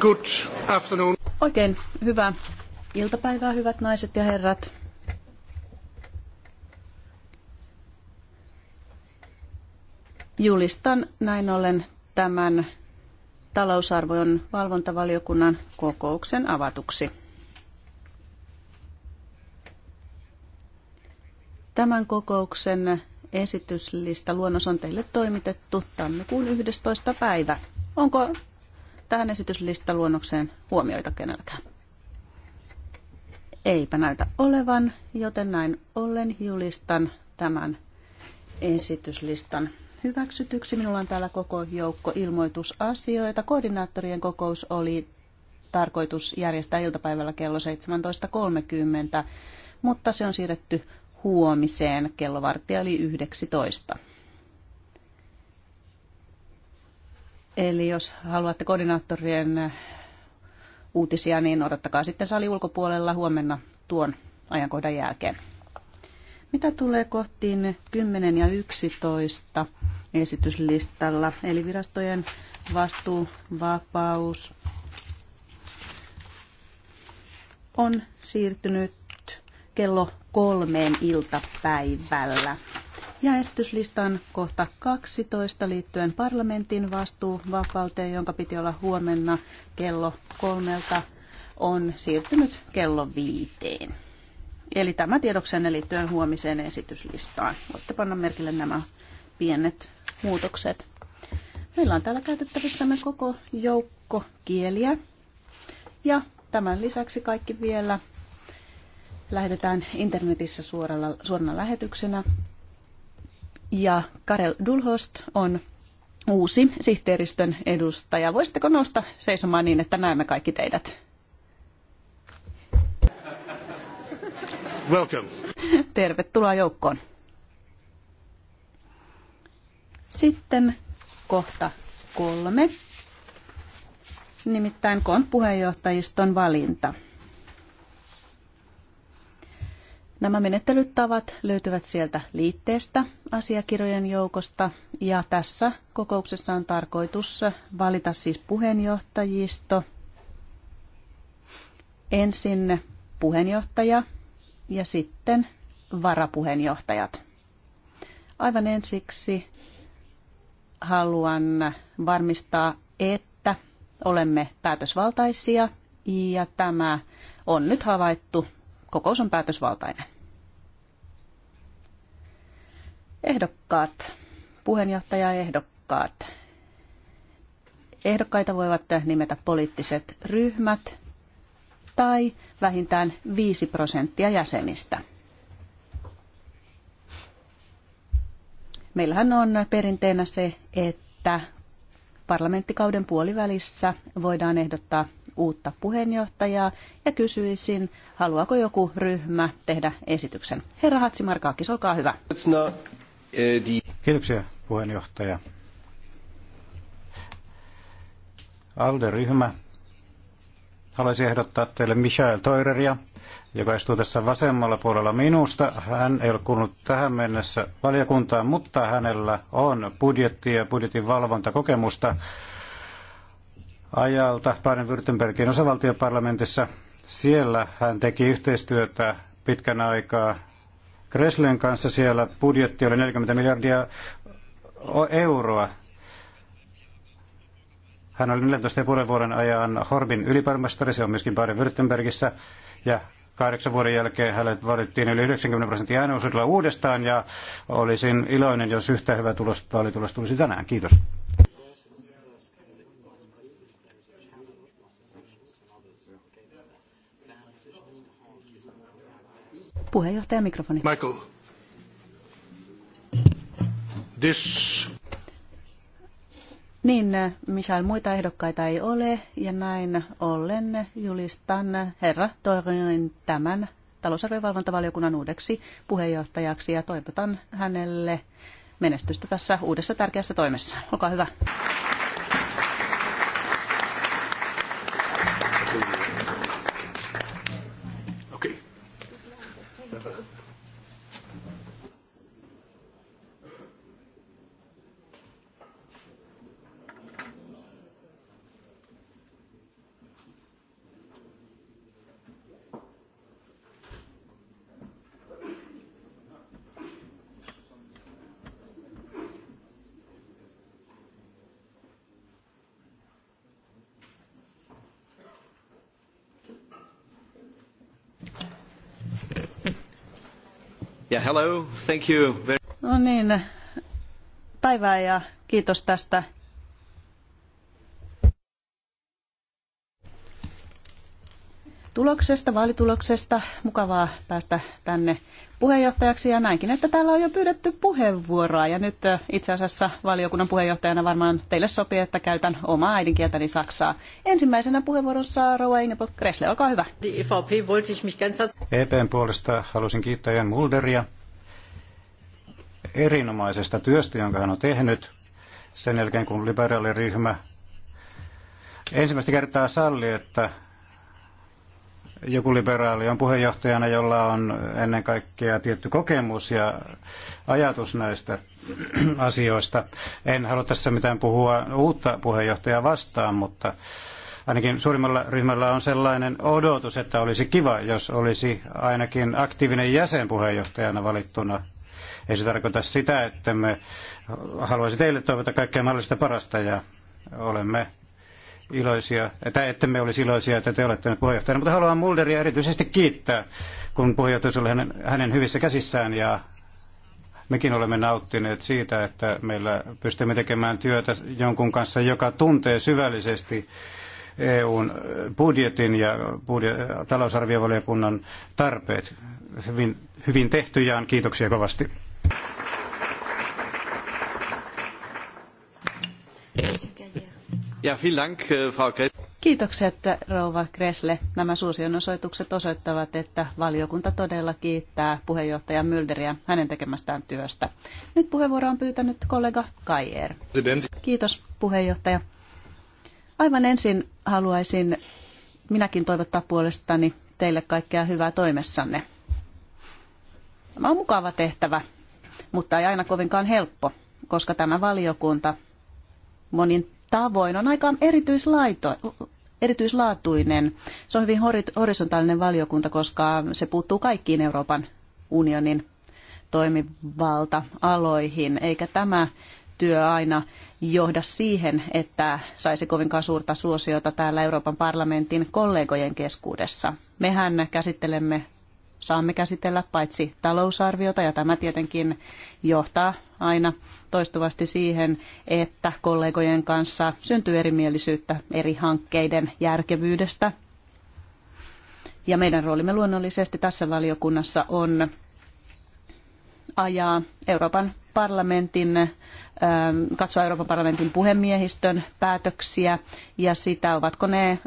Good afternoon. Oikein hyvää iltapäivää, hyvät naiset ja herrat. Julistan näin ollen tämän talousarvojen valvontavaliokunnan kokouksen avatuksi. Tämän kokouksen esityslista luonnos on teille toimitettu tammikuun 11. päivä. Onko tähän esityslista luonnokseen huomioita kenelläkään? Eipä näytä olevan, joten näin ollen julistan tämän esityslistan hyväksytyksi. Minulla on täällä koko joukko ilmoitusasioita. Koordinaattorien kokous oli tarkoitus järjestää iltapäivällä kello 17.30, mutta se on siirretty huomiseen kello vartti oli 19. Eli jos haluatte koordinaattorien uutisia, niin odottakaa sitten sali ulkopuolella huomenna tuon ajankohdan jälkeen. Mitä tulee kohtiin 10 ja 11 esityslistalla, eli virastojen vastuuvapaus on siirtynyt kello kolmeen iltapäivällä. Ja esityslistan kohta 12 liittyen parlamentin vastuuvapauteen, jonka piti olla huomenna kello kolmelta, on siirtynyt kello viiteen. Eli tämä tiedoksenne liittyen huomiseen esityslistaan. Voitte panna merkille nämä pienet muutokset. Meillä on täällä käytettävissämme koko joukko kieliä. Ja tämän lisäksi kaikki vielä lähetetään internetissä suoralla, suorana lähetyksenä. Ja Karel Dulhost on uusi sihteeristön edustaja. Voisitteko nousta seisomaan niin, että näemme kaikki teidät? Welcome. Tervetuloa joukkoon. Sitten kohta kolme, nimittäin KONT puheenjohtajiston valinta. Nämä menettelytavat löytyvät sieltä liitteestä asiakirjojen joukosta ja tässä kokouksessa on tarkoitus valita siis puheenjohtajisto. Ensin puheenjohtaja ja sitten varapuheenjohtajat. Aivan ensiksi haluan varmistaa, että olemme päätösvaltaisia ja tämä on nyt havaittu. Kokous on päätösvaltainen. Ehdokkaat, puheenjohtaja ehdokkaat. Ehdokkaita voivat nimetä poliittiset ryhmät tai vähintään 5 prosenttia jäsenistä. Meillähän on perinteenä se, että parlamenttikauden puolivälissä voidaan ehdottaa uutta puheenjohtajaa ja kysyisin, haluaako joku ryhmä tehdä esityksen. Herra Hatsimarkaakis, olkaa hyvä. Eh, Kiitoksia puheenjohtaja. ALDE-ryhmä haluaisin ehdottaa teille Michael Toireria, joka istuu tässä vasemmalla puolella minusta. Hän ei ole kuulunut tähän mennessä valiokuntaan, mutta hänellä on budjetti ja budjetin valvontakokemusta ajalta Baden-Württembergin osavaltioparlamentissa. Siellä hän teki yhteistyötä pitkän aikaa Kreslen kanssa siellä budjetti oli 40 miljardia euroa. Hän oli 14,5 vuoden ajan Horbin ylipormestari, se on myöskin Baden-Württembergissä, ja kahdeksan vuoden jälkeen hänet valittiin yli 90 prosenttia ääneosuudella uudestaan, ja olisin iloinen, jos yhtä hyvä tulos, vaalitulos tulisi tänään. Kiitos. Puheenjohtaja mikrofoni. Michael. This... Niin, Michael, muita ehdokkaita ei ole, ja näin ollen julistan herra Toivonen tämän talousarviovalvontavaliokunnan uudeksi puheenjohtajaksi, ja toivotan hänelle menestystä tässä uudessa tärkeässä toimessa. Olkaa hyvä. hello. Thank you. No niin, päivää ja kiitos tästä tuloksesta, vaalituloksesta. Mukavaa päästä tänne puheenjohtajaksi ja näinkin, että täällä on jo pyydetty puheenvuoroa. Ja nyt itse asiassa valiokunnan puheenjohtajana varmaan teille sopii, että käytän omaa äidinkieltäni Saksaa. Ensimmäisenä puheenvuoron saa Rouva Ingeborg Kressle, olkaa hyvä. EPn e e puolesta halusin kiittää Jan Mulderia erinomaisesta työstä, jonka hän on tehnyt sen jälkeen, kun liberaaliryhmä ensimmäistä kertaa salli, että joku liberaali on puheenjohtajana, jolla on ennen kaikkea tietty kokemus ja ajatus näistä asioista. En halua tässä mitään puhua uutta puheenjohtajaa vastaan, mutta ainakin suurimmalla ryhmällä on sellainen odotus, että olisi kiva, jos olisi ainakin aktiivinen jäsen puheenjohtajana valittuna. Ei se tarkoita sitä, että me haluaisi teille toivota kaikkea mahdollista parasta ja olemme iloisia, tai että me olisi iloisia, että te olette nyt puheenjohtajana, mutta haluan Mulderia erityisesti kiittää, kun puheenjohtajuus oli hänen, hänen hyvissä käsissään ja mekin olemme nauttineet siitä, että meillä pystymme tekemään työtä jonkun kanssa, joka tuntee syvällisesti EUn budjetin ja budjet- talousarviovaliokunnan tarpeet. Hyvin, hyvin tehty, Jaan. Kiitoksia kovasti. Ja, vielen äh, rouva Kresle. Nämä suosionosoitukset osoittavat, että valiokunta todella kiittää puheenjohtaja Mylderiä hänen tekemästään työstä. Nyt puheenvuoro on pyytänyt kollega Kajer. Kiitos puheenjohtaja. Aivan ensin haluaisin minäkin toivottaa puolestani teille kaikkea hyvää toimessanne. Tämä on mukava tehtävä, mutta ei aina kovinkaan helppo, koska tämä valiokunta monin tavoin on aika erityislaito, erityislaatuinen. Se on hyvin horisontaalinen valiokunta, koska se puuttuu kaikkiin Euroopan unionin toimivalta-aloihin, eikä tämä työ aina johda siihen, että saisi kovinkaan suurta suosiota täällä Euroopan parlamentin kollegojen keskuudessa. Mehän käsittelemme, saamme käsitellä paitsi talousarviota, ja tämä tietenkin johtaa aina toistuvasti siihen, että kollegojen kanssa syntyy erimielisyyttä eri hankkeiden järkevyydestä. Ja meidän roolimme luonnollisesti tässä valiokunnassa on ajaa Euroopan parlamentin, ähm, katsoa Euroopan parlamentin puhemiehistön päätöksiä ja sitä, ovatko ne äh,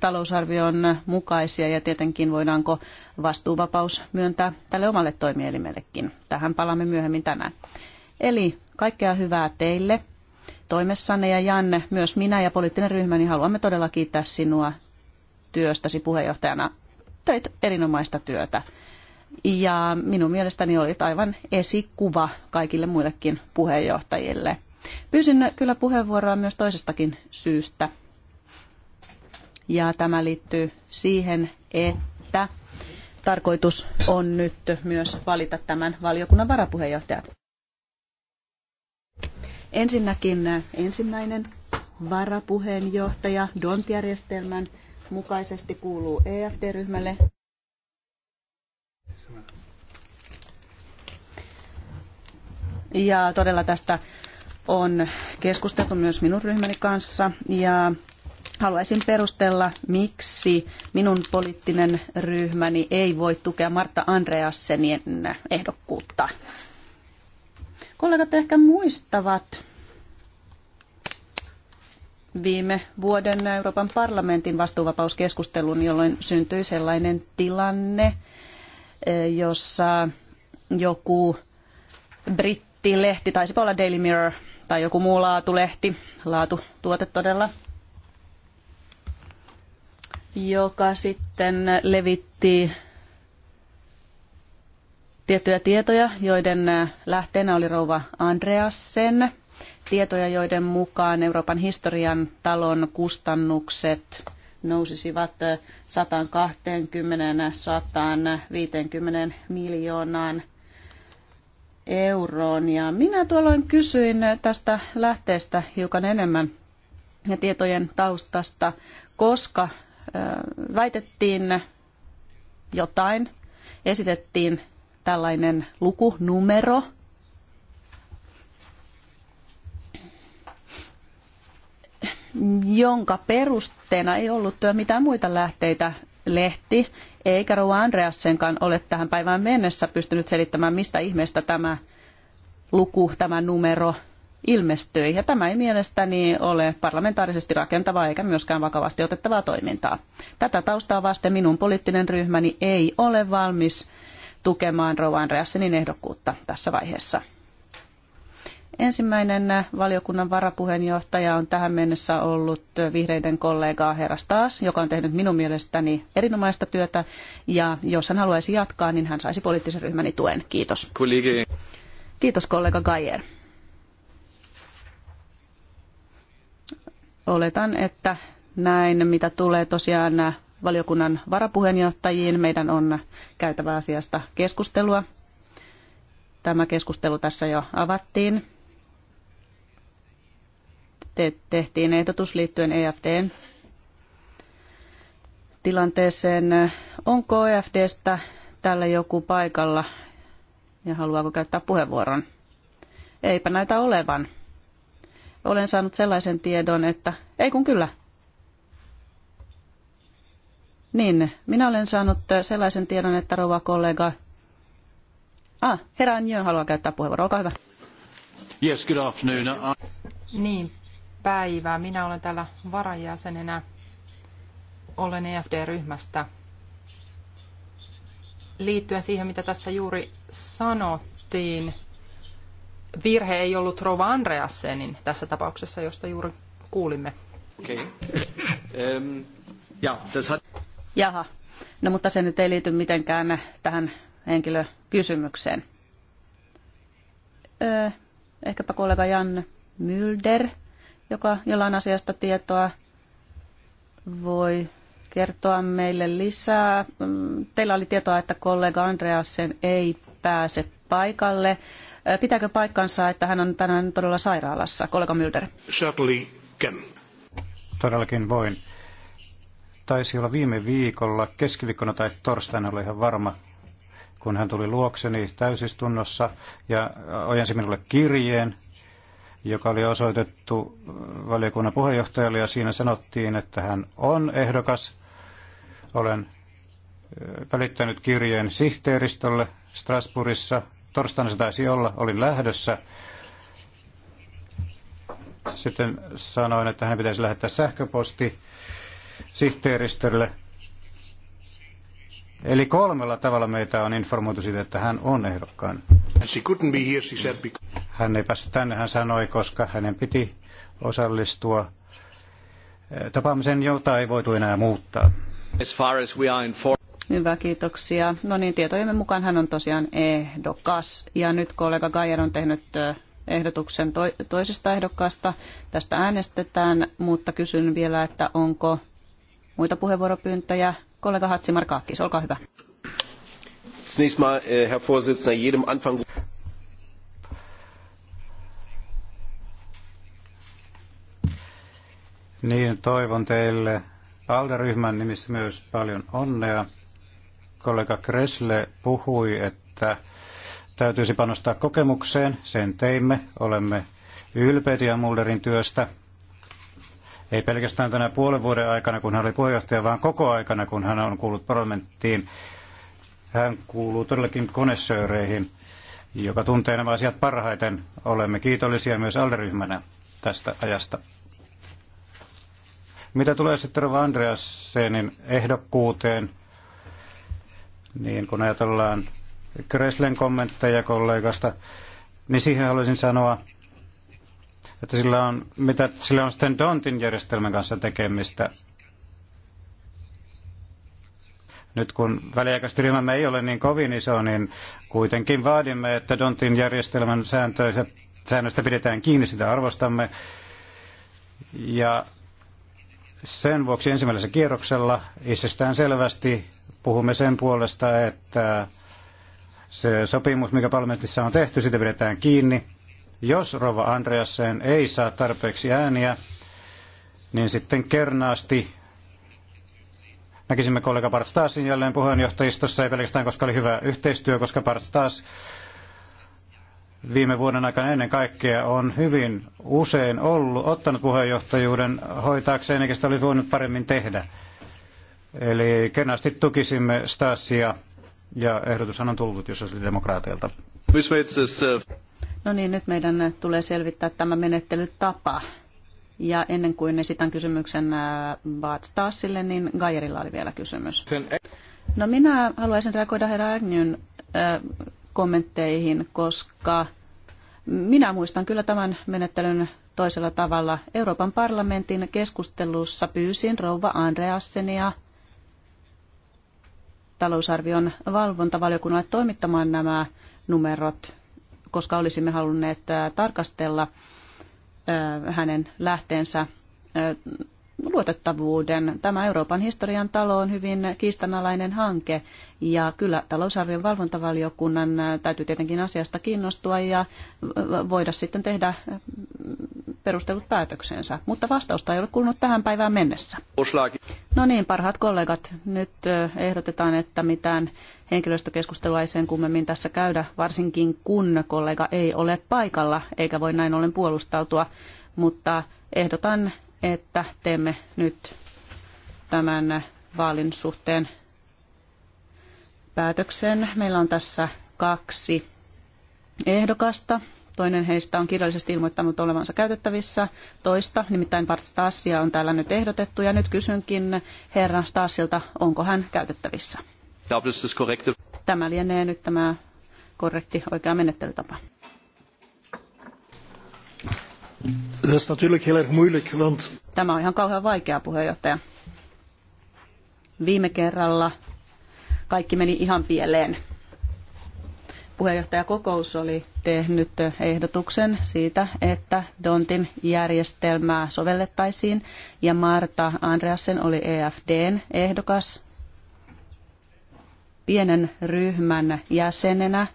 talousarvion mukaisia ja tietenkin voidaanko vastuuvapaus myöntää tälle omalle toimielimellekin. Tähän palaamme myöhemmin tänään. Eli kaikkea hyvää teille toimessanne ja Janne, myös minä ja poliittinen ryhmäni niin haluamme todella kiittää sinua työstäsi puheenjohtajana. Teit erinomaista työtä. Ja minun mielestäni olit aivan esikuva kaikille muillekin puheenjohtajille. Pyysin kyllä puheenvuoroa myös toisestakin syystä ja tämä liittyy siihen, että tarkoitus on nyt myös valita tämän valiokunnan varapuheenjohtaja. Ensinnäkin ensimmäinen varapuheenjohtaja DONT-järjestelmän mukaisesti kuuluu EFD-ryhmälle. Ja todella tästä on keskusteltu myös minun ryhmäni kanssa ja haluaisin perustella, miksi minun poliittinen ryhmäni ei voi tukea Martta Andreassenin ehdokkuutta. Kollegat ehkä muistavat viime vuoden Euroopan parlamentin vastuuvapauskeskustelun, jolloin syntyi sellainen tilanne, eh, jossa joku brittilehti, taisi olla Daily Mirror tai joku muu laatulehti, laatutuote todella – joka sitten levitti tiettyjä tietoja, joiden äh, lähteenä oli rouva Andreasen. Tietoja, joiden mukaan Euroopan historian talon kustannukset nousisivat 120-150 äh, miljoonaan euroon. Ja minä tuolloin kysyin äh, tästä lähteestä hiukan enemmän ja tietojen taustasta, koska väitettiin jotain, esitettiin tällainen lukunumero, jonka perusteena ei ollut mitään muita lähteitä lehti, eikä Rouva Andreassenkaan ole tähän päivään mennessä pystynyt selittämään, mistä ihmeestä tämä luku, tämä numero ilmestyi. Ja tämä ei mielestäni ole parlamentaarisesti rakentavaa eikä myöskään vakavasti otettavaa toimintaa. Tätä taustaa vasten minun poliittinen ryhmäni ei ole valmis tukemaan Rova Andreassenin ehdokkuutta tässä vaiheessa. Ensimmäinen valiokunnan varapuheenjohtaja on tähän mennessä ollut vihreiden kollega Herra Staas, joka on tehnyt minun mielestäni erinomaista työtä. Ja jos hän haluaisi jatkaa, niin hän saisi poliittisen ryhmäni tuen. Kiitos. Kollegi. Kiitos kollega Gajer. oletan, että näin, mitä tulee tosiaan valiokunnan varapuheenjohtajiin, meidän on käytävä asiasta keskustelua. Tämä keskustelu tässä jo avattiin. Te tehtiin ehdotus liittyen EFDn tilanteeseen. Onko EFDstä tällä joku paikalla ja haluaako käyttää puheenvuoron? Eipä näitä olevan olen saanut sellaisen tiedon, että ei kun kyllä. Niin, minä olen saanut sellaisen tiedon, että rouva kollega... Ah, herra Anjö haluaa käyttää puheenvuoro, olkaa hyvä. Yes, good afternoon. Niin, päivää. Minä olen täällä varajäsenenä. Olen EFD-ryhmästä. Liittyen siihen, mitä tässä juuri sanottiin, virhe ei ollut Rova Andreasenin tässä tapauksessa, josta juuri kuulimme. Okay. Jaha. No mutta se nyt ei liity mitenkään tähän henkilökysymykseen. Öö, ehkäpä kollega Jan Mylder, joka jollain asiasta tietoa voi kertoa meille lisää. Mm, teillä oli tietoa, että kollega Andreasen ei pääse paikalle. Pitääkö paikkansa, että hän on tänään todella sairaalassa? Kollega Mylder. Certainly can. Todellakin voin. Taisi olla viime viikolla, keskiviikkona tai torstaina, oli ihan varma, kun hän tuli luokseni täysistunnossa ja ojensi minulle kirjeen, joka oli osoitettu valiokunnan puheenjohtajalle ja siinä sanottiin, että hän on ehdokas. Olen välittänyt kirjeen sihteeristölle Strasbourgissa torstaina se taisi olla, olin lähdössä. Sitten sanoin, että hän pitäisi lähettää sähköposti sihteeristölle. Eli kolmella tavalla meitä on informoitu siitä, että hän on ehdokkaan. Hän ei päässyt tänne, hän sanoi, koska hänen piti osallistua tapaamisen, jota ei voitu enää muuttaa. As far as we are informed... Hyvä, kiitoksia. No niin, tietojemme mukaan hän on tosiaan ehdokas. Ja nyt kollega Gajer on tehnyt ehdotuksen toisesta ehdokkaasta. Tästä äänestetään, mutta kysyn vielä, että onko muita puheenvuoropyyntöjä. Kollega Hatsimar Kaakkis, olkaa hyvä. Äh, niin, toivon teille Alderyhmän nimissä myös paljon onnea kollega Kresle puhui, että täytyisi panostaa kokemukseen. Sen teimme. Olemme ylpeitä Mullerin työstä. Ei pelkästään tänä puolen vuoden aikana, kun hän oli puheenjohtaja, vaan koko aikana, kun hän on kuullut parlamenttiin. Hän kuuluu todellakin konessööreihin, joka tuntee nämä asiat parhaiten. Olemme kiitollisia myös alderyhmänä tästä ajasta. Mitä tulee sitten Rova Andreasenin ehdokkuuteen, niin kun ajatellaan Kreslen kommentteja kollegasta, niin siihen haluaisin sanoa, että sillä on, mitä, sillä on sitten Dontin järjestelmän kanssa tekemistä. Nyt kun väliaikaistyrymämme ei ole niin kovin iso, niin kuitenkin vaadimme, että Dontin järjestelmän sääntöistä, säännöistä pidetään kiinni, sitä arvostamme. Ja sen vuoksi ensimmäisellä kierroksella itsestään selvästi puhumme sen puolesta, että se sopimus, mikä parlamentissa on tehty, sitä pidetään kiinni. Jos Rova Andreasen ei saa tarpeeksi ääniä, niin sitten kernaasti näkisimme kollega Bart Stasin jälleen puheenjohtajistossa, ei pelkästään koska oli hyvä yhteistyö, koska Bart viime vuoden aikana ennen kaikkea on hyvin usein ollut, ottanut puheenjohtajuuden hoitaakseen, eikä sitä olisi voinut paremmin tehdä. Eli kenasti tukisimme Stasia ja ehdotushan on tullut jo sosiaalidemokraateilta. Uh, no niin, nyt meidän tulee selvittää tämä menettelytapa. Ja ennen kuin esitän kysymyksen äh, Bart Stasille, niin Gajerilla oli vielä kysymys. E- no minä haluaisin reagoida herra Agnyn äh, kommentteihin, koska minä muistan kyllä tämän menettelyn toisella tavalla. Euroopan parlamentin keskustelussa pyysin rouva Andreassenia talousarvion valvontavaliokunnalle toimittamaan nämä numerot, koska olisimme halunneet äh, tarkastella äh, hänen lähteensä äh, luotettavuuden. Tämä Euroopan historian talo on hyvin kiistanalainen hanke ja kyllä talousarvion valvontavaliokunnan täytyy tietenkin asiasta kiinnostua ja voida sitten tehdä mm, perustelut päätöksensä. Mutta vastausta ei ole kuulunut tähän päivään mennessä. No niin, parhaat kollegat, nyt ehdotetaan, että mitään henkilöstökeskustelua ei sen kummemmin tässä käydä, varsinkin kun kollega ei ole paikalla eikä voi näin ollen puolustautua, mutta ehdotan että teemme nyt tämän vaalin suhteen päätöksen. Meillä on tässä kaksi ehdokasta. Toinen heistä on kirjallisesti ilmoittanut olevansa käytettävissä, toista, nimittäin Bart Stassia, on täällä nyt ehdotettu. Ja nyt kysynkin herran Stassilta, onko hän käytettävissä. Tämä lienee nyt tämä korrekti oikea menettelytapa. Tämä on ihan kauhean vaikea puheenjohtaja. Viime kerralla kaikki meni ihan pieleen. Puheenjohtajakokous oli tehnyt ehdotuksen siitä, että Dontin järjestelmää sovellettaisiin ja Marta Andreasen oli EFDn ehdokas pienen ryhmän jäsenenä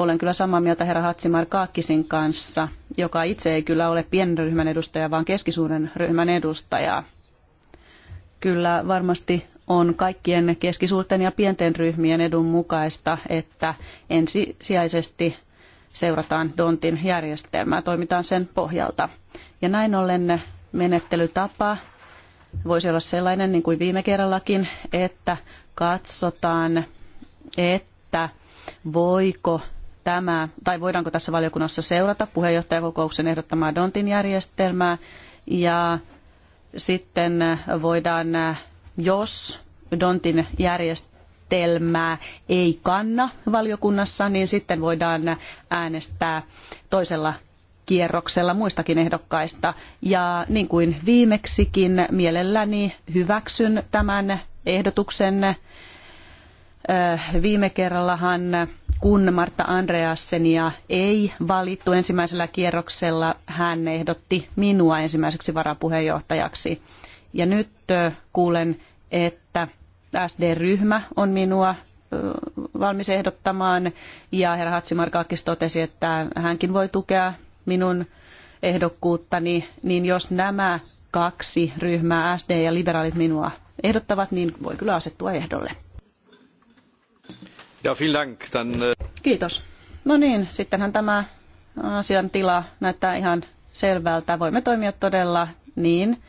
olen kyllä samaa mieltä herra Hatsimar Kaakkisin kanssa, joka itse ei kyllä ole pienen ryhmän edustaja, vaan keskisuuren ryhmän edustaja. Kyllä varmasti on kaikkien keskisuurten ja pienten ryhmien edun mukaista, että ensisijaisesti seurataan Dontin järjestelmää, toimitaan sen pohjalta. Ja näin ollen menettelytapa voisi olla sellainen, niin kuin viime kerrallakin, että katsotaan, että voiko tämä, tai voidaanko tässä valiokunnassa seurata puheenjohtajakokouksen ehdottamaa Dontin järjestelmää, ja sitten voidaan, jos Dontin järjestelmää ei kanna valiokunnassa, niin sitten voidaan äänestää toisella kierroksella muistakin ehdokkaista. Ja niin kuin viimeksikin, mielelläni hyväksyn tämän ehdotuksen Viime kerrallahan, kun Martta Andreassenia ei valittu ensimmäisellä kierroksella, hän ehdotti minua ensimmäiseksi varapuheenjohtajaksi. Ja nyt kuulen, että SD-ryhmä on minua valmis ehdottamaan ja herra Hatsimarkaakis totesi, että hänkin voi tukea minun ehdokkuuttani, niin jos nämä kaksi ryhmää, SD ja liberaalit, minua ehdottavat, niin voi kyllä asettua ehdolle. Äh, Kiitos. No niin, sittenhän tämä asian tila näyttää ihan selvältä. Voimme toimia todella niin,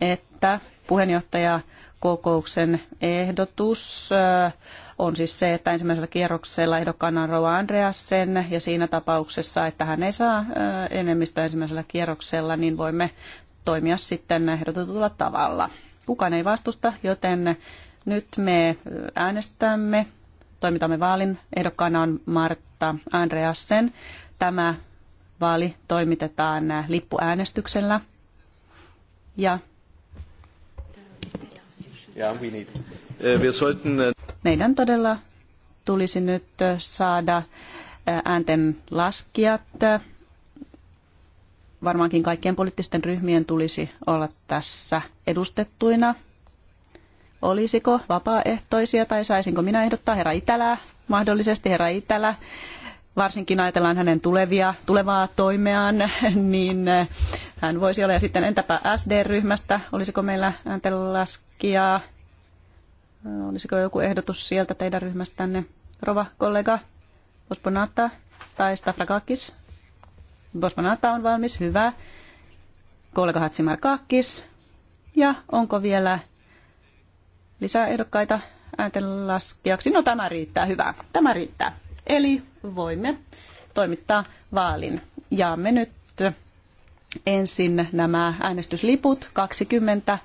että puheenjohtaja kokouksen ehdotus äh, on siis se, että ensimmäisellä kierroksella ehdokkaana on Rova Andreasen ja siinä tapauksessa, että hän ei saa äh, enemmistöä ensimmäisellä kierroksella, niin voimme toimia sitten ehdotetulla tavalla. Kukaan ei vastusta, joten nyt me äänestämme toimitamme vaalin. Ehdokkaana on Martta Andreasen. Tämä vaali toimitetaan lippuäänestyksellä. Ja eh, eh- meidän todella tulisi nyt eh, saada äänten laskijat. Varmaankin kaikkien poliittisten ryhmien tulisi olla tässä edustettuina. Olisiko vapaaehtoisia tai saisinko minä ehdottaa herra Itälää, mahdollisesti herra Itälä, varsinkin ajatellaan hänen tulevia, tulevaa toimeaan, niin eh, hän voisi olla. Ja sitten entäpä SD-ryhmästä, olisiko meillä ääntenlaskijaa, eh, olisiko joku ehdotus sieltä teidän ryhmästänne, rova kollega Bosponata tai Stafrakakis? Bosponata on valmis, hyvä. Kollega Hatsimarkakis. Ja onko vielä lisää ehdokkaita ääntenlaskijaksi. No tämä riittää, hyvä. Tämä riittää. Eli voimme toimittaa vaalin. me nyt ensin nämä äänestysliput. 20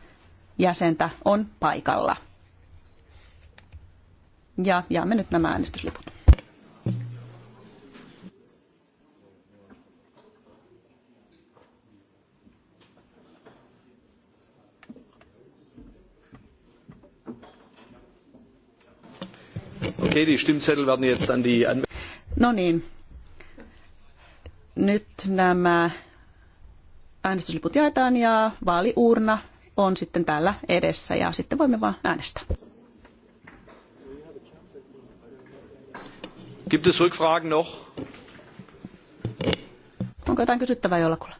jäsentä on paikalla. Ja jaamme nyt nämä äänestysliput. die Stimmzettel werden jetzt an die... No niin. Nyt nämä äänestysliput jaetaan ja vaaliuurna on sitten täällä edessä ja sitten voimme vaan äänestää. Gibt es Rückfragen noch? Onko jotain kysyttävää jollakulla?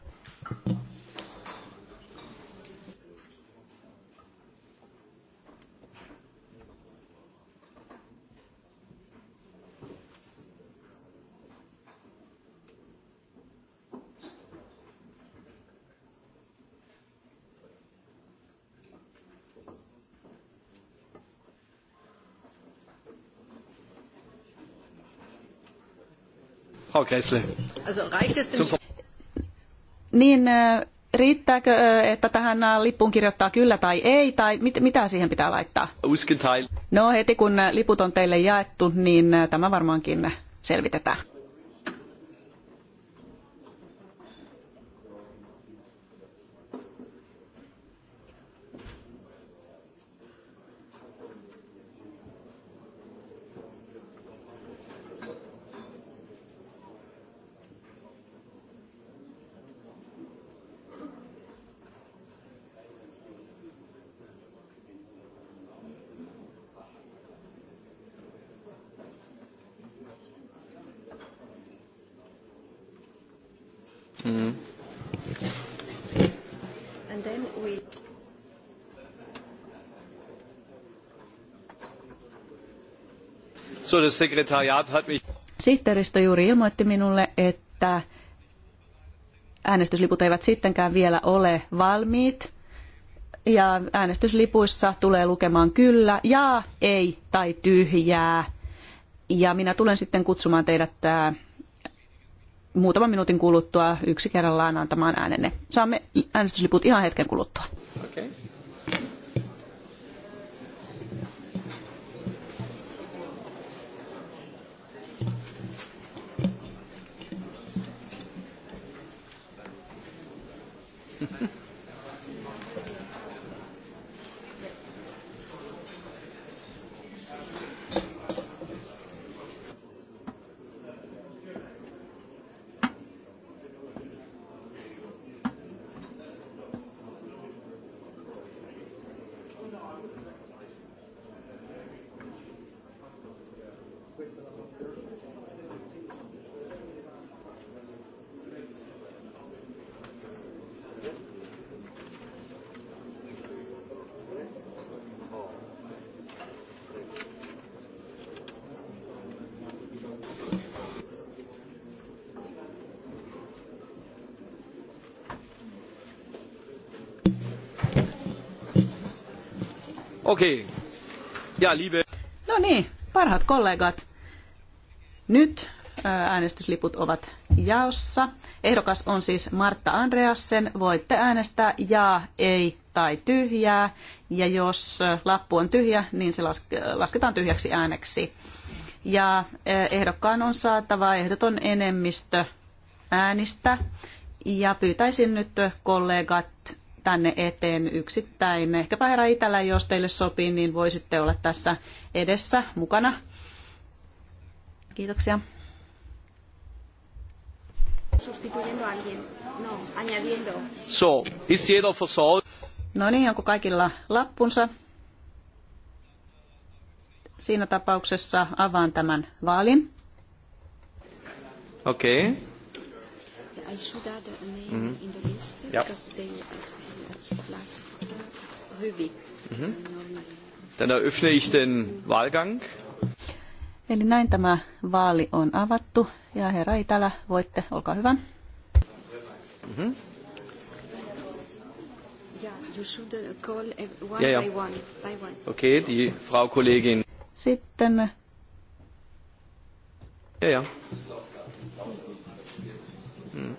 Frau Also reicht es denn... Niin äh, riittääkö, äh, että tähän äh, lippuun kirjoittaa kyllä tai ei, tai mit, mitä siihen pitää laittaa? Uskenteil. No heti kun liput on teille jaettu, niin tämä varmaankin selvitetään. So, das Sekretariat hat mich... Sihteeristö juuri ilmoitti minulle, että äänestysliput eivät sittenkään vielä ole valmiit. Ja äänestyslipuissa tulee lukemaan kyllä, jaa, ei tai tyhjää. Ja minä tulen sitten kutsumaan teidät muutaman minuutin kuluttua yksi kerrallaan antamaan äänenne. Saamme äänestysliput ihan hetken kuluttua. Okay. Okei. Okay. Ja live. No niin, parhaat kollegat. Nyt äänestysliput ovat jaossa. Ehdokas on siis Martta Andreassen. Voitte äänestää jaa, ei tai tyhjää. Ja jos lappu on tyhjä, niin se lasketaan tyhjäksi ääneksi. Ja ehdokkaan on saatava ehdoton enemmistö äänistä. Ja pyytäisin nyt kollegat tänne eteen yksittäin. Ehkäpä herra Itälä, jos teille sopii, niin voisitte olla tässä edessä mukana. Kiitoksia. So, is for so. No niin, onko kaikilla lappunsa? Siinä tapauksessa avaan tämän vaalin. Okei. Okay. mm-hmm. yep. Mm-hmm. Wahlgang. Eli näin tämä vaali on avattu. Ja herra Itälä, voitte, olkaa hyvä. Mm-hmm. Yeah, yeah. Okay, die Frau Kollegin. Sitten... Ja, ja. Mhm.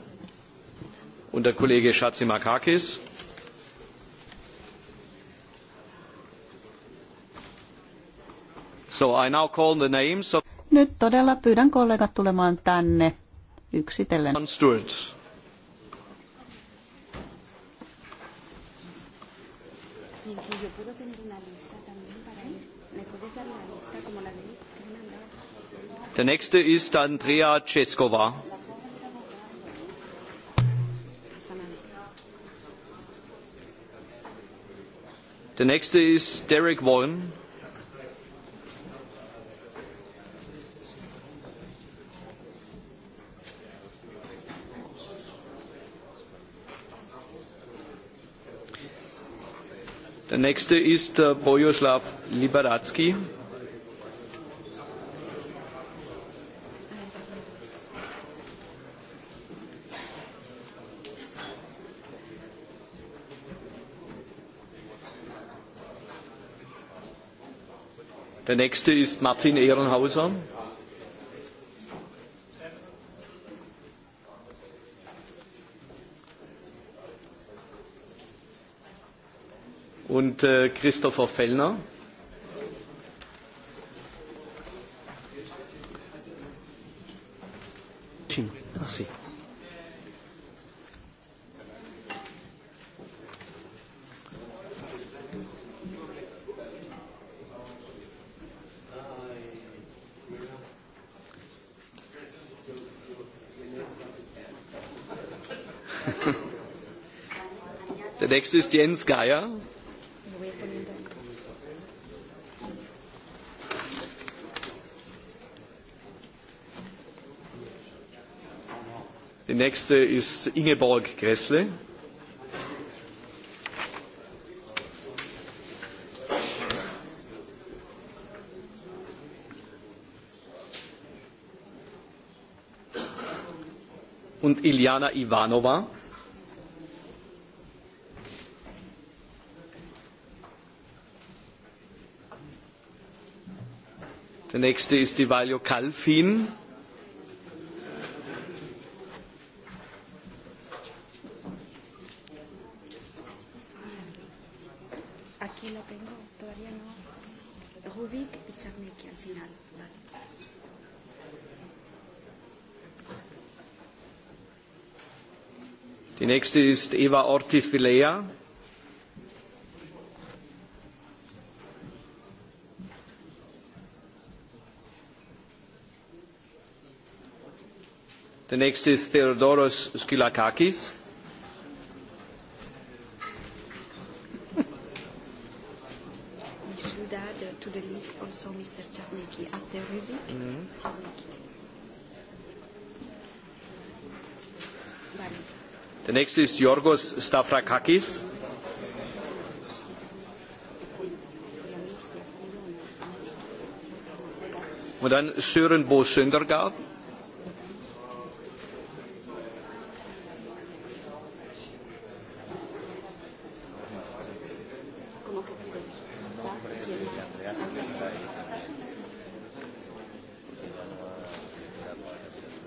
Und der Kollege Schatzimakakis. So I now call the names of... Nyt todella pyydän kollegat tulemaan tänne yksitellen. Stewart. Der nächste ist Andrea Ceskova. The next is Derek Vaughan. Der nächste ist äh, Bojoslav Liberadzki. Der nächste ist Martin Ehrenhauser. und äh, Christopher Fellner. Merci. Der nächste ist Jens Geier. nächste ist Ingeborg Gressle. und Iliana Ivanova. Der nächste ist Ivalio Kalfin. nächste ist Eva Ortiz Vilea. Der nächste ist Theodoros Skylakakis. Next is Yorgos Stavrakakis. Und dann Sören Bo Söndergaard.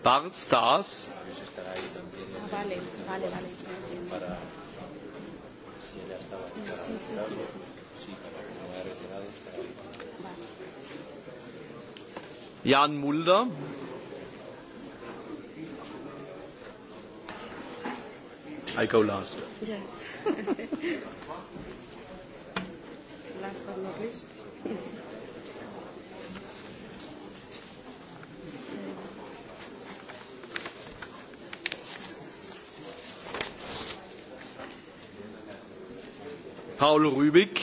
Bart Stars. Vale, vale. Para... Si ella estaba sí, para retirarlo, sí, sí, sí. sí, para que no haya retirado. Para... Vale. Jan Mulder. I go last. Yes. last but not least. Paul Rübig.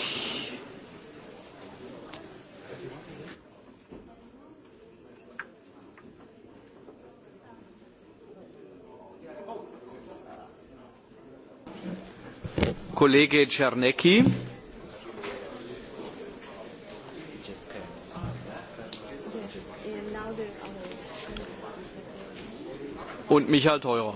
Kollege Czernecki. Uh, Und Michael Theurer.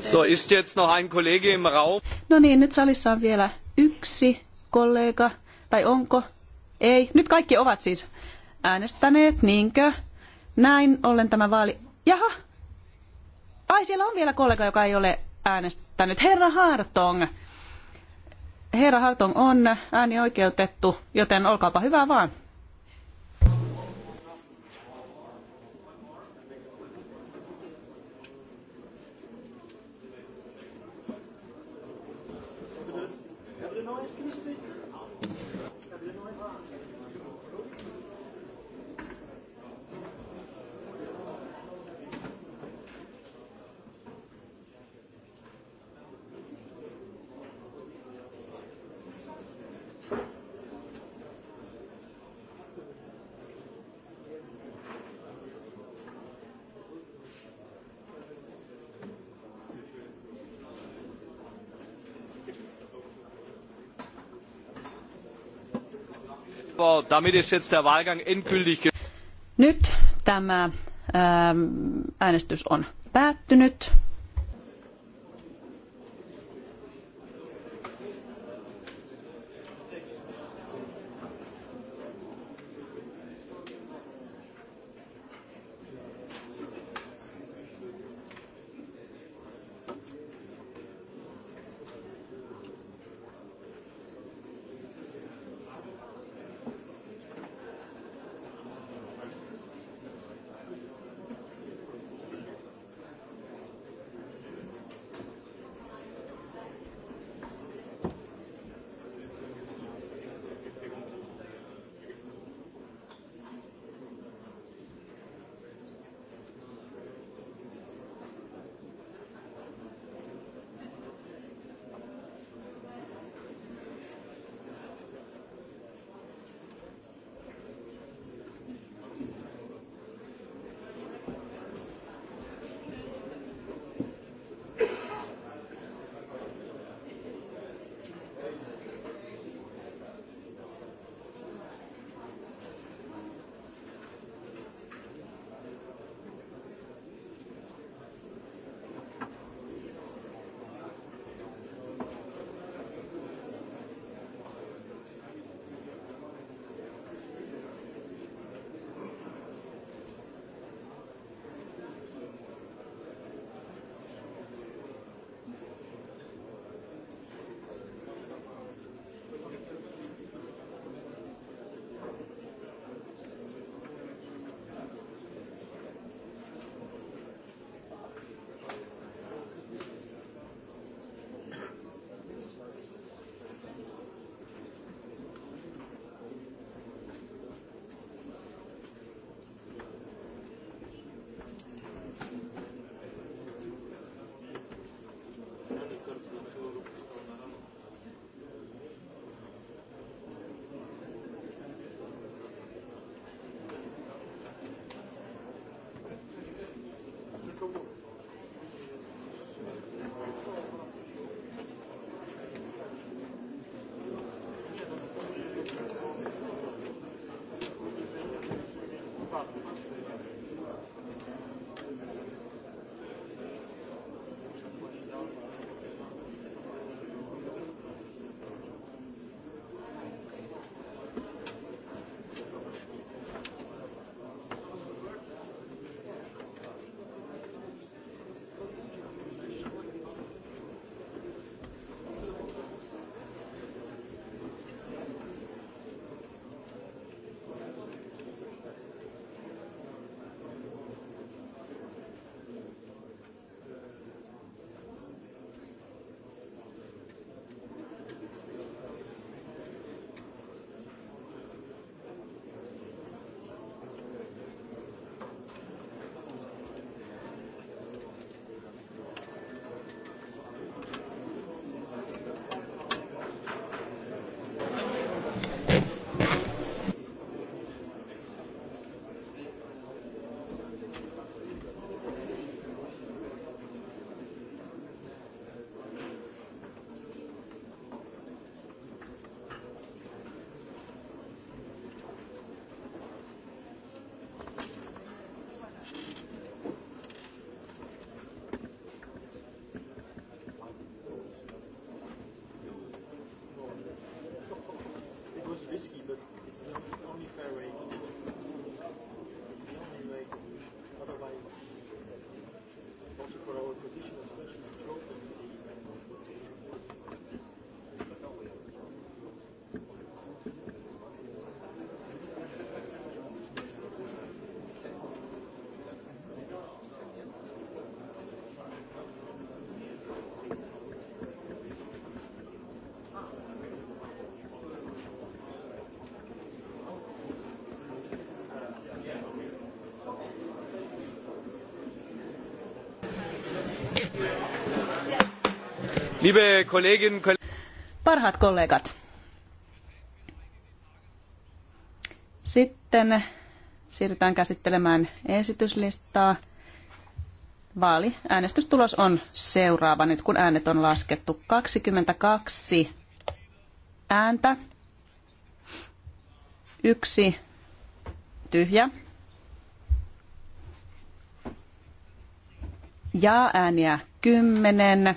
So ist jetzt noch ein Kollege im Raum. No niin, nyt salissa on vielä yksi kollega, tai onko? Ei, nyt kaikki ovat siis äänestäneet, niinkö? Näin ollen tämä vaali... Jaha! Ai, siellä on vielä kollega, joka ei ole äänestänyt. Herra Hartong! Herra Hartong on äänioikeutettu, joten olkaapa hyvä vaan. Nyt tämä ähm, äänestys on päättynyt. position. Liebe Kolleginnen, Parhaat kollegat. Sitten siirrytään käsittelemään esityslistaa. Vaali. Äänestystulos on seuraava nyt, kun äänet on laskettu. 22 ääntä, yksi tyhjä ja ääniä 10,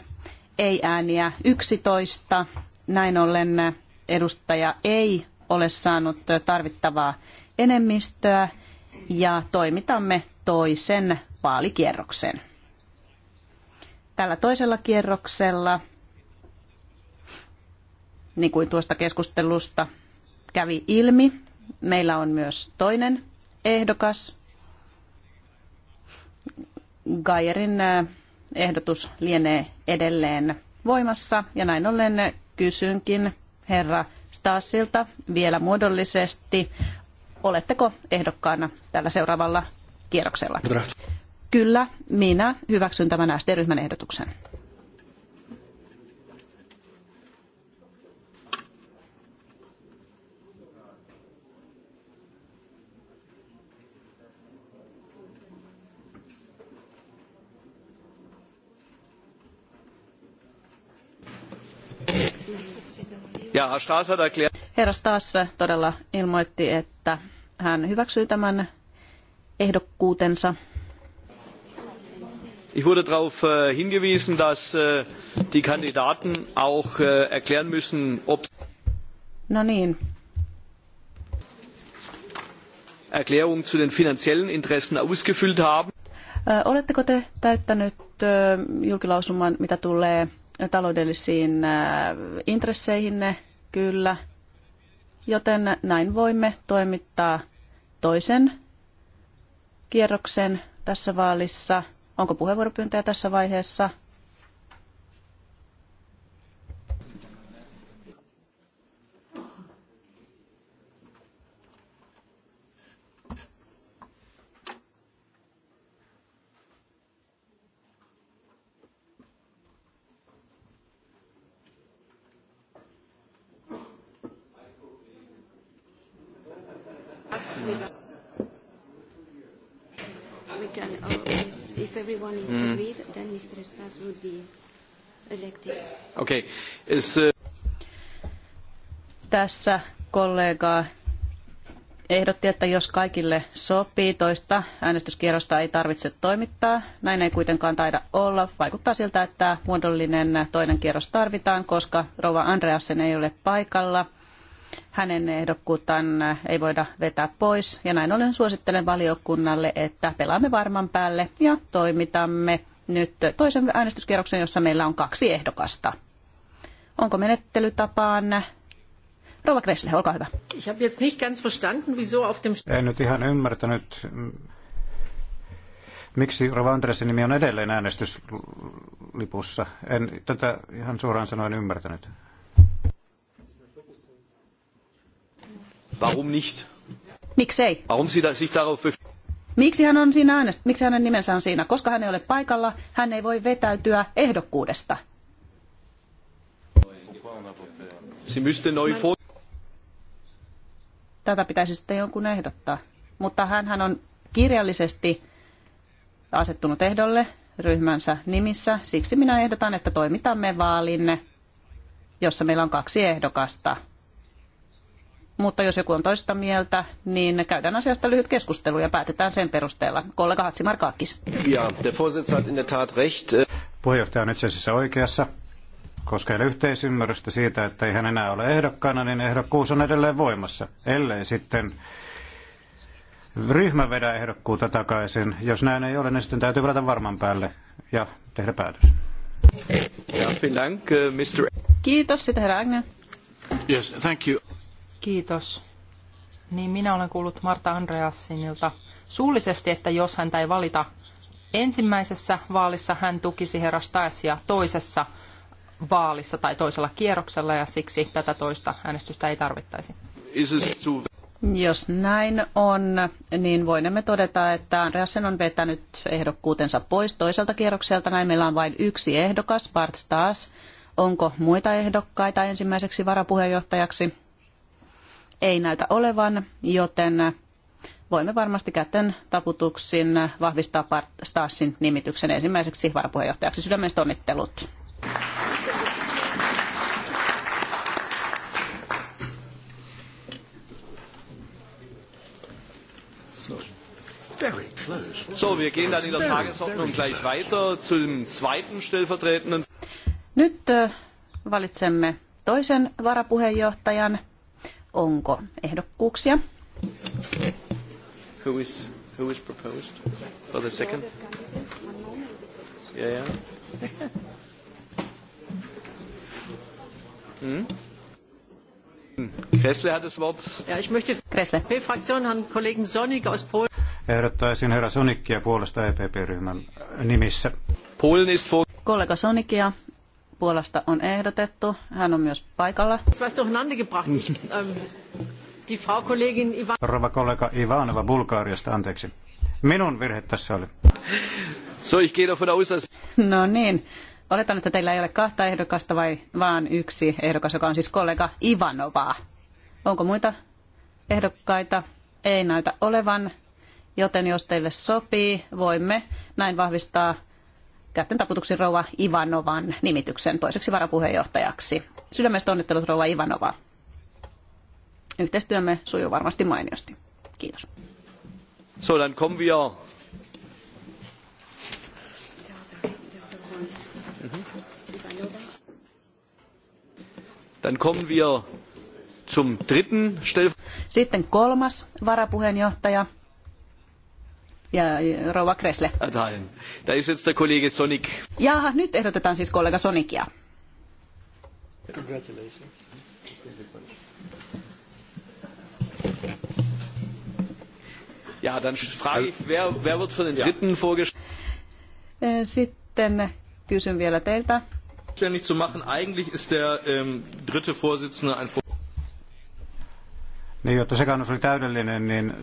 ei ääniä 11. Näin ollen edustaja ei ole saanut tarvittavaa enemmistöä ja toimitamme toisen vaalikierroksen. Tällä toisella kierroksella, niin kuin tuosta keskustelusta kävi ilmi, meillä on myös toinen ehdokas. Gajerin äh, ehdotus lienee edelleen voimassa ja näin ollen kysynkin herra Stasilta vielä muodollisesti, oletteko ehdokkaana tällä seuraavalla kierroksella? Kyllä, minä hyväksyn tämän SD-ryhmän ehdotuksen. Herra Staas todella ilmoitti, että hän hyväksyy tämän ehdokkuutensa. Ich wurde darauf äh, hingewiesen, dass äh, die Kandidaten auch äh, erklären müssen, ob No niin. Erklärung zu den finanziellen Interessen ausgefüllt haben. Oletteko te täyttänyt julkilausuman, mitä tulee taloudellisiin äh, intresseihinne, kyllä. Joten näin voimme toimittaa toisen kierroksen tässä vaalissa. Onko puheenvuoropyyntöjä tässä vaiheessa? We can, uh, if everyone is mm. agreed, then Mr. Stas would be elected. Okay. Is, uh, Tässä kollega ehdotti, että jos kaikille sopii, toista äänestyskierrosta ei tarvitse toimittaa. Näin ei kuitenkaan taida olla. Vaikuttaa siltä, että muodollinen toinen kierros tarvitaan, koska rouva Andreasen ei ole paikalla hänen ehdokkuuttaan ei voida vetää pois. Ja näin ollen suosittelen valiokunnalle, että pelaamme varman päälle ja toimitamme nyt toisen äänestyskierroksen, jossa meillä on kaksi ehdokasta. Onko menettelytapaan Rova Kressle, olkaa hyvä. En nyt ihan ymmärtänyt, miksi Rova Andresin nimi on edelleen äänestyslipussa. En tätä ihan suoraan sanoen ymmärtänyt. Warum nicht? Miksei? Warum Sie sich darauf Miksi hän on siinä äänest- Miksi hänen nimensä on siinä? Koska hän ei ole paikalla, hän ei voi vetäytyä ehdokkuudesta. Tätä pitäisi sitten jonkun ehdottaa. Mutta hän on kirjallisesti asettunut ehdolle ryhmänsä nimissä. Siksi minä ehdotan, että toimitamme vaalinne, jossa meillä on kaksi ehdokasta mutta jos joku on toista mieltä, niin käydään asiasta lyhyt keskustelu ja päätetään sen perusteella. Kollega Hatsimar Ja, der Vorsitz hat in der Tat recht. Äh, Puheenjohtaja on itse asiassa oikeassa. Koska ei ole yhteisymmärrystä siitä, että ei hän enää ole ehdokkaana, niin ehdokkuus on edelleen voimassa, ellei sitten ryhmä vedä ehdokkuutta takaisin. Jos näin ei ole, niin sitten täytyy varata varman päälle ja tehdä päätös. Ja, äh, Kiitos, sitten herra Agnew. Yes, thank you. Kiitos. Niin minä olen kuullut Marta Andreassinilta suullisesti, että jos häntä ei valita ensimmäisessä vaalissa, hän tukisi herra Staesia toisessa vaalissa tai toisella kierroksella ja siksi tätä toista äänestystä ei tarvittaisi. Jos näin on, niin voinemme todeta, että Andreasen on vetänyt ehdokkuutensa pois toiselta kierrokselta. Näin meillä on vain yksi ehdokas, Bart Stas. Onko muita ehdokkaita ensimmäiseksi varapuheenjohtajaksi? ei näytä olevan, joten voimme varmasti käten taputuksin vahvistaa Stassin nimityksen ensimmäiseksi varapuheenjohtajaksi. Sydämestä onnittelut. So, wir gehen dann in der Tagesordnung gleich weiter zum zweiten stellvertretenden. Nyt äh, valitsemme toisen varapuheenjohtajan onko ehdokkuuksia? Who is, who is proposed for the second? Yeah, yeah. Hmm? Hmm. Kressle hat das Wort. Ja, ich möchte Kressle. fraktion Herrn Kollegen Sonik aus Polen. Ehdottaisin herra Sonikia puolesta EPP-ryhmän nimissä. Polen ist vor... Kollega Sonikia Puolasta on ehdotettu. Hän on myös paikalla. Ähm, Rova kollega Ivanova Bulgaariasta, anteeksi. Minun virhe tässä oli. No niin. Oletan, että teillä ei ole kahta ehdokasta vai vaan yksi ehdokas, joka on siis kollega Ivanovaa. Onko muita ehdokkaita? Ei näytä olevan, joten jos teille sopii, voimme näin vahvistaa Käytän taputuksi rouva Ivanovan nimityksen toiseksi varapuheenjohtajaksi. Sydämestä onnittelut rouva Ivanova. Yhteistyömme sujuu varmasti mainiosti. Kiitos. So, dann kommen wir Dann kommen wir zum dritten Sitten kolmas varapuheenjohtaja ja rouva Kresle. Äh, da ist jetzt der Kollege Sonic. Jaha, nyt ehdotetaan siis kollega Sonicia. Congratulations. Ja, dann frage ich, wer, wer wird für den dritten vorgeschlagen? Äh, sitten kysyn vielä teiltä. Zu machen. Eigentlich ist der ähm, dritte Vorsitzende ein niin, jotta sekannus oli täydellinen, niin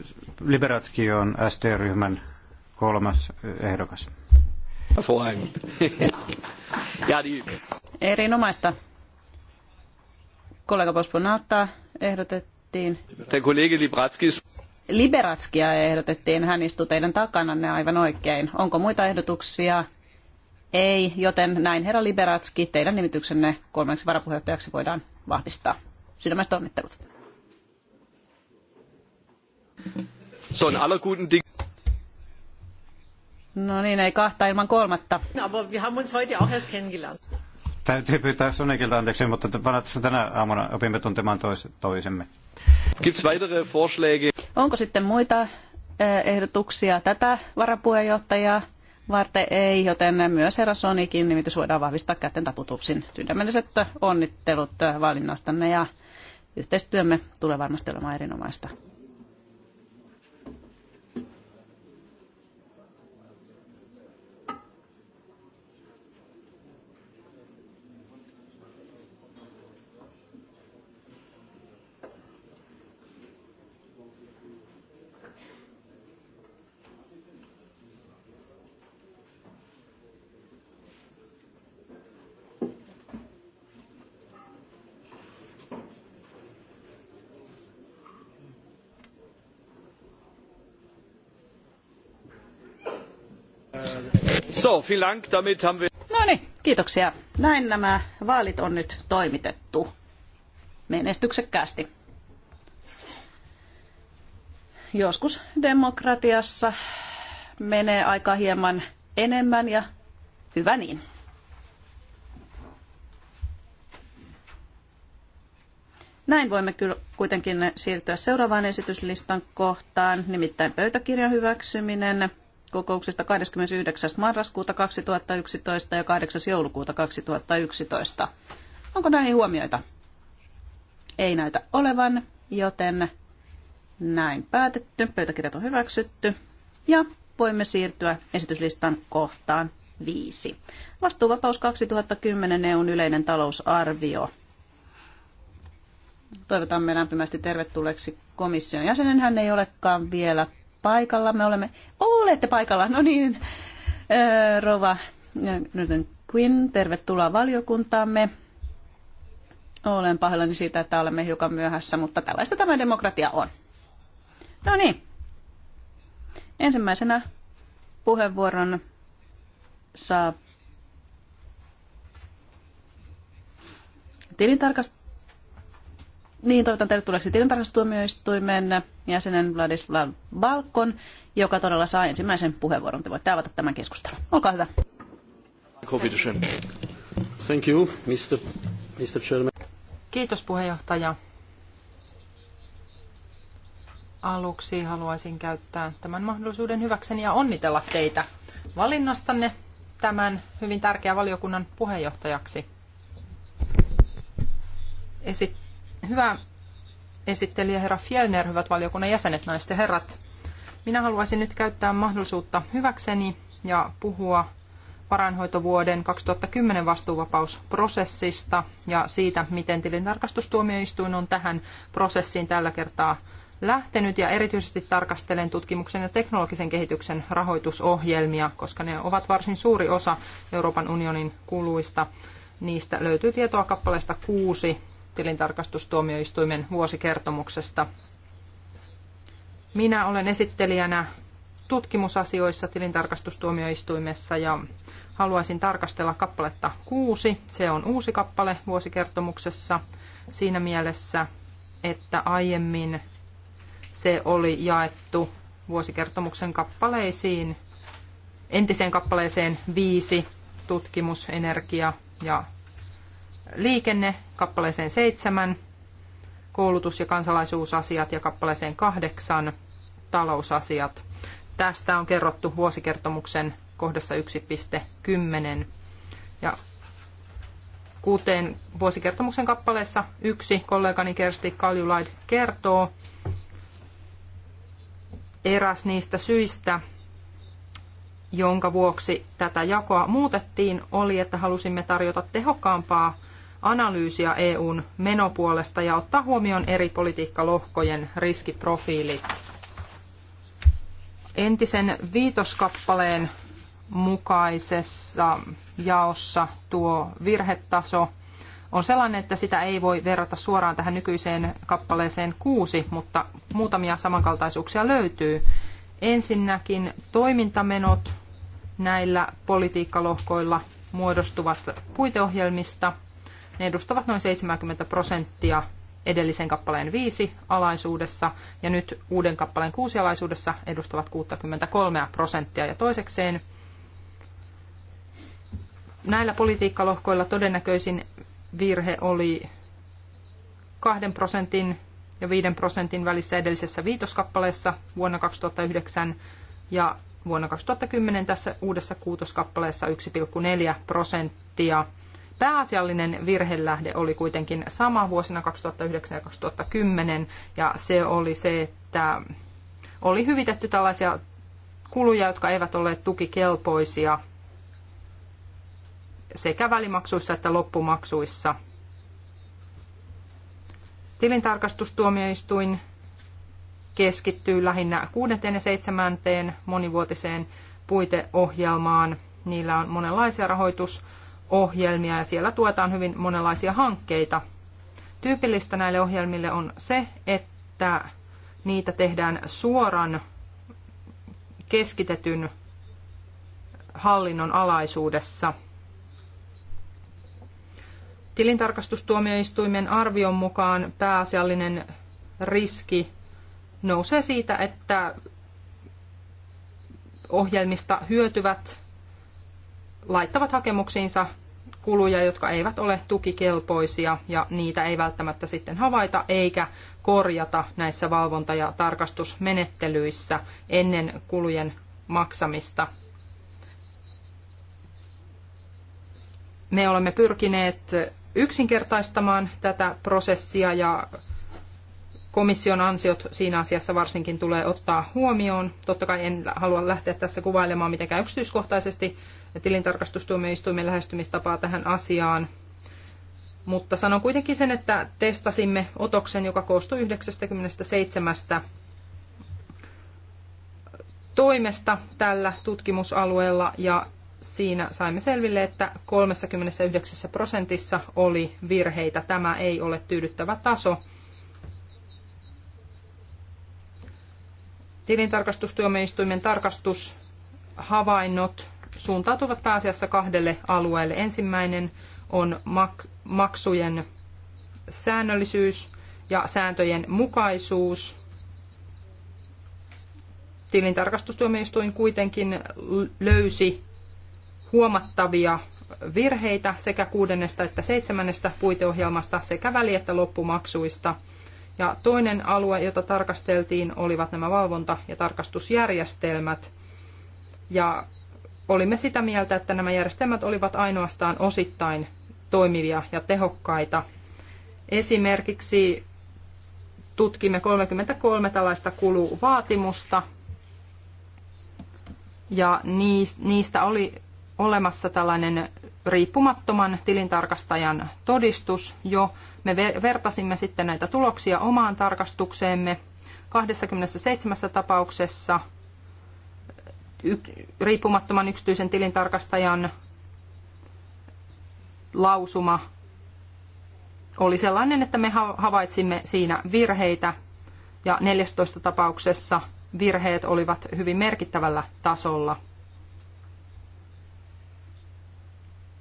Liberatski on ST-ryhmän kolmas eh, ehdokas. Erinomaista. Kollega Posponata ehdotettiin. Te kollegi Libratskis. Liberatskia ehdotettiin, hän istuu teidän takananne aivan oikein. Onko muita ehdotuksia? Ei, joten näin herra Liberatski, teidän nimityksenne kolmanneksi varapuheenjohtajaksi voidaan vahvistaa. Sydämestä onnittelut. Se on aller guten Ding. No niin, ei kahta ilman kolmatta. Aber wir haben uns heute auch erst kennengelernt. Täytyy pyytää Sonikilta anteeksi, mutta tässä tänä aamuna opimme tuntemaan tois, toisemme. Gibt's weitere Vorschläge? Onko sitten muita ehdotuksia tätä varapuheenjohtajaa varten? Ei, joten myös herra Sonikin nimitys voidaan vahvistaa kätten taputuksin. Sydämelliset onnittelut valinnastanne ja yhteistyömme tulee varmasti olemaan erinomaista. So, vielen Dank, damit haben wir... No niin, kiitoksia. Näin nämä vaalit on nyt toimitettu menestyksekkäästi. Joskus demokratiassa menee aika hieman enemmän ja hyvä niin. Näin voimme kyllä kuitenkin siirtyä seuraavaan esityslistan kohtaan, nimittäin pöytäkirjan hyväksyminen kokouksista 29. marraskuuta 2011 ja 8. joulukuuta 2011. Onko näihin huomioita? Ei näytä olevan, joten näin päätetty. Pöytäkirjat on hyväksytty. Ja voimme siirtyä esityslistan kohtaan 5. Vastuuvapaus 2010 EUn yleinen talousarvio. Toivotamme lämpimästi tervetulleeksi komission jäsenen. Hän ei olekaan vielä paikalla. Me olemme, olette paikalla, no niin, äh, Rova äh, Nyrten Quinn, tervetuloa valiokuntaamme. Olen pahoillani siitä, että olemme hiukan myöhässä, mutta tällaista tämä demokratia on. No niin, ensimmäisenä puheenvuoron saa tilintarkastus. Niin, toivotan tervetulleeksi tilintarkastustuomioistuimen jäsenen Vladislav Balkon, joka todella saa ensimmäisen puheenvuoron. Te voitte avata tämän keskustelun. Olkaa hyvä. Thank you, Mr. Mr. Chairman. Kiitos puheenjohtaja. Aluksi haluaisin käyttää tämän mahdollisuuden hyväkseni ja onnitella teitä valinnastanne tämän hyvin tärkeän valiokunnan puheenjohtajaksi. Esittää Hyvä esittelijä herra Fjellner, hyvät valiokunnan jäsenet, naiset ja herrat. Minä haluaisin nyt käyttää mahdollisuutta hyväkseni ja puhua varainhoitovuoden 2010 vastuuvapausprosessista ja siitä, miten tilintarkastustuomioistuin on tähän prosessiin tällä kertaa lähtenyt ja erityisesti tarkastelen tutkimuksen ja teknologisen kehityksen rahoitusohjelmia, koska ne ovat varsin suuri osa Euroopan unionin kuluista. Niistä löytyy tietoa kappaleesta kuusi tilintarkastustuomioistuimen vuosikertomuksesta. Minä olen esittelijänä tutkimusasioissa tilintarkastustuomioistuimessa ja haluaisin tarkastella kappaletta 6. Se on uusi kappale vuosikertomuksessa siinä mielessä, että aiemmin se oli jaettu vuosikertomuksen kappaleisiin, entiseen kappaleeseen 5, tutkimus, energia ja liikenne kappaleeseen 7, koulutus- ja kansalaisuusasiat ja kappaleeseen 8, talousasiat. Tästä on kerrottu vuosikertomuksen kohdassa 1.10 ja kuuteen vuosikertomuksen kappaleessa yksi kollegani Kersti Kaljulaid kertoo eräs niistä syistä, jonka vuoksi tätä jakoa muutettiin, oli, että halusimme tarjota tehokkaampaa analyysiä EUn menopuolesta ja ottaa huomioon eri politiikkalohkojen riskiprofiilit. Entisen viitoskappaleen mukaisessa jaossa tuo virhetaso on sellainen, että sitä ei voi verrata suoraan tähän nykyiseen kappaleeseen kuusi, mutta muutamia samankaltaisuuksia löytyy. Ensinnäkin toimintamenot näillä politiikkalohkoilla muodostuvat puiteohjelmista – ne edustavat noin 70 prosenttia edellisen kappaleen viisi alaisuudessa ja nyt uuden kappaleen kuusi alaisuudessa edustavat 63 prosenttia. Ja toisekseen näillä politiikkalohkoilla todennäköisin virhe oli kahden prosentin ja 5 prosentin välissä edellisessä viitoskappaleessa vuonna 2009 ja vuonna 2010 tässä uudessa kuutoskappaleessa 1,4 prosenttia Pääasiallinen virhelähde oli kuitenkin sama vuosina 2009 ja 2010, ja se oli se, että oli hyvitetty tällaisia kuluja, jotka eivät olleet tukikelpoisia sekä välimaksuissa että loppumaksuissa. Tilintarkastustuomioistuin keskittyy lähinnä kuudenteen ja seitsemänteen monivuotiseen puiteohjelmaan. Niillä on monenlaisia rahoitus- ohjelmia ja siellä tuetaan hyvin monenlaisia hankkeita. Tyypillistä näille ohjelmille on se, että niitä tehdään suoran keskitetyn hallinnon alaisuudessa. Tilintarkastustuomioistuimen arvion mukaan pääasiallinen riski nousee siitä, että ohjelmista hyötyvät laittavat hakemuksiinsa kuluja, jotka eivät ole tukikelpoisia ja niitä ei välttämättä sitten havaita eikä korjata näissä valvonta- ja tarkastusmenettelyissä ennen kulujen maksamista. Me olemme pyrkineet yksinkertaistamaan tätä prosessia ja komission ansiot siinä asiassa varsinkin tulee ottaa huomioon. Totta kai en halua lähteä tässä kuvailemaan mitenkään yksityiskohtaisesti tilintarkastustuomioistuimen lähestymistapaa tähän asiaan. Mutta sanon kuitenkin sen, että testasimme otoksen, joka koostui 97 toimesta tällä tutkimusalueella ja siinä saimme selville, että 39 prosentissa oli virheitä. Tämä ei ole tyydyttävä taso. Tilintarkastustuomioistuimen tarkastushavainnot suuntautuvat pääasiassa kahdelle alueelle. Ensimmäinen on maksujen säännöllisyys ja sääntöjen mukaisuus. Tilintarkastustuomioistuin kuitenkin löysi huomattavia virheitä sekä kuudennesta että seitsemännestä puiteohjelmasta sekä väli- että loppumaksuista. Ja toinen alue, jota tarkasteltiin, olivat nämä valvonta- ja tarkastusjärjestelmät. Ja olimme sitä mieltä, että nämä järjestelmät olivat ainoastaan osittain toimivia ja tehokkaita. Esimerkiksi tutkimme 33 tällaista kuluvaatimusta, ja niistä oli olemassa tällainen riippumattoman tilintarkastajan todistus jo. Me vertasimme sitten näitä tuloksia omaan tarkastukseemme 27 tapauksessa – riippumattoman yksityisen tilintarkastajan lausuma oli sellainen, että me havaitsimme siinä virheitä ja 14 tapauksessa virheet olivat hyvin merkittävällä tasolla.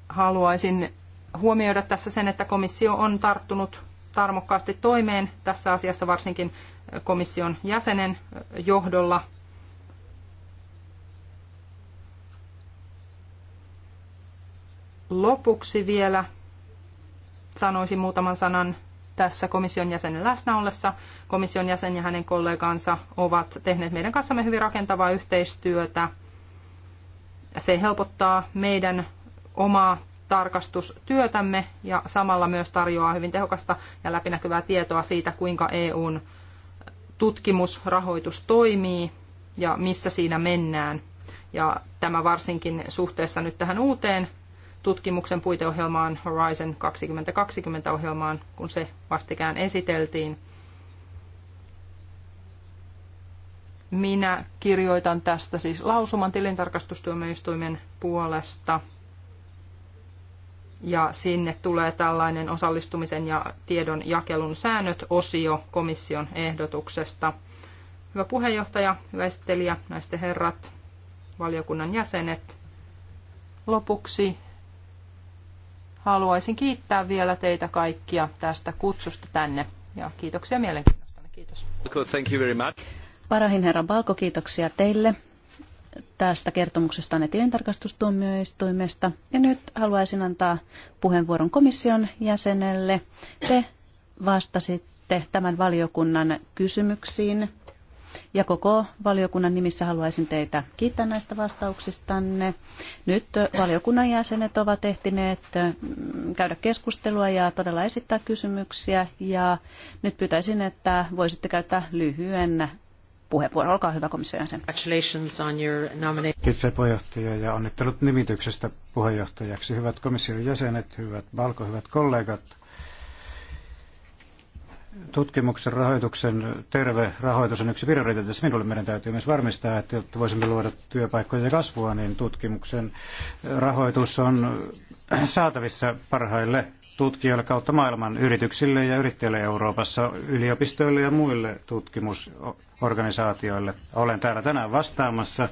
Haluaisin huomioida tässä sen, että komissio on tarttunut tarmokkaasti toimeen tässä asiassa varsinkin komission jäsenen johdolla – lopuksi vielä sanoisin muutaman sanan tässä komission jäsenen läsnä ollessa. Komission jäsen ja hänen kollegansa ovat tehneet meidän kanssamme hyvin rakentavaa yhteistyötä. Se helpottaa meidän omaa tarkastustyötämme ja samalla myös tarjoaa hyvin tehokasta ja läpinäkyvää tietoa siitä, kuinka EUn tutkimusrahoitus toimii ja missä siinä mennään. Ja tämä varsinkin suhteessa nyt tähän uuteen tutkimuksen puiteohjelmaan Horizon 2020-ohjelmaan, kun se vastikään esiteltiin. Minä kirjoitan tästä siis lausuman tilintarkastustuomioistuimen puolesta. Ja sinne tulee tällainen osallistumisen ja tiedon jakelun säännöt osio komission ehdotuksesta. Hyvä puheenjohtaja, hyvä esittelijä, naisten herrat, valiokunnan jäsenet. Lopuksi haluaisin kiittää vielä teitä kaikkia tästä kutsusta tänne ja kiitoksia mielenkiinnostanne. Kiitos. Thank you very much. Parahin herra Balko, kiitoksia teille tästä kertomuksesta ne tilintarkastustuomioistuimesta. Ja nyt haluaisin antaa puheenvuoron komission jäsenelle. Te vastasitte tämän valiokunnan kysymyksiin ja koko valiokunnan nimissä haluaisin teitä kiittää näistä vastauksistanne. Nyt valiokunnan jäsenet ovat ehtineet mm, käydä keskustelua ja todella esittää kysymyksiä. Ja nyt pyytäisin, että voisitte käyttää lyhyen puheenvuoron. Olkaa hyvä komission jäsen. Congratulations on your nomination. Kiitos puheenjohtaja ja onnittelut nimityksestä puheenjohtajaksi. Hyvät komission jäsenet, hyvät Valko, hyvät kollegat tutkimuksen rahoituksen terve rahoitus on yksi prioriteetti. Minulle meidän täytyy myös varmistaa, että jotta voisimme luoda työpaikkoja ja kasvua, niin tutkimuksen rahoitus on saatavissa parhaille tutkijoille kautta maailman yrityksille ja yrittäjille Euroopassa, yliopistoille ja muille tutkimusorganisaatioille. Olen täällä tänään vastaamassa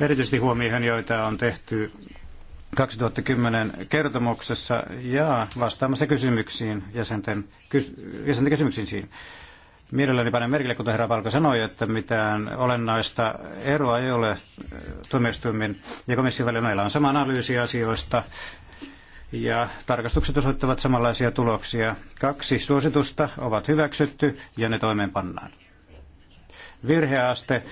erityisesti huomioihin, joita on tehty 2010 kertomuksessa ja vastaamassa kysymyksiin, jäsenten, kys, jäsenten kysymyksiin siinä. Mielelläni panen merkille, kuten herra Palko sanoi, että mitään olennaista eroa ei ole äh, tuomioistuimen ja komission välillä. Meillä on sama analyysi asioista ja tarkastukset osoittavat samanlaisia tuloksia. Kaksi suositusta ovat hyväksytty ja ne toimeenpannaan virheaste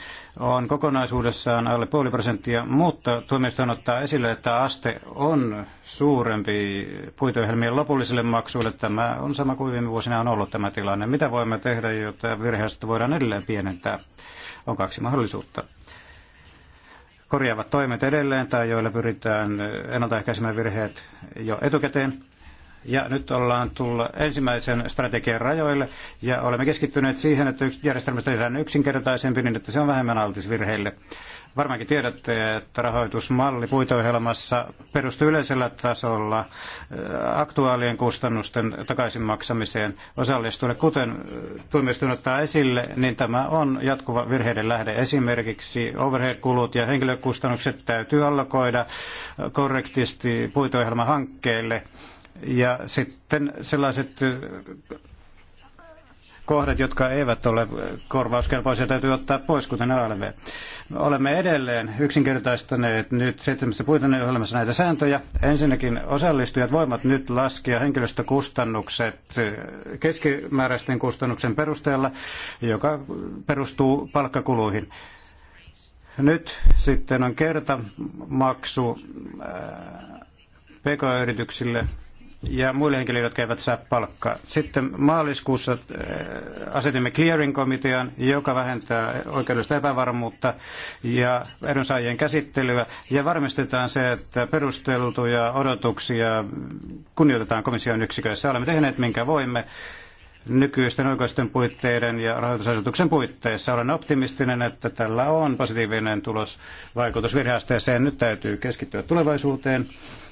on kokonaisuudessaan alle puoli prosenttia, mutta on ottaa esille, että aste on suurempi puitoihelmien lopullisille maksuille. Tämä on sama kuin viime vuosina on ollut tämä tilanne. Mitä voimme tehdä, jotta virheaste voidaan edelleen pienentää? On kaksi mahdollisuutta korjaavat toimet edelleen tai joilla pyritään ennaltaehkäisemään virheet jo etukäteen. Ja nyt ollaan tullut ensimmäisen strategian rajoille ja olemme keskittyneet siihen, että järjestelmästä tehdään yksinkertaisempi niin, että se on vähemmän altis virheille. Varmaankin tiedätte, että rahoitusmalli puitoihjelmassa perustuu yleisellä tasolla äh, aktuaalien kustannusten takaisinmaksamiseen osallistujille. Kuten äh, tuomioistuin ottaa esille, niin tämä on jatkuva virheiden lähde. Esimerkiksi overhead-kulut ja henkilökustannukset täytyy allokoida korrektisti puitoihjelmahankkeelle hankkeelle ja sitten sellaiset äh, kohdat, jotka eivät ole korvauskelpoisia, täytyy ottaa pois, kuten ALV. Olemme edelleen yksinkertaistaneet nyt seitsemässä puiteohjelmassa näitä sääntöjä. Ensinnäkin osallistujat voivat nyt laskea henkilöstökustannukset äh, keskimääräisten kustannuksen perusteella, joka perustuu palkkakuluihin. Nyt sitten on kertamaksu äh, pk-yrityksille ja muille henkilöille, jotka eivät saa palkkaa. Sitten maaliskuussa äh, asetimme clearing-komitean, joka vähentää oikeudellista epävarmuutta ja edunsaajien käsittelyä ja varmistetaan se, että perusteltuja odotuksia kunnioitetaan komission yksiköissä. Olemme tehneet minkä voimme nykyisten oikeusten puitteiden ja rahoitusasetuksen puitteissa. Olen optimistinen, että tällä on positiivinen tulos vaikutus virheasteeseen. Nyt täytyy keskittyä tulevaisuuteen.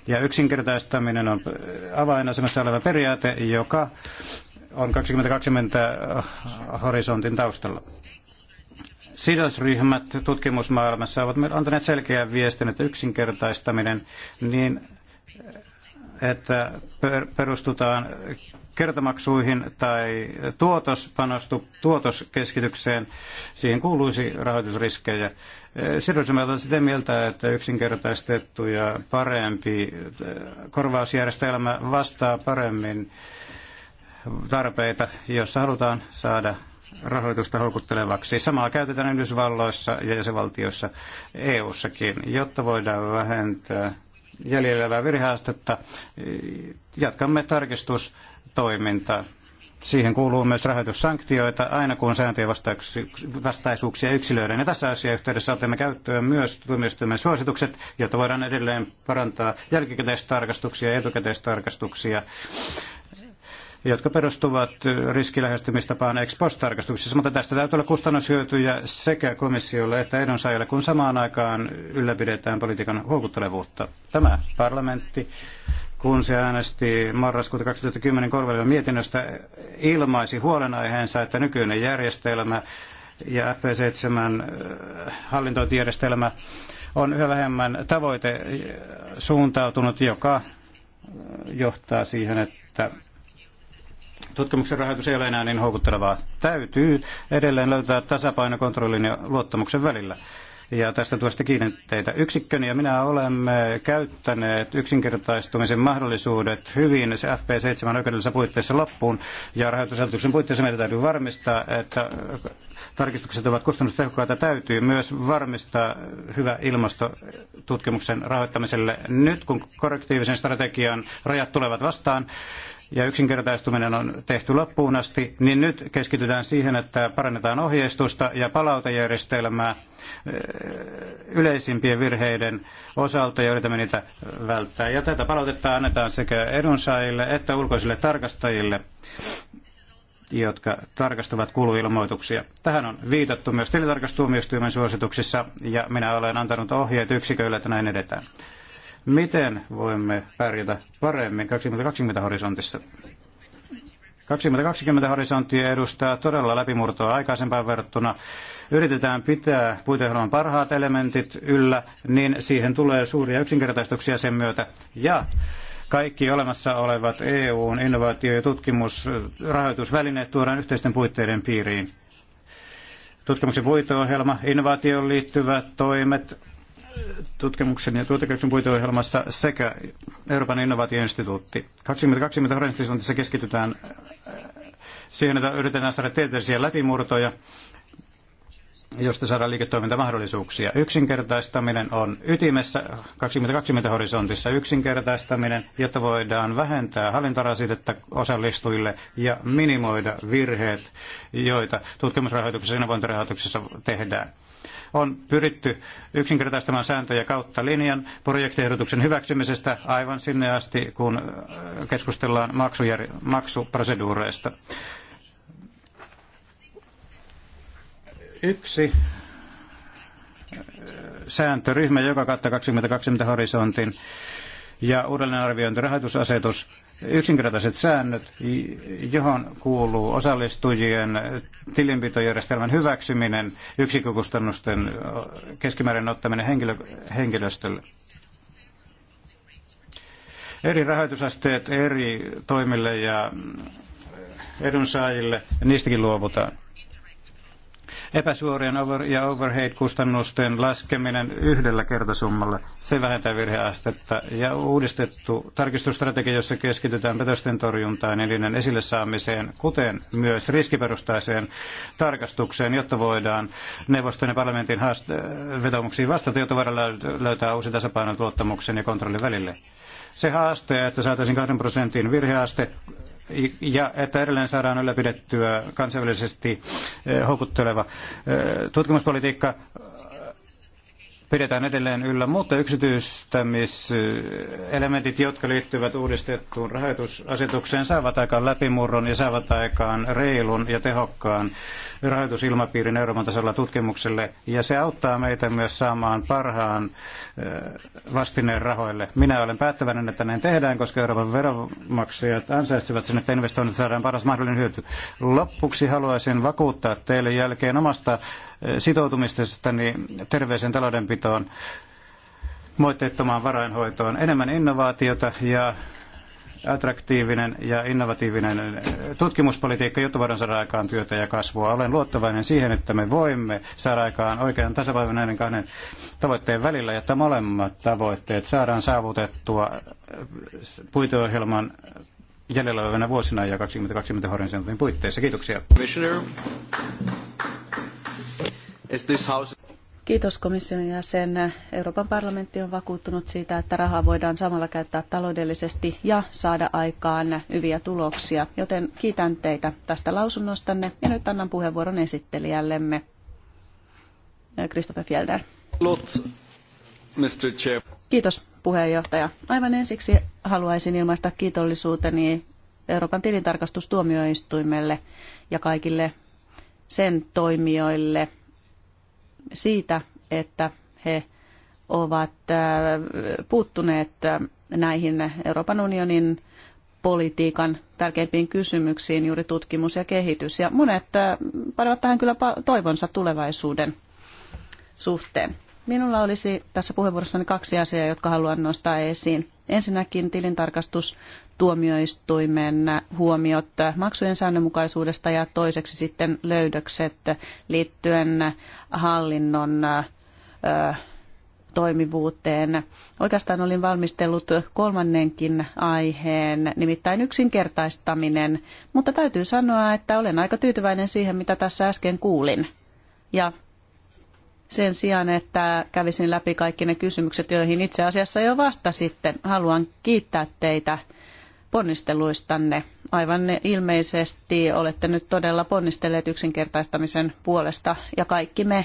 Ja yksinkertaistaminen on avainasemassa oleva periaate, joka on 2020 horisontin taustalla. Sidosryhmät tutkimusmaailmassa ovat antaneet selkeän viestin, että yksinkertaistaminen niin että perustutaan kertamaksuihin tai tuotospanostu, tuotoskeskitykseen. Siihen kuuluisi rahoitusriskejä. Sidosryhmät ovat sitä mieltä, että yksinkertaistettu ja parempi äh, korvausjärjestelmä vastaa paremmin tarpeita, jossa halutaan saada rahoitusta houkuttelevaksi. Samaa käytetään Yhdysvalloissa ja jäsenvaltioissa EU-sakin, jotta voidaan vähentää jäljellä virheastetta. Jatkamme tarkistus toiminta. Siihen kuuluu myös rahoitussanktioita aina kun sääntöjen vastaisuuksia yksilöiden. Ja tässä asiayhteydessä otamme käyttöön myös tuomioistuimen suositukset, jotta voidaan edelleen parantaa jälkikäteistarkastuksia ja etukäteistarkastuksia jotka perustuvat riskilähestymistapaan ex post-tarkastuksissa, mutta tästä täytyy olla kustannushyötyjä sekä komissiolle että edunsaajalle, kun samaan aikaan ylläpidetään politiikan houkuttelevuutta. Tämä parlamentti kun se äänesti marraskuuta 2010 korvella mietinnöstä, ilmaisi huolenaiheensa, että nykyinen järjestelmä ja FP7 äh, hallintointijärjestelmä on yhä vähemmän tavoite äh, suuntautunut, joka äh, johtaa siihen, että tutkimuksen rahoitus ei ole enää niin houkuttelevaa. Täytyy edelleen löytää tasapaino kontrollin ja luottamuksen välillä ja tästä tuosta kiinni teitä. Yksikköni ja minä olemme käyttäneet yksinkertaistumisen mahdollisuudet hyvin se FP7 oikeudellisessa puitteissa loppuun ja rahoitusasetuksen puitteissa meidän täytyy varmistaa, että tarkistukset ovat kustannustehokkaita. Täytyy myös varmistaa hyvä ilmastotutkimuksen rahoittamiselle nyt, kun korrektiivisen strategian rajat tulevat vastaan ja yksinkertaistuminen on tehty loppuun asti, niin nyt keskitytään siihen, että parannetaan ohjeistusta ja palautejärjestelmää eh, yleisimpien virheiden osalta ja yritämme niitä välttää. Ja tätä palautetta annetaan sekä edunsaajille että ulkoisille tarkastajille jotka tarkastavat kuluilmoituksia. Tähän on viitattu myös tilitarkastuomioistuimen suosituksissa ja minä olen antanut ohjeet yksiköille, että näin edetään miten voimme pärjätä paremmin 2020 horisontissa. 2020 horisontti edustaa todella läpimurtoa aikaisempaan verrattuna. Yritetään pitää puitehdon parhaat elementit yllä, niin siihen tulee suuria yksinkertaistuksia sen myötä. Ja kaikki olemassa olevat EUn innovaatio- ja tutkimusrahoitusvälineet tuodaan yhteisten puitteiden piiriin. Tutkimuksen puiteohjelma, innovaatioon liittyvät toimet, tutkimuksen ja tuotekehityksen puiteohjelmassa sekä Euroopan innovaatioinstituutti. 2020 horisontissa keskitytään eh, siihen, että yritetään saada tieteellisiä läpimurtoja, josta saadaan liiketoimintamahdollisuuksia. Yksinkertaistaminen on ytimessä 2020 horisontissa yksinkertaistaminen, jotta voidaan vähentää hallintorasitetta osallistujille ja minimoida virheet, joita tutkimusrahoituksessa ja innovointirahoituksessa tehdään on pyritty yksinkertaistamaan sääntöjä kautta linjan projektiehdotuksen hyväksymisestä aivan sinne asti, kun äh, keskustellaan maksujär- maksuproseduureista. Yksi äh, sääntöryhmä, joka kattaa 2020 horisontin ja uudelleenarviointi rahoitusasetus yksinkertaiset säännöt, johon kuuluu osallistujien tilinpitojärjestelmän hyväksyminen, yksikkökustannusten keskimääräinen ottaminen henkilö, henkilöstölle. Eri rahoitusasteet eri toimille ja edunsaajille, niistäkin luovutaan. Epäsuorien over- ja overhead-kustannusten laskeminen yhdellä kertasummalla, se vähentää virheastetta. Ja uudistettu tarkistusstrategia, jossa keskitytään petosten torjuntaan ja niiden esille saamiseen, kuten myös riskiperustaiseen tarkastukseen, jotta voidaan neuvoston ja parlamentin haast- vetomuksiin vastata, jotta voidaan löytää uusi tasapaino luottamuksen ja kontrollin välille. Se haaste, että saataisiin 2 prosentin virheaste ja että edelleen saadaan ylläpidettyä kansainvälisesti eh, houkutteleva eh, tutkimuspolitiikka pidetään edelleen yllä, mutta yksityistämiselementit, jotka liittyvät uudistettuun rahoitusasetukseen, saavat aikaan läpimurron ja saavat aikaan reilun ja tehokkaan rahoitusilmapiirin Euroopan tasolla tutkimukselle. Ja se auttaa meitä myös saamaan parhaan vastineen rahoille. Minä olen päättäväinen, että näin tehdään, koska Euroopan veronmaksajat ansaitsevat sen, että investoinnit saadaan paras mahdollinen hyöty. Lopuksi haluaisin vakuuttaa teille jälkeen omasta sitoutumistani niin terveeseen taloudenpitoon, moitteettomaan varainhoitoon, enemmän innovaatiota ja attraktiivinen ja innovatiivinen äh, tutkimuspolitiikka, jotta voidaan saada aikaan työtä ja kasvua. Olen luottavainen siihen, että me voimme saada aikaan oikean tasapainon näiden kahden tavoitteen välillä, että molemmat tavoitteet saadaan saavutettua äh, puiteohjelman jäljellä olevina vuosina ja 2020 horisontin puitteissa. Kiitoksia. Kiitos komission jäsen. Euroopan parlamentti on vakuuttunut siitä, että rahaa voidaan samalla käyttää taloudellisesti ja saada aikaan hyviä tuloksia, joten kiitän teitä tästä lausunnostanne ja nyt annan puheenvuoron esittelijällemme Christopher Fjellner. Lots, Mr. Chair. Kiitos puheenjohtaja. Aivan ensiksi haluaisin ilmaista kiitollisuuteni Euroopan tilintarkastustuomioistuimelle ja kaikille sen toimijoille – siitä, että he ovat äh, puuttuneet äh, näihin Euroopan unionin politiikan tärkeimpiin kysymyksiin, juuri tutkimus ja kehitys. Ja monet äh, panevat tähän kyllä toivonsa tulevaisuuden suhteen. Minulla olisi tässä puheenvuorossani kaksi asiaa, jotka haluan nostaa esiin. Ensinnäkin tilintarkastustuomioistuimen huomiot maksujen säännönmukaisuudesta ja toiseksi sitten löydökset liittyen hallinnon toimivuuteen. Oikeastaan olin valmistellut kolmannenkin aiheen, nimittäin yksinkertaistaminen, mutta täytyy sanoa, että olen aika tyytyväinen siihen, mitä tässä äsken kuulin. Ja sen sijaan, että kävisin läpi kaikki ne kysymykset, joihin itse asiassa jo vastasitte. Haluan kiittää teitä ponnisteluistanne. Aivan ilmeisesti olette nyt todella ponnistelleet yksinkertaistamisen puolesta ja kaikki me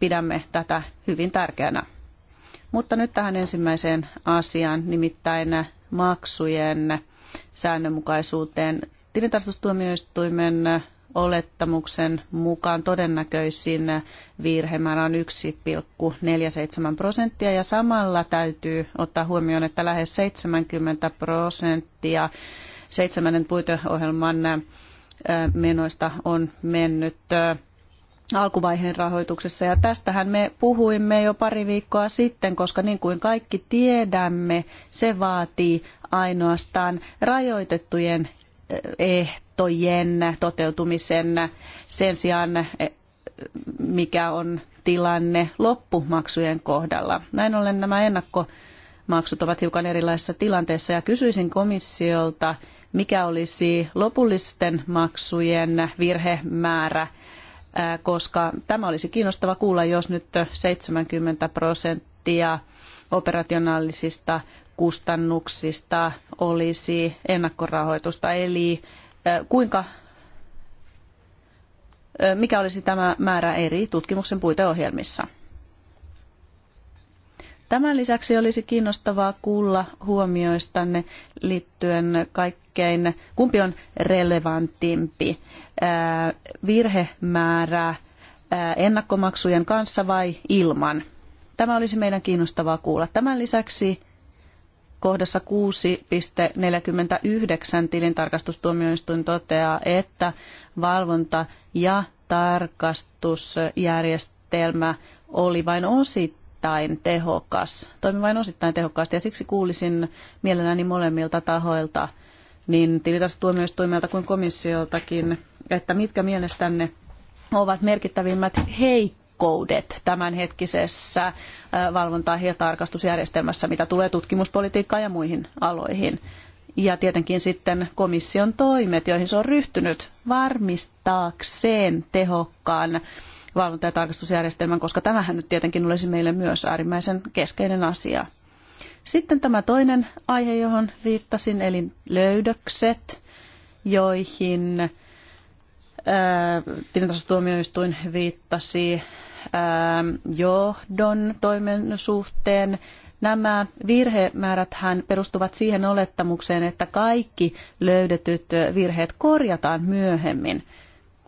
pidämme tätä hyvin tärkeänä. Mutta nyt tähän ensimmäiseen asiaan, nimittäin maksujen säännönmukaisuuteen. Tilintarkastustuomioistuimen olettamuksen mukaan todennäköisin virhemäärä on 1,47 prosenttia ja samalla täytyy ottaa huomioon, että lähes 70 prosenttia seitsemännen puiteohjelman menoista on mennyt alkuvaiheen rahoituksessa. Ja tästähän me puhuimme jo pari viikkoa sitten, koska niin kuin kaikki tiedämme, se vaatii ainoastaan rajoitettujen ehtojen toteutumisen sen sijaan, eh, mikä on tilanne loppumaksujen kohdalla. Näin ollen nämä ennakkomaksut ovat hiukan erilaisessa tilanteessa ja kysyisin komissiolta, mikä olisi lopullisten maksujen virhemäärä, eh, koska tämä olisi kiinnostava kuulla, jos nyt 70 prosenttia operationaalisista kustannuksista olisi ennakkorahoitusta, eli kuinka, mikä olisi tämä määrä eri tutkimuksen puiteohjelmissa. Tämän lisäksi olisi kiinnostavaa kuulla huomioistanne liittyen kaikkein, kumpi on relevantimpi, virhemäärä ennakkomaksujen kanssa vai ilman. Tämä olisi meidän kiinnostavaa kuulla. Tämän lisäksi kohdassa 6.49 tilintarkastustuomioistuin toteaa, että valvonta ja tarkastusjärjestelmä oli vain osittain tehokas, toimi vain osittain tehokkaasti ja siksi kuulisin mielelläni molemmilta tahoilta niin tilintarkastustuomioistuimelta kuin komissioltakin, että mitkä mielestänne ovat merkittävimmät heikkoukset heikkoudet tämänhetkisessä äh, valvonta- ja tarkastusjärjestelmässä, mitä tulee tutkimuspolitiikkaan ja muihin aloihin. Ja tietenkin sitten komission toimet, joihin se on ryhtynyt varmistaakseen tehokkaan valvonta- ja tarkastusjärjestelmän, koska tämähän nyt tietenkin olisi meille myös äärimmäisen keskeinen asia. Sitten tämä toinen aihe, johon viittasin, eli löydökset, joihin tilintarkastustuomioistuin viittasi ähm, johdon toimen suhteen. Nämä virhemäärät perustuvat siihen olettamukseen, että kaikki löydetyt virheet korjataan myöhemmin.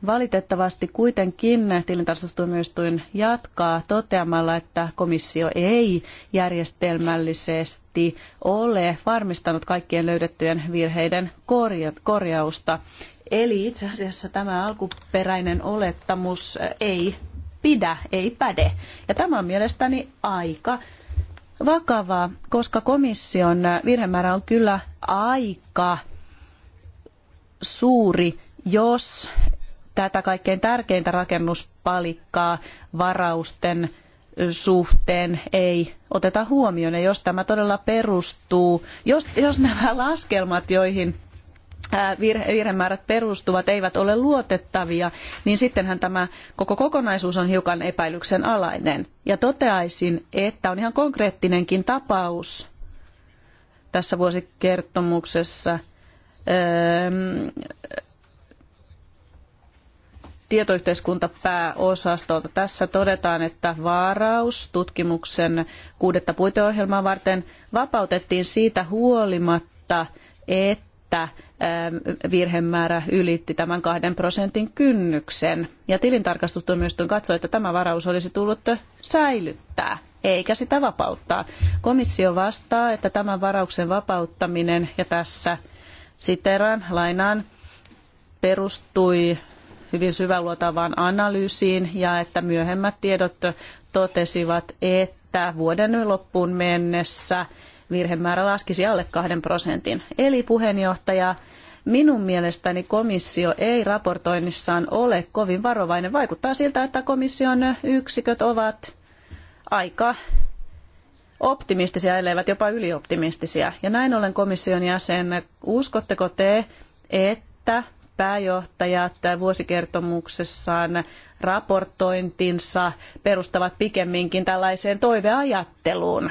Valitettavasti kuitenkin tilintarkastustuomioistuin jatkaa toteamalla, että komissio ei järjestelmällisesti ole varmistanut kaikkien löydettyjen virheiden korjausta. Eli itse asiassa tämä alkuperäinen olettamus ei pidä, ei päde. Ja tämä on mielestäni aika vakavaa, koska komission virhemäärä on kyllä aika suuri, jos tätä kaikkein tärkeintä rakennuspalikkaa varausten suhteen ei oteta huomioon. Ja jos tämä todella perustuu, jos, jos nämä laskelmat, joihin virhemäärät perustuvat, eivät ole luotettavia, niin sittenhän tämä koko kokonaisuus on hiukan epäilyksen alainen. Ja toteaisin, että on ihan konkreettinenkin tapaus tässä vuosikertomuksessa. tietoyhteiskuntapääosastolta. Tässä todetaan, että vaaraus tutkimuksen kuudetta puiteohjelmaa varten vapautettiin siitä huolimatta, että että ähm, virhemäärä ylitti tämän kahden prosentin kynnyksen. Ja tilintarkastustuomioistuin katsoi, että tämä varaus olisi tullut säilyttää eikä sitä vapauttaa. Komissio vastaa, että tämän varauksen vapauttaminen, ja tässä siteraan lainaan, perustui hyvin syväluotavaan analyysiin ja että myöhemmät tiedot totesivat, että vuoden loppuun mennessä virhemäärä laskisi alle kahden prosentin. Eli puheenjohtaja, minun mielestäni komissio ei raportoinnissaan ole kovin varovainen. Vaikuttaa siltä, että komission yksiköt ovat aika optimistisia, elleivät jopa ylioptimistisia. Ja näin ollen komission jäsen, uskotteko te, että pääjohtajat vuosikertomuksessaan raportointinsa perustavat pikemminkin tällaiseen toiveajatteluun?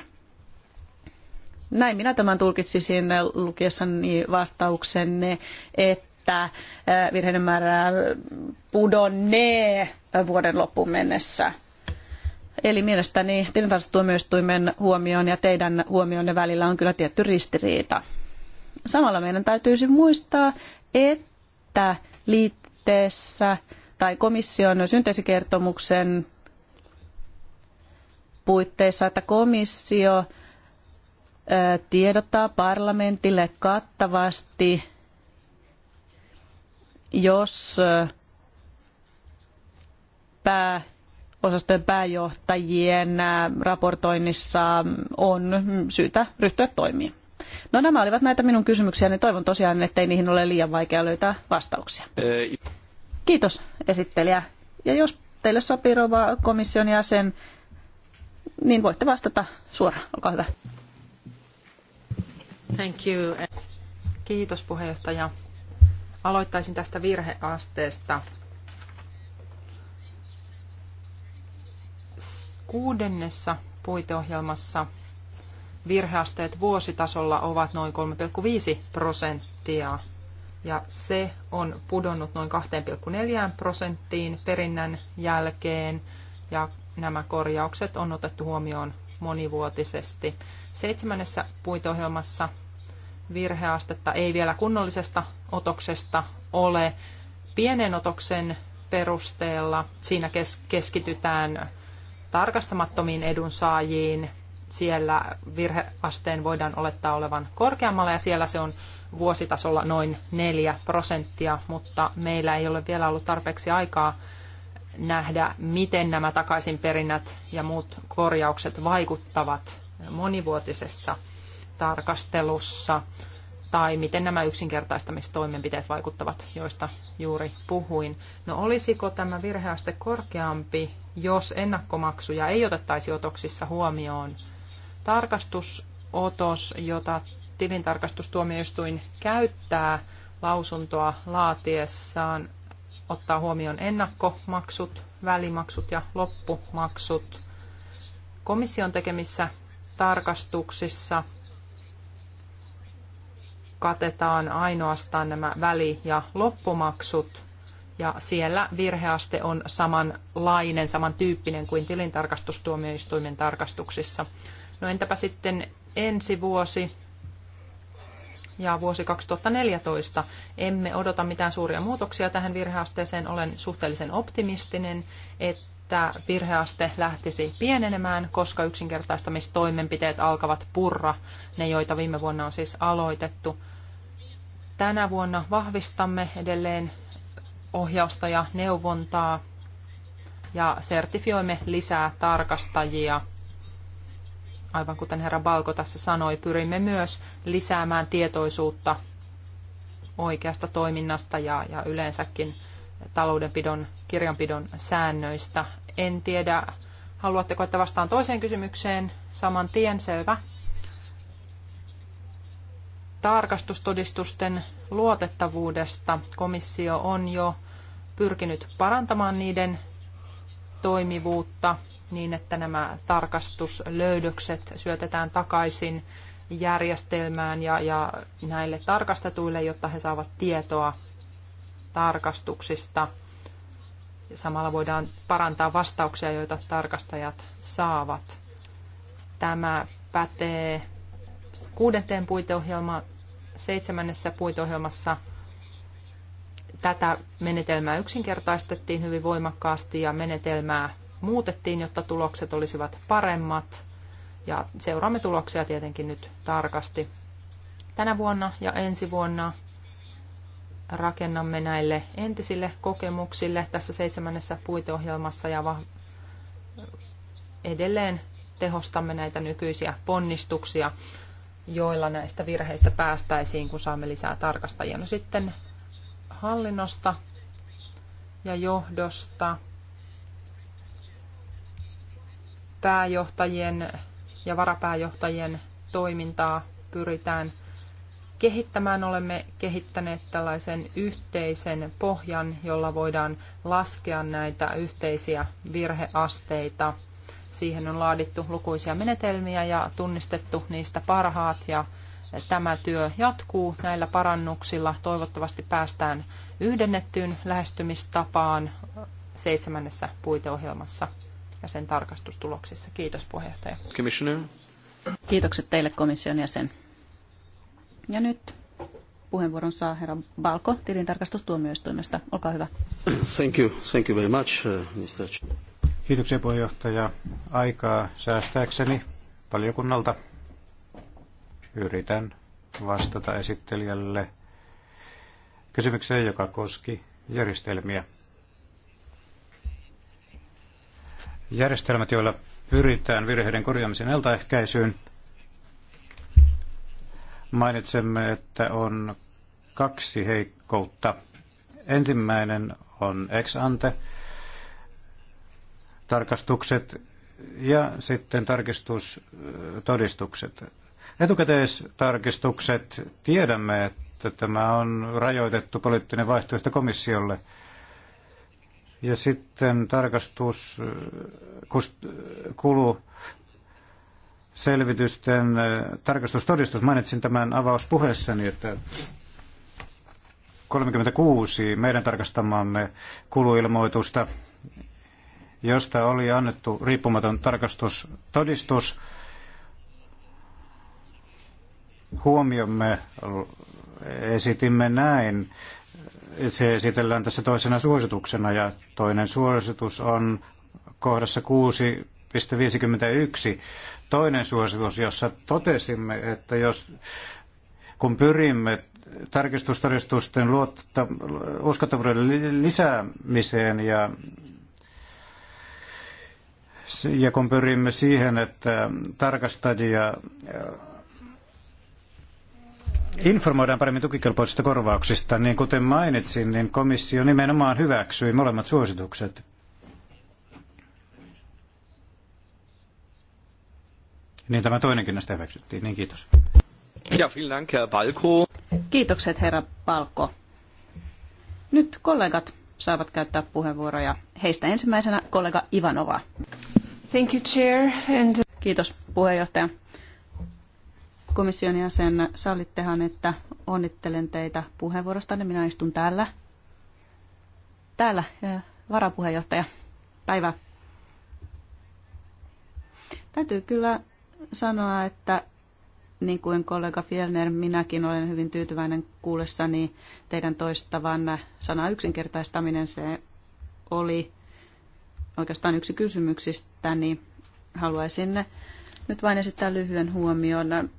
Näin minä tämän tulkitsisin lukiessani vastauksenne, että virheiden määrä pudonnee vuoden loppuun mennessä. Eli mielestäni tilintarkastustuomioistuimen huomioon ja teidän huomionne välillä on kyllä tietty ristiriita. Samalla meidän täytyisi muistaa, että liitteessä tai komission synteesikertomuksen puitteissa, että komissio tiedottaa parlamentille kattavasti, jos pää osastojen pääjohtajien raportoinnissa on syytä ryhtyä toimiin. No nämä olivat näitä minun kysymyksiäni. Niin toivon tosiaan, ettei niihin ole liian vaikea löytää vastauksia. Kiitos esittelijä. Ja jos teille sopii rova komission jäsen, niin voitte vastata suoraan. Olkaa hyvä. Thank you. Kiitos puheenjohtaja. Aloittaisin tästä virheasteesta. Kuudennessa puiteohjelmassa virheasteet vuositasolla ovat noin 3,5 prosenttia ja se on pudonnut noin 2,4 prosenttiin perinnän jälkeen ja nämä korjaukset on otettu huomioon monivuotisesti. Seitsemännessä puiteohjelmassa virheastetta ei vielä kunnollisesta otoksesta ole. Pienen otoksen perusteella siinä keskitytään tarkastamattomiin edunsaajiin. Siellä virheasteen voidaan olettaa olevan korkeammalla ja siellä se on vuositasolla noin 4 prosenttia, mutta meillä ei ole vielä ollut tarpeeksi aikaa nähdä, miten nämä takaisinperinnät ja muut korjaukset vaikuttavat monivuotisessa tarkastelussa tai miten nämä yksinkertaistamistoimenpiteet vaikuttavat, joista juuri puhuin. No olisiko tämä virheaste korkeampi, jos ennakkomaksuja ei otettaisi otoksissa huomioon? Tarkastusotos, jota tilintarkastustuomioistuin käyttää lausuntoa laatiessaan, ottaa huomioon ennakkomaksut, välimaksut ja loppumaksut. Komission tekemissä tarkastuksissa – katetaan ainoastaan nämä väli- ja loppumaksut, ja siellä virheaste on samanlainen, samantyyppinen kuin tilintarkastustuomioistuimen tarkastuksissa. No entäpä sitten ensi vuosi ja vuosi 2014? Emme odota mitään suuria muutoksia tähän virheasteeseen. Olen suhteellisen optimistinen, että virheaste lähtisi pienenemään, koska yksinkertaistamistoimenpiteet alkavat purra, ne joita viime vuonna on siis aloitettu – Tänä vuonna vahvistamme edelleen ohjausta ja neuvontaa ja sertifioimme lisää tarkastajia. Aivan kuten herra Balko tässä sanoi, pyrimme myös lisäämään tietoisuutta oikeasta toiminnasta ja, ja yleensäkin taloudenpidon, kirjanpidon säännöistä. En tiedä, haluatteko, että vastaan toiseen kysymykseen saman tien, selvä tarkastustodistusten luotettavuudesta. Komissio on jo pyrkinyt parantamaan niiden toimivuutta niin, että nämä tarkastuslöydökset syötetään takaisin järjestelmään ja, ja näille tarkastetuille, jotta he saavat tietoa tarkastuksista. Samalla voidaan parantaa vastauksia, joita tarkastajat saavat. Tämä pätee kuudenteen puiteohjelma, seitsemännessä puitohjelmassa tätä menetelmää yksinkertaistettiin hyvin voimakkaasti ja menetelmää muutettiin, jotta tulokset olisivat paremmat. Ja seuraamme tuloksia tietenkin nyt tarkasti. Tänä vuonna ja ensi vuonna rakennamme näille entisille kokemuksille tässä seitsemännessä puiteohjelmassa ja edelleen tehostamme näitä nykyisiä ponnistuksia joilla näistä virheistä päästäisiin, kun saamme lisää tarkastajia. No sitten hallinnosta ja johdosta, pääjohtajien ja varapääjohtajien toimintaa pyritään kehittämään. Olemme kehittäneet tällaisen yhteisen pohjan, jolla voidaan laskea näitä yhteisiä virheasteita – Siihen on laadittu lukuisia menetelmiä ja tunnistettu niistä parhaat ja tämä työ jatkuu näillä parannuksilla. Toivottavasti päästään yhdennettyyn lähestymistapaan seitsemännessä puiteohjelmassa ja sen tarkastustuloksissa. Kiitos puheenjohtaja. Commissioner. Kiitokset teille komission jäsen. Ja nyt puheenvuoron saa herra Balko tilintarkastustuomioistuimesta. Olkaa hyvä. Thank you. Thank you very much, uh, Mr. Kiitoksia puheenjohtaja. Aikaa säästääkseni valiokunnalta yritän vastata esittelijälle kysymykseen, joka koski järjestelmiä. Järjestelmät, joilla pyritään virheiden korjaamisen eltaehkäisyyn. Mainitsemme, että on kaksi heikkoutta. Ensimmäinen on ex ante tarkastukset ja sitten tarkistustodistukset. Etukäteistarkistukset tiedämme, että tämä on rajoitettu poliittinen vaihtoehto komissiolle. Ja sitten tarkastuskulu selvitysten äh, tarkastustodistus. Mainitsin tämän avauspuheessani, että 36 meidän tarkastamaamme kuluilmoitusta josta oli annettu riippumaton tarkastustodistus. Huomiomme esitimme näin. Se esitellään tässä toisena suosituksena ja toinen suositus on kohdassa 6.51. Toinen suositus, jossa totesimme, että jos kun pyrimme tarkistustodistusten luotta, uskottavuuden lisäämiseen ja ja kun pyrimme siihen, että tarkastajia äh, informoidaan paremmin tukikelpoisista korvauksista, niin kuten mainitsin, niin komissio nimenomaan hyväksyi molemmat suositukset. Niin tämä toinenkin näistä hyväksyttiin, niin kiitos. Ja vielen Dank, Herr Balko. Kiitokset, herra Palko. Nyt kollegat, saavat käyttää puheenvuoroja. Heistä ensimmäisenä kollega Ivanova. Thank you, chair, and... Kiitos puheenjohtaja. Komission jäsen, sallittehan, että onnittelen teitä puheenvuorostanne. Niin minä istun täällä. Täällä, varapuheenjohtaja. Päivää. Täytyy kyllä sanoa, että niin kuin kollega Fielner, minäkin olen hyvin tyytyväinen kuullessani teidän toistavan sana yksinkertaistaminen. Se oli oikeastaan yksi kysymyksistä, niin haluaisin nyt vain esittää lyhyen huomion.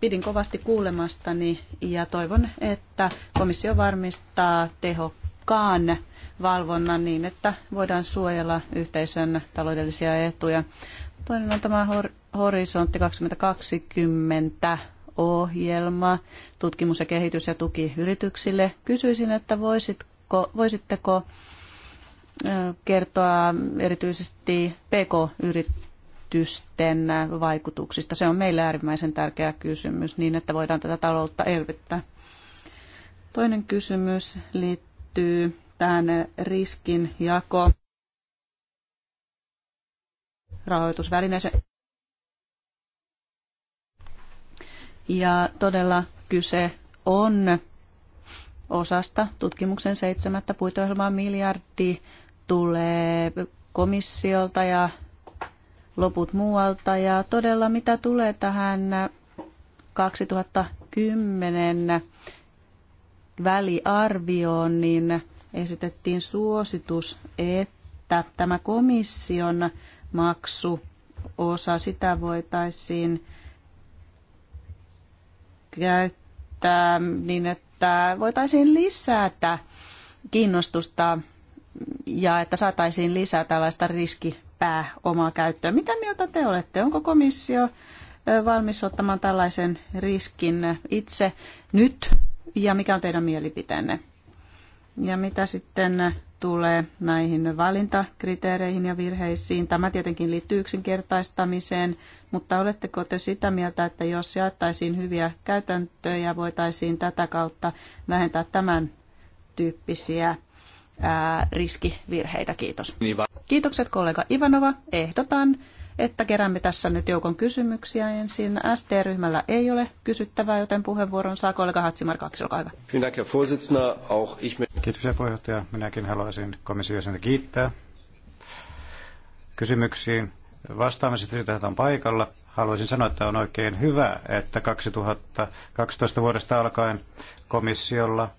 Pidin kovasti kuulemastani ja toivon, että komissio varmistaa tehokkaan valvonnan niin, että voidaan suojella yhteisön taloudellisia etuja. Toinen on tämä Horisontti 2020 ohjelma, tutkimus ja kehitys ja tuki yrityksille. Kysyisin, että voisitko, voisitteko kertoa erityisesti PK-yritysten vaikutuksista. Se on meille äärimmäisen tärkeä kysymys niin, että voidaan tätä taloutta elvyttää. Toinen kysymys liittyy tähän riskin jako rahoitusvälineeseen. Ja todella kyse on osasta tutkimuksen seitsemättä puitoilmaa miljardi tulee komissiolta ja loput muualta. Ja todella mitä tulee tähän 2010 väliarvioon, niin esitettiin suositus, että tämä komission maksuosa, sitä voitaisiin käyttää niin, että voitaisiin lisätä kiinnostusta ja että saataisiin lisää tällaista riskipääomaa käyttöön. Mitä mieltä te olette? Onko komissio valmis ottamaan tällaisen riskin itse nyt ja mikä on teidän mielipiteenne? Ja mitä sitten tulee näihin valintakriteereihin ja virheisiin. Tämä tietenkin liittyy yksinkertaistamiseen, mutta oletteko te sitä mieltä, että jos jaettaisiin hyviä käytäntöjä, voitaisiin tätä kautta vähentää tämän tyyppisiä ää, riskivirheitä? Kiitos. Niin Kiitokset kollega Ivanova. Ehdotan, että keräämme tässä nyt joukon kysymyksiä ensin. ST-ryhmällä ei ole kysyttävää, joten puheenvuoron saa kollega Hatsimar Kaksi, olkaa hyvä. herra puheenjohtaja. Minäkin haluaisin komission kiittää kysymyksiin Vastaamiset siitä on paikalla. Haluaisin sanoa, että on oikein hyvä, että 2012 vuodesta alkaen komissiolla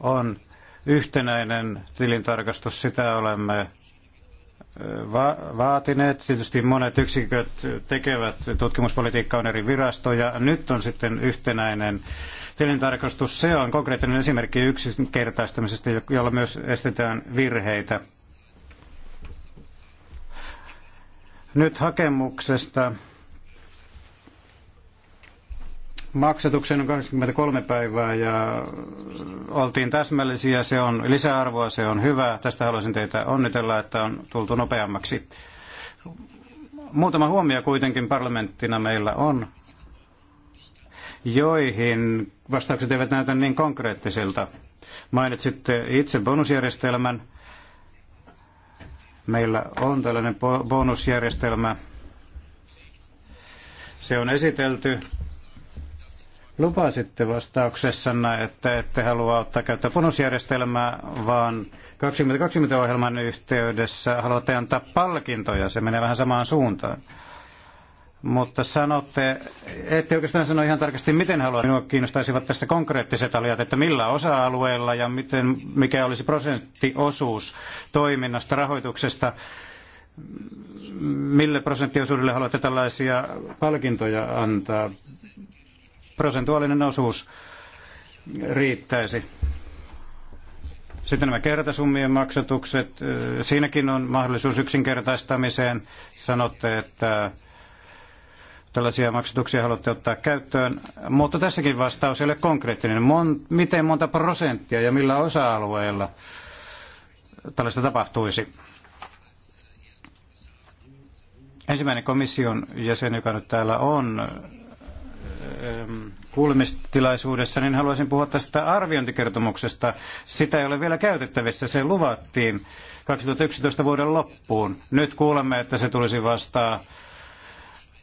on yhtenäinen tilintarkastus. Sitä olemme va- vaatineet. Tietysti monet yksiköt tekevät tutkimuspolitiikkaa on eri virastoja. Nyt on sitten yhtenäinen tilintarkastus. Se on konkreettinen esimerkki yksinkertaistamisesta, jolla myös estetään virheitä. Nyt hakemuksesta maksatuksen on 23 päivää ja oltiin täsmällisiä. Se on lisäarvoa, se on hyvä. Tästä haluaisin teitä onnitella, että on tultu nopeammaksi. Muutama huomio kuitenkin parlamenttina meillä on, joihin vastaukset eivät näytä niin konkreettisilta. Mainitsitte itse bonusjärjestelmän. Meillä on tällainen bonusjärjestelmä. Se on esitelty Lupasitte vastauksessanne, että ette halua ottaa käyttöön bonusjärjestelmää, vaan 2020-ohjelman yhteydessä haluatte antaa palkintoja. Se menee vähän samaan suuntaan. Mutta sanotte, ette oikeastaan sano ihan tarkasti, miten haluat. Minua kiinnostaisivat tässä konkreettiset alijat, että millä osa-alueella ja miten, mikä olisi prosenttiosuus toiminnasta, rahoituksesta. Mille prosenttiosuudelle haluatte tällaisia palkintoja antaa? prosentuaalinen osuus riittäisi. Sitten nämä kertasummien maksatukset, siinäkin on mahdollisuus yksinkertaistamiseen. Sanotte, että tällaisia maksatuksia haluatte ottaa käyttöön, mutta tässäkin vastaus ei ole konkreettinen. Mon, miten monta prosenttia ja millä osa alueella tällaista tapahtuisi? Ensimmäinen komission jäsen, joka nyt täällä on, Ehm, kuulemistilaisuudessa, niin haluaisin puhua tästä arviointikertomuksesta. Sitä ei ole vielä käytettävissä, se luvattiin 2011 vuoden loppuun. Nyt kuulemme, että se tulisi vasta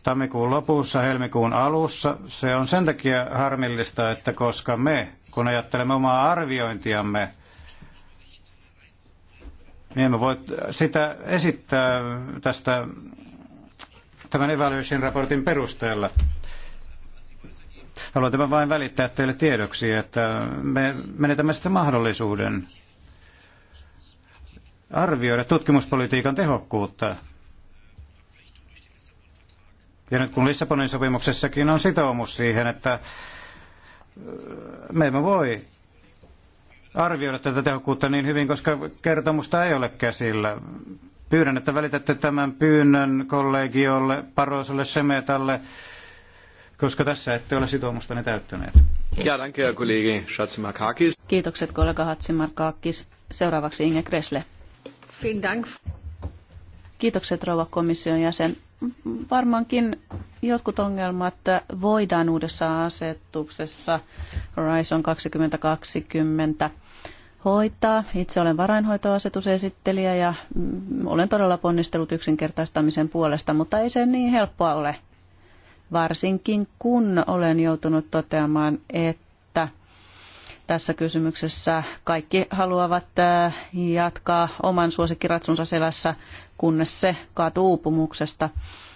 tammikuun lopussa, helmikuun alussa. Se on sen takia harmillista, että koska me, kun ajattelemme omaa arviointiamme, niin emme voi sitä esittää tästä tämän evaluation raportin perusteella. Haluan tämän vain välittää teille tiedoksi, että me menetämme sitten mahdollisuuden arvioida tutkimuspolitiikan tehokkuutta. Ja nyt kun Lissabonin sopimuksessakin on sitoumus siihen, että äh, me emme voi arvioida tätä tehokkuutta niin hyvin, koska kertomusta ei ole käsillä. Pyydän, että välitätte tämän pyynnön kollegiolle, Paroisolle, Semetalle, koska tässä ette ole sitoumustanne täyttäneet. Ja, Kiitokset, kollega Hatzimarkakis. Seuraavaksi Inge Kresle. dank. Kiitokset, rouva komission jäsen. Varmaankin jotkut ongelmat voidaan uudessa asetuksessa Horizon 2020 hoitaa. Itse olen varainhoitoasetusesittelijä ja mm, olen todella ponnistellut yksinkertaistamisen puolesta, mutta ei se niin helppoa ole varsinkin kun olen joutunut toteamaan, että tässä kysymyksessä kaikki haluavat äh, jatkaa oman suosikkiratsunsa selässä, kunnes se kaatuu uupumuksesta.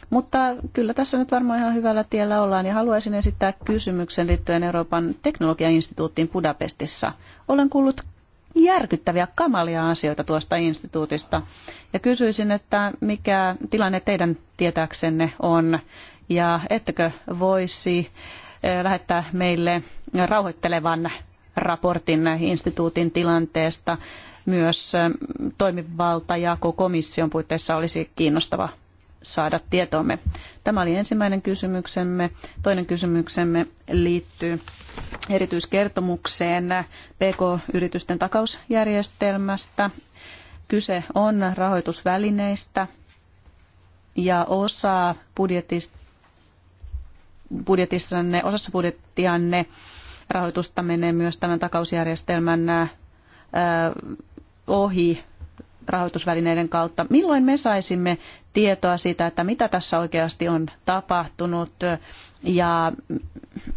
Mutta kyllä tässä nyt varmaan ihan hyvällä tiellä ollaan ja haluaisin esittää kysymyksen liittyen Euroopan teknologiainstituuttiin Budapestissa. Olen kuullut järkyttäviä kamalia asioita tuosta instituutista ja kysyisin, että mikä tilanne teidän tietääksenne on ja ettekö voisi eh, lähettää meille rauhoittelevan raportin instituutin tilanteesta myös eh, toimivalta ja komission puitteissa olisi kiinnostava saada tietoomme. Tämä oli ensimmäinen kysymyksemme. Toinen kysymyksemme liittyy erityiskertomukseen PK-yritysten takausjärjestelmästä. Kyse on rahoitusvälineistä ja osa budjetista budjetissanne, osassa budjettianne rahoitusta menee myös tämän takausjärjestelmän ohi rahoitusvälineiden kautta. Milloin me saisimme tietoa siitä, että mitä tässä oikeasti on tapahtunut ja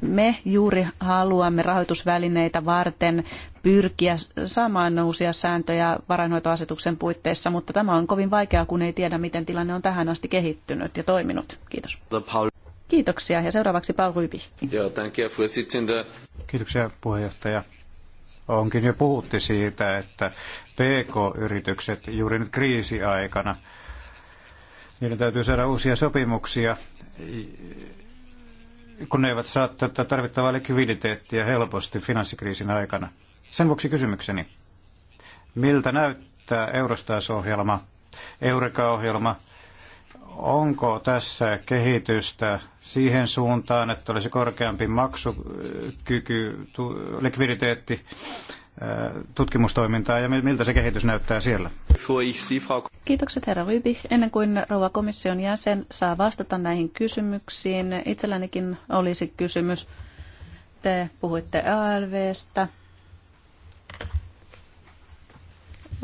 me juuri haluamme rahoitusvälineitä varten pyrkiä saamaan uusia sääntöjä varainhoitoasetuksen puitteissa, mutta tämä on kovin vaikeaa, kun ei tiedä, miten tilanne on tähän asti kehittynyt ja toiminut. Kiitos. Kiitoksia ja seuraavaksi Paul Ryby. Kiitoksia puheenjohtaja. Onkin jo puhutti siitä, että PK-yritykset juuri nyt kriisiaikana, niiden täytyy saada uusia sopimuksia, kun ne eivät saa tätä tarvittavaa likviditeettiä helposti finanssikriisin aikana. Sen vuoksi kysymykseni, miltä näyttää eurostaas ohjelma Eureka-ohjelma, onko tässä kehitystä siihen suuntaan, että olisi korkeampi maksukyky, likviditeetti äh, tutkimustoimintaa ja miltä se kehitys näyttää siellä? Kiitokset herra Rybih. Ennen kuin rouva komission jäsen saa vastata näihin kysymyksiin, itsellänikin olisi kysymys. Te puhuitte ALVstä.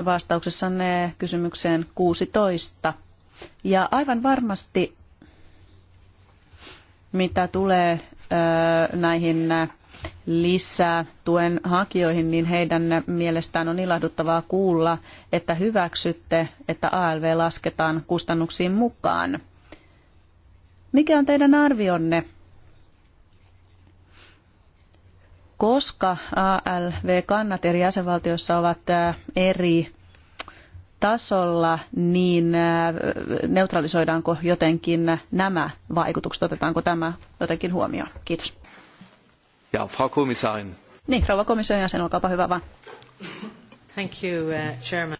Vastauksessanne kysymykseen 16 ja aivan varmasti, mitä tulee näihin lisää tuen hakijoihin, niin heidän mielestään on ilahduttavaa kuulla, että hyväksytte, että ALV lasketaan kustannuksiin mukaan. Mikä on teidän arvionne? Koska ALV-kannat eri jäsenvaltioissa ovat eri tasolla, niin äh, neutralisoidaanko jotenkin nämä vaikutukset, otetaanko tämä jotenkin huomioon? Kiitos. Ja, Frau Kommissarin. Niin, rouva komission jäsen, olkaapa hyvä vaan. Thank you, uh, Chairman.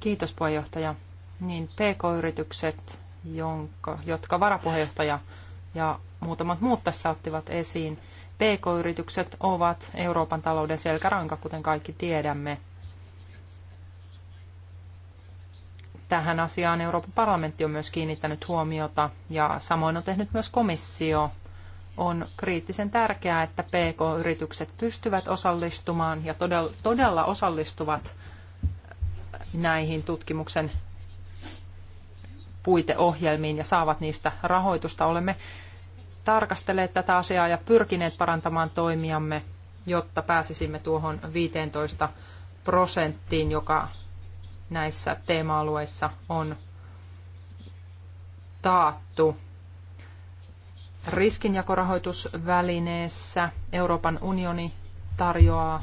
Kiitos puheenjohtaja. Niin, PK-yritykset, jonka, jotka varapuheenjohtaja ja muutamat muut tässä ottivat esiin, PK-yritykset ovat Euroopan talouden selkäranka, kuten kaikki tiedämme – tähän asiaan Euroopan parlamentti on myös kiinnittänyt huomiota ja samoin on tehnyt myös komissio. On kriittisen tärkeää, että PK-yritykset pystyvät osallistumaan ja todella, todella osallistuvat näihin tutkimuksen puiteohjelmiin ja saavat niistä rahoitusta. Olemme tarkastelleet tätä asiaa ja pyrkineet parantamaan toimiamme, jotta pääsisimme tuohon 15 prosenttiin, joka näissä teema-alueissa on taattu. Riskinjakorahoitusvälineessä Euroopan unioni tarjoaa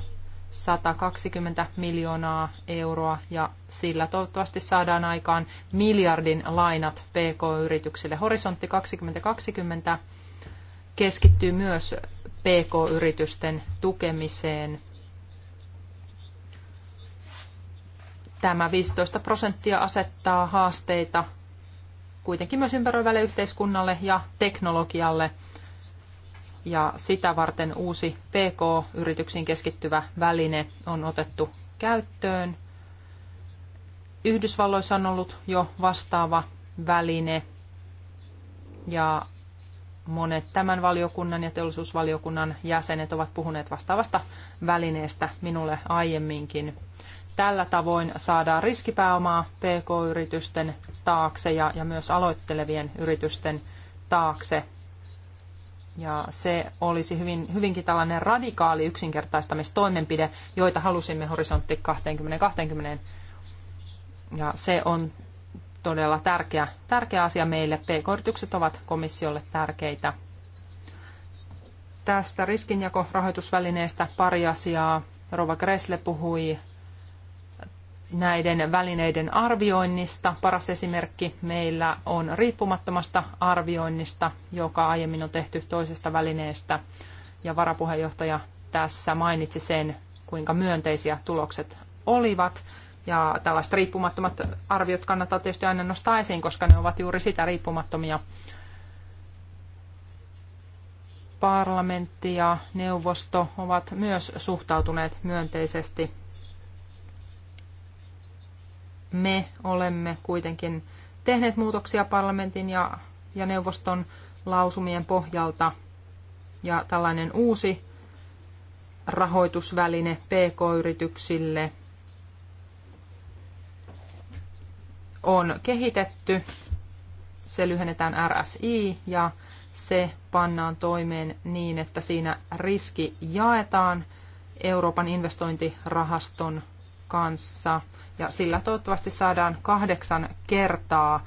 120 miljoonaa euroa ja sillä toivottavasti saadaan aikaan miljardin lainat PK-yrityksille. Horisontti 2020 keskittyy myös PK-yritysten tukemiseen – Tämä 15 prosenttia asettaa haasteita kuitenkin myös ympäröivälle yhteiskunnalle ja teknologialle. Ja sitä varten uusi PK-yrityksiin keskittyvä väline on otettu käyttöön. Yhdysvalloissa on ollut jo vastaava väline ja monet tämän valiokunnan ja teollisuusvaliokunnan jäsenet ovat puhuneet vastaavasta välineestä minulle aiemminkin. Tällä tavoin saadaan riskipääomaa pk-yritysten taakse ja, ja myös aloittelevien yritysten taakse. Ja se olisi hyvin, hyvinkin tällainen radikaali yksinkertaistamistoimenpide, joita halusimme horisontti 2020. Ja se on todella tärkeä, tärkeä asia meille. PK-yritykset ovat komissiolle tärkeitä. Tästä riskinjakorahoitusvälineestä pari asiaa. Rova Gressle puhui näiden välineiden arvioinnista. Paras esimerkki meillä on riippumattomasta arvioinnista, joka aiemmin on tehty toisesta välineestä. Ja varapuheenjohtaja tässä mainitsi sen, kuinka myönteisiä tulokset olivat. Ja tällaiset riippumattomat arviot kannattaa tietysti aina nostaa esiin, koska ne ovat juuri sitä riippumattomia. Parlamentti ja neuvosto ovat myös suhtautuneet myönteisesti me olemme kuitenkin tehneet muutoksia parlamentin ja, ja neuvoston lausumien pohjalta. Ja tällainen uusi rahoitusväline PK-yrityksille on kehitetty. Se lyhennetään RSI ja se pannaan toimeen niin, että siinä riski jaetaan Euroopan investointirahaston kanssa – ja sillä toivottavasti saadaan kahdeksan kertaa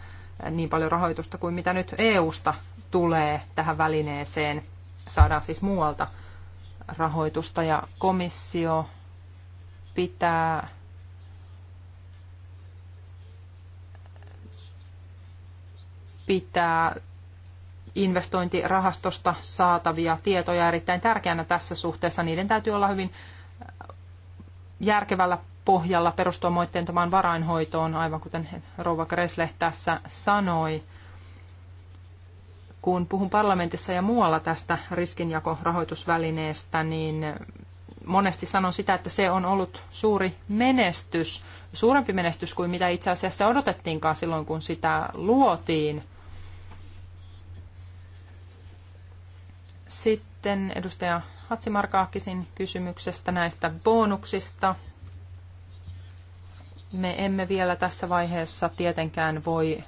niin paljon rahoitusta kuin mitä nyt EUsta tulee tähän välineeseen. Saadaan siis muualta rahoitusta ja komissio pitää pitää investointirahastosta saatavia tietoja erittäin tärkeänä tässä suhteessa. Niiden täytyy olla hyvin järkevällä pohjalla perustua moitteentomaan varainhoitoon, aivan kuten Rova Kresle tässä sanoi. Kun puhun parlamentissa ja muualla tästä riskinjakorahoitusvälineestä, niin monesti sanon sitä, että se on ollut suuri menestys, suurempi menestys kuin mitä itse asiassa odotettiinkaan silloin, kun sitä luotiin. Sitten edustaja Hatsimarkaakisin kysymyksestä näistä bonuksista – me emme vielä tässä vaiheessa tietenkään voi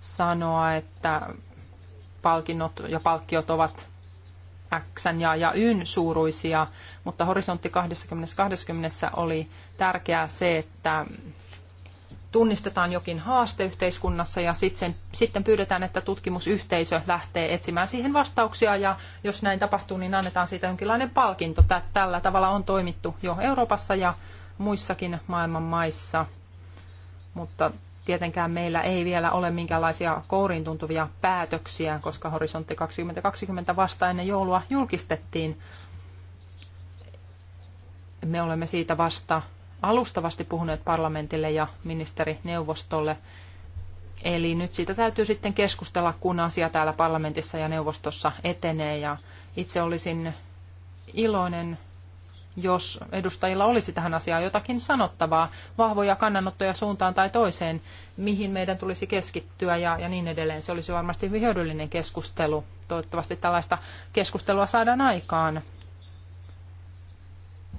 sanoa, että palkinnot ja palkkiot ovat X ja, ja Yn suuruisia, mutta horisontti 2020 oli tärkeää se, että tunnistetaan jokin haaste yhteiskunnassa ja sitten, sitten pyydetään, että tutkimusyhteisö lähtee etsimään siihen vastauksia ja jos näin tapahtuu, niin annetaan siitä jonkinlainen palkinto. Tällä tavalla on toimittu jo Euroopassa ja muissakin maailman maissa, mutta tietenkään meillä ei vielä ole minkäänlaisia kouriin tuntuvia päätöksiä, koska Horisontti 2020 vasta ennen joulua julkistettiin. Me olemme siitä vasta alustavasti puhuneet parlamentille ja ministerineuvostolle. Eli nyt siitä täytyy sitten keskustella, kun asia täällä parlamentissa ja neuvostossa etenee. Ja itse olisin iloinen, jos edustajilla olisi tähän asiaan jotakin sanottavaa, vahvoja kannanottoja suuntaan tai toiseen, mihin meidän tulisi keskittyä ja, ja niin edelleen. Se olisi varmasti hyvin hyödyllinen keskustelu. Toivottavasti tällaista keskustelua saadaan aikaan.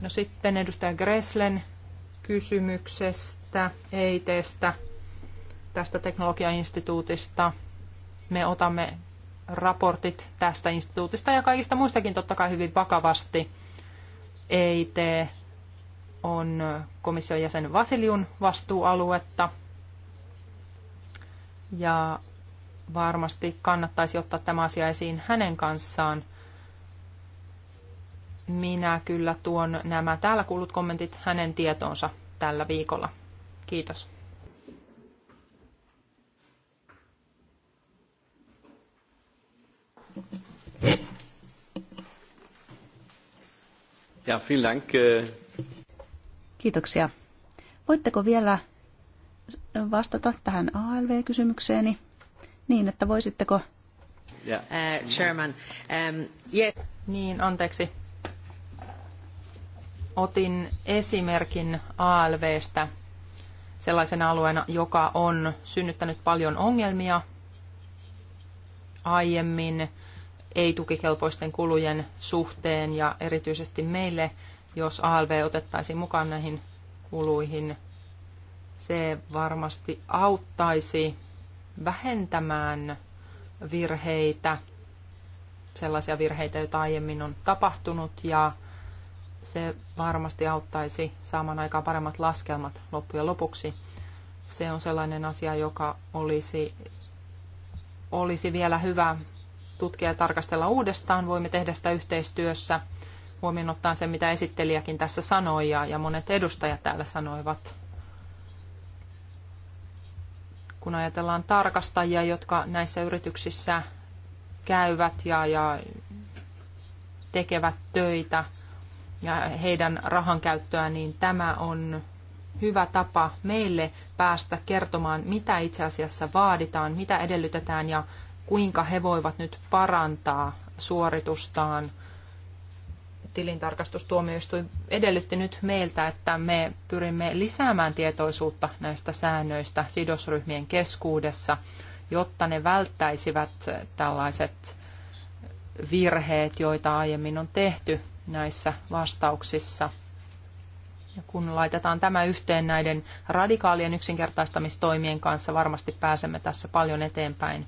No sitten edustaja Greslen kysymyksestä, EITstä, tästä teknologiainstituutista. Me otamme raportit tästä instituutista ja kaikista muistakin totta kai hyvin vakavasti – EIT on komission jäsen Vasiliun vastuualuetta. Ja varmasti kannattaisi ottaa tämä asia esiin hänen kanssaan. Minä kyllä tuon nämä täällä kuulut kommentit hänen tietoonsa tällä viikolla. Kiitos. Ja, vielen Dank. Äh, Kiitoksia. Voitteko vielä vastata tähän ALV-kysymykseeni niin, että voisitteko... Yeah. Äh, uh, chairman. Um, ähm, yeah. Niin, anteeksi. Otin esimerkin ALVstä sellaisena alueena, joka on synnyttänyt paljon ongelmia aiemmin ei-tukikelpoisten kulujen suhteen ja erityisesti meille, jos ALV otettaisiin mukaan näihin kuluihin, se varmasti auttaisi vähentämään virheitä, sellaisia virheitä, joita aiemmin on tapahtunut ja se varmasti auttaisi saamaan aikaan paremmat laskelmat loppujen lopuksi. Se on sellainen asia, joka olisi, olisi vielä hyvä tutkia ja tarkastella uudestaan. Voimme tehdä sitä yhteistyössä huomioon ottaen sen, mitä esittelijäkin tässä sanoi ja, ja monet edustajat täällä sanoivat. Kun ajatellaan tarkastajia, jotka näissä yrityksissä käyvät ja, ja tekevät töitä ja heidän rahankäyttöään, niin tämä on hyvä tapa meille päästä kertomaan, mitä itse asiassa vaaditaan, mitä edellytetään ja kuinka he voivat nyt parantaa suoritustaan. Tilintarkastustuomioistuin edellytti nyt meiltä, että me pyrimme lisäämään tietoisuutta näistä säännöistä sidosryhmien keskuudessa, jotta ne välttäisivät tällaiset virheet, joita aiemmin on tehty näissä vastauksissa. Ja kun laitetaan tämä yhteen näiden radikaalien yksinkertaistamistoimien kanssa, varmasti pääsemme tässä paljon eteenpäin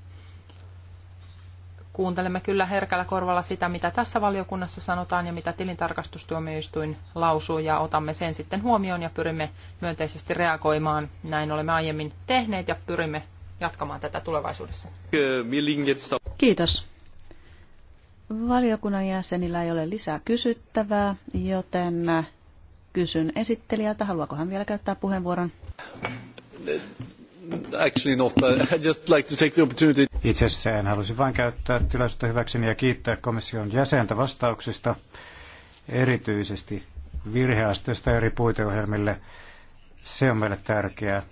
kuuntelemme kyllä herkällä korvalla sitä, mitä tässä valiokunnassa sanotaan ja mitä tilintarkastustuomioistuin lausuu ja otamme sen sitten huomioon ja pyrimme myönteisesti reagoimaan. Näin olemme aiemmin tehneet ja pyrimme jatkamaan tätä tulevaisuudessa. Kiitos. Valiokunnan jäsenillä ei ole lisää kysyttävää, joten kysyn esittelijältä, haluaako hän vielä käyttää puheenvuoron? Actually not. I just like to take the opportunity. Itse asiassa en halusin vain käyttää tilaisuutta hyväkseni ja kiittää komission jäsentä vastauksista, erityisesti virheasteesta eri puiteohjelmille. Se on meille tärkeää.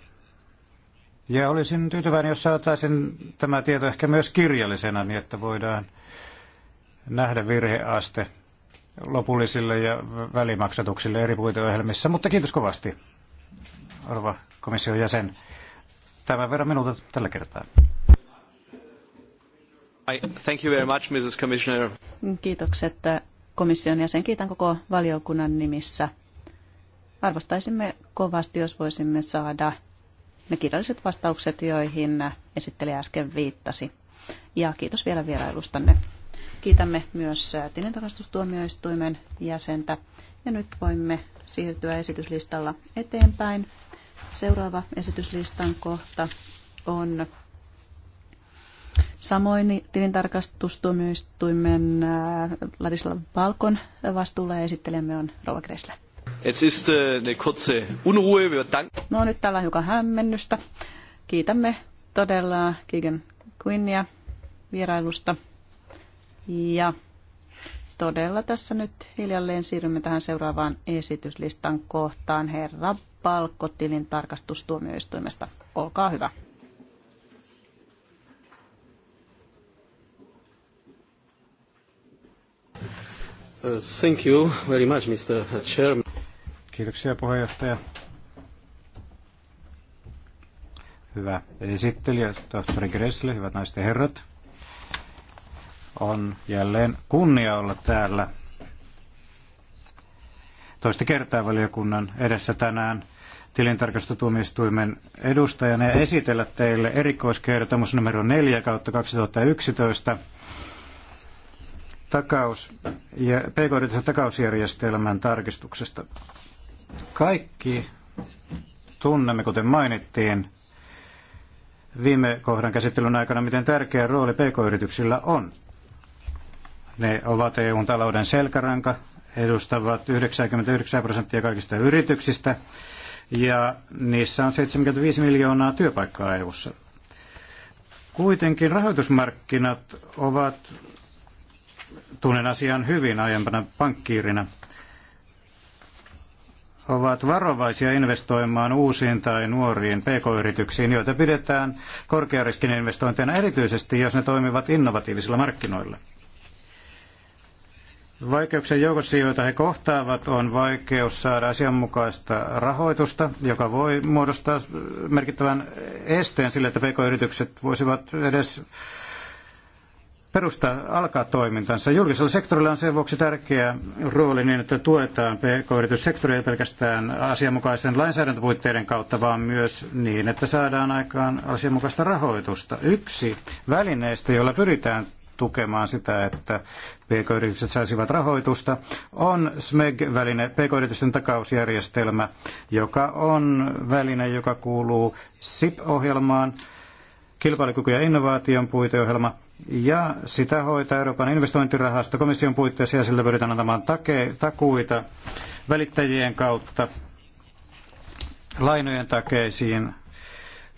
Ja olisin tyytyväinen, jos saataisiin tämä tieto ehkä myös kirjallisena, niin että voidaan nähdä virheaste lopullisille ja välimaksatuksille eri puiteohjelmissa. Mutta kiitos kovasti, arva komission jäsen tämän verran minulta tällä kertaa. Thank you very much, Mrs. Commissioner. Kiitokset äh, komission jäsen. Kiitän koko valiokunnan nimissä. Arvostaisimme kovasti, jos voisimme saada ne kirjalliset vastaukset, joihin äh, esittelijä äsken viittasi. Ja kiitos vielä vierailustanne. Kiitämme myös äh, tilintarkastustuomioistuimen jäsentä. Ja nyt voimme siirtyä esityslistalla eteenpäin. Seuraava esityslistan kohta on samoin tilintarkastustuomioistuimen äh, Ladislav Balkon vastuulla ja esittelemme on Rova Kresle. Jetzt ist äh, ne kurze Unruhe. Wir No nyt täällä on hiukan hämmennystä. Kiitämme todella Kigen Quinnia vierailusta. Ja todella tässä nyt hiljalleen siirrymme tähän seuraavaan esityslistan kohtaan. Herra palkkotilin tarkastustuomioistuimesta. Olkaa hyvä. Uh, thank you very much, Mr. Chairman. Kiitoksia puheenjohtaja. Hyvä esittelijä, tohtori Gressle, hyvät naiset ja herrat. On jälleen kunnia olla täällä toista kertaa valiokunnan edessä tänään tilintarkastustuomioistuimen edustajana ja esitellä teille erikoiskertomus numero 4 kautta 2011 takaus ja pk takausjärjestelmän tarkistuksesta. Kaikki tunnemme, kuten mainittiin, viime kohdan käsittelyn aikana, miten tärkeä rooli pk-yrityksillä on. Ne ovat EUn talouden selkäranka, edustavat 99 prosenttia kaikista yrityksistä ja niissä on 75 miljoonaa työpaikkaa EU:ssa. Kuitenkin rahoitusmarkkinat ovat, tunnen asian hyvin aiempana pankkiirina, ovat varovaisia investoimaan uusiin tai nuoriin pk-yrityksiin, joita pidetään korkeariskin investointeina erityisesti, jos ne toimivat innovatiivisilla markkinoilla. Vaikeuksien joukossa, joita he kohtaavat, on vaikeus saada asianmukaista rahoitusta, joka voi muodostaa merkittävän esteen sille, että pk-yritykset voisivat edes perustaa, alkaa toimintansa. Julkisella sektorilla on sen vuoksi tärkeä rooli niin, että tuetaan pk-yrityssektoria ei pelkästään asianmukaisen lainsäädäntöpuitteiden kautta, vaan myös niin, että saadaan aikaan asianmukaista rahoitusta. Yksi välineistä, jolla pyritään tukemaan sitä, että pk-yritykset saisivat rahoitusta, on SMEG-väline, pk-yritysten takausjärjestelmä, joka on väline, joka kuuluu SIP-ohjelmaan, kilpailukyky- ja innovaation puiteohjelma, ja sitä hoitaa Euroopan investointirahasto komission puitteissa ja sillä pyritään antamaan take, takuita välittäjien kautta lainojen takeisiin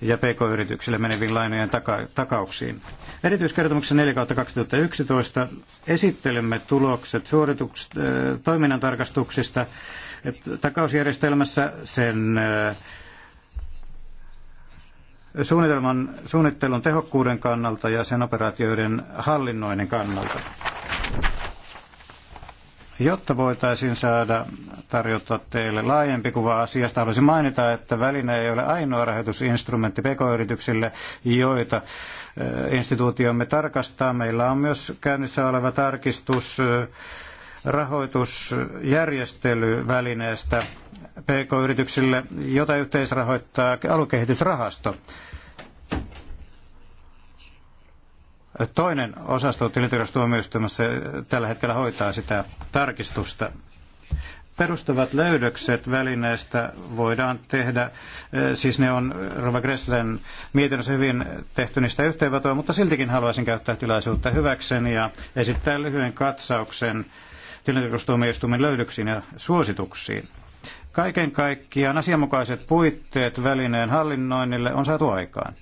ja pk-yrityksille meneviin lainojen taka- takauksiin. Erityiskertomuksessa 4 2011 esittelemme tulokset suorituks- äh, toiminnantarkastuksista takausjärjestelmässä sen äh, suunnitelman, suunnittelun tehokkuuden kannalta ja sen operaatioiden hallinnoinnin kannalta. Jotta voitaisiin saada tarjota teille laajempi kuva asiasta, haluaisin mainita, että väline ei ole ainoa rahoitusinstrumentti pk-yrityksille, joita eh, instituutiomme tarkastaa. Meillä on myös käynnissä oleva tarkistus eh, rahoitusjärjestelyvälineestä pk-yrityksille, jota yhteisrahoittaa alukehitysrahasto. Toinen osasto tilintarkastustuomioistuimessa tällä hetkellä hoitaa sitä tarkistusta. Perustuvat löydökset välineestä voidaan tehdä, eh, siis ne on Rova Gresslen mietinnössä hyvin tehty niistä yhteenvetoa, mutta siltikin haluaisin käyttää tilaisuutta hyväkseni ja esittää lyhyen katsauksen tilintarkastustuomioistuimen löydöksiin ja suosituksiin. Kaiken kaikkiaan asianmukaiset puitteet välineen hallinnoinnille on saatu aikaan.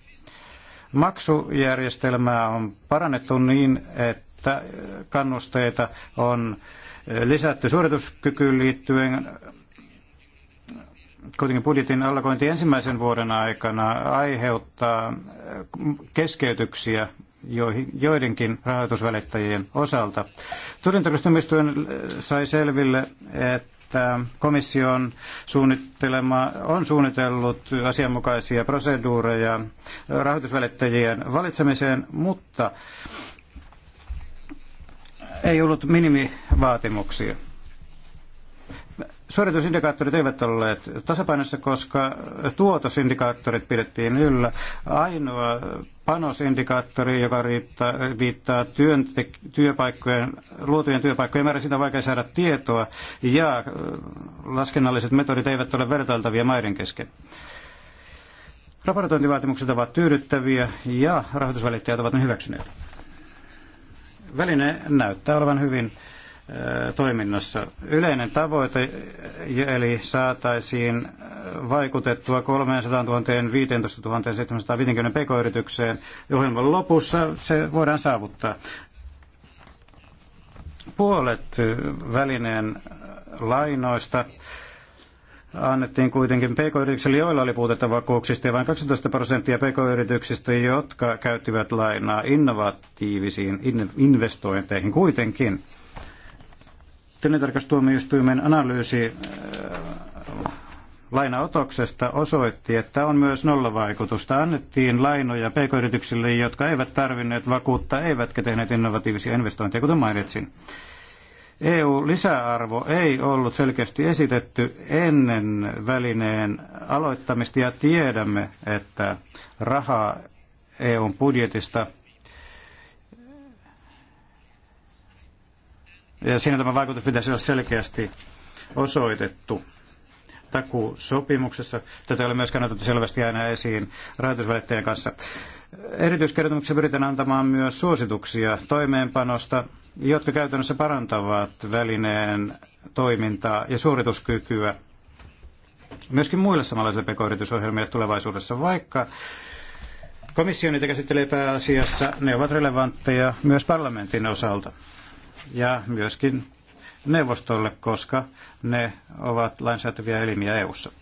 Maksujärjestelmää on parannettu niin, että kannusteita on lisätty suorituskykyyn liittyen kuitenkin budjetin allokointi ensimmäisen vuoden aikana aiheuttaa keskeytyksiä joidenkin rahoitusvälittäjien osalta. Turintarkastumistyön sai selville, että että komissio on, suunnittelema, on suunnitellut asianmukaisia proseduureja rahoitusvälittäjien valitsemiseen, mutta ei ollut minimivaatimuksia suoritusindikaattorit eivät olleet tasapainossa, koska tuotosindikaattorit pidettiin yllä. Ainoa panosindikaattori, joka riittää, viittaa työntek- työpaikkojen, luotujen työpaikkojen määrä, sitä on vaikea saada tietoa, ja äh, laskennalliset metodit eivät ole vertailtavia maiden kesken. Raportointivaatimukset ovat tyydyttäviä ja rahoitusvälittäjät ovat ne hyväksyneet. Väline näyttää olevan hyvin toiminnassa. Yleinen tavoite, eli saataisiin vaikutettua 300 000 15 750 pk-yritykseen ohjelman lopussa, se voidaan saavuttaa. Puolet välineen lainoista annettiin kuitenkin pk-yrityksille, joilla oli puutetta vakuuksista, ja vain 12 prosenttia pk-yrityksistä, jotka käyttivät lainaa innovatiivisiin investointeihin kuitenkin tilintarkastustuomioistuimen analyysi äh, lainaotoksesta osoitti, että on myös nollavaikutusta. Annettiin lainoja pk-yrityksille, jotka eivät tarvinneet vakuutta, eivätkä tehneet innovatiivisia investointeja, kuten mainitsin. EU-lisäarvo ei ollut selkeästi esitetty ennen välineen aloittamista ja tiedämme, että rahaa EUn budjetista – Ja siinä tämä vaikutus pitäisi olla selkeästi osoitettu takuusopimuksessa. Tätä ei ole myöskään otettu selvästi aina esiin rahoitusvälittäjien kanssa. Erityiskertomuksessa pyritään antamaan myös suosituksia toimeenpanosta, jotka käytännössä parantavat välineen toimintaa ja suorituskykyä myöskin muille samanlaisille pk tulevaisuudessa, vaikka komissio niitä käsittelee pääasiassa, ne ovat relevantteja myös parlamentin osalta ja myöskin neuvostolle, koska ne ovat lainsäätäviä elimiä EU:ssa.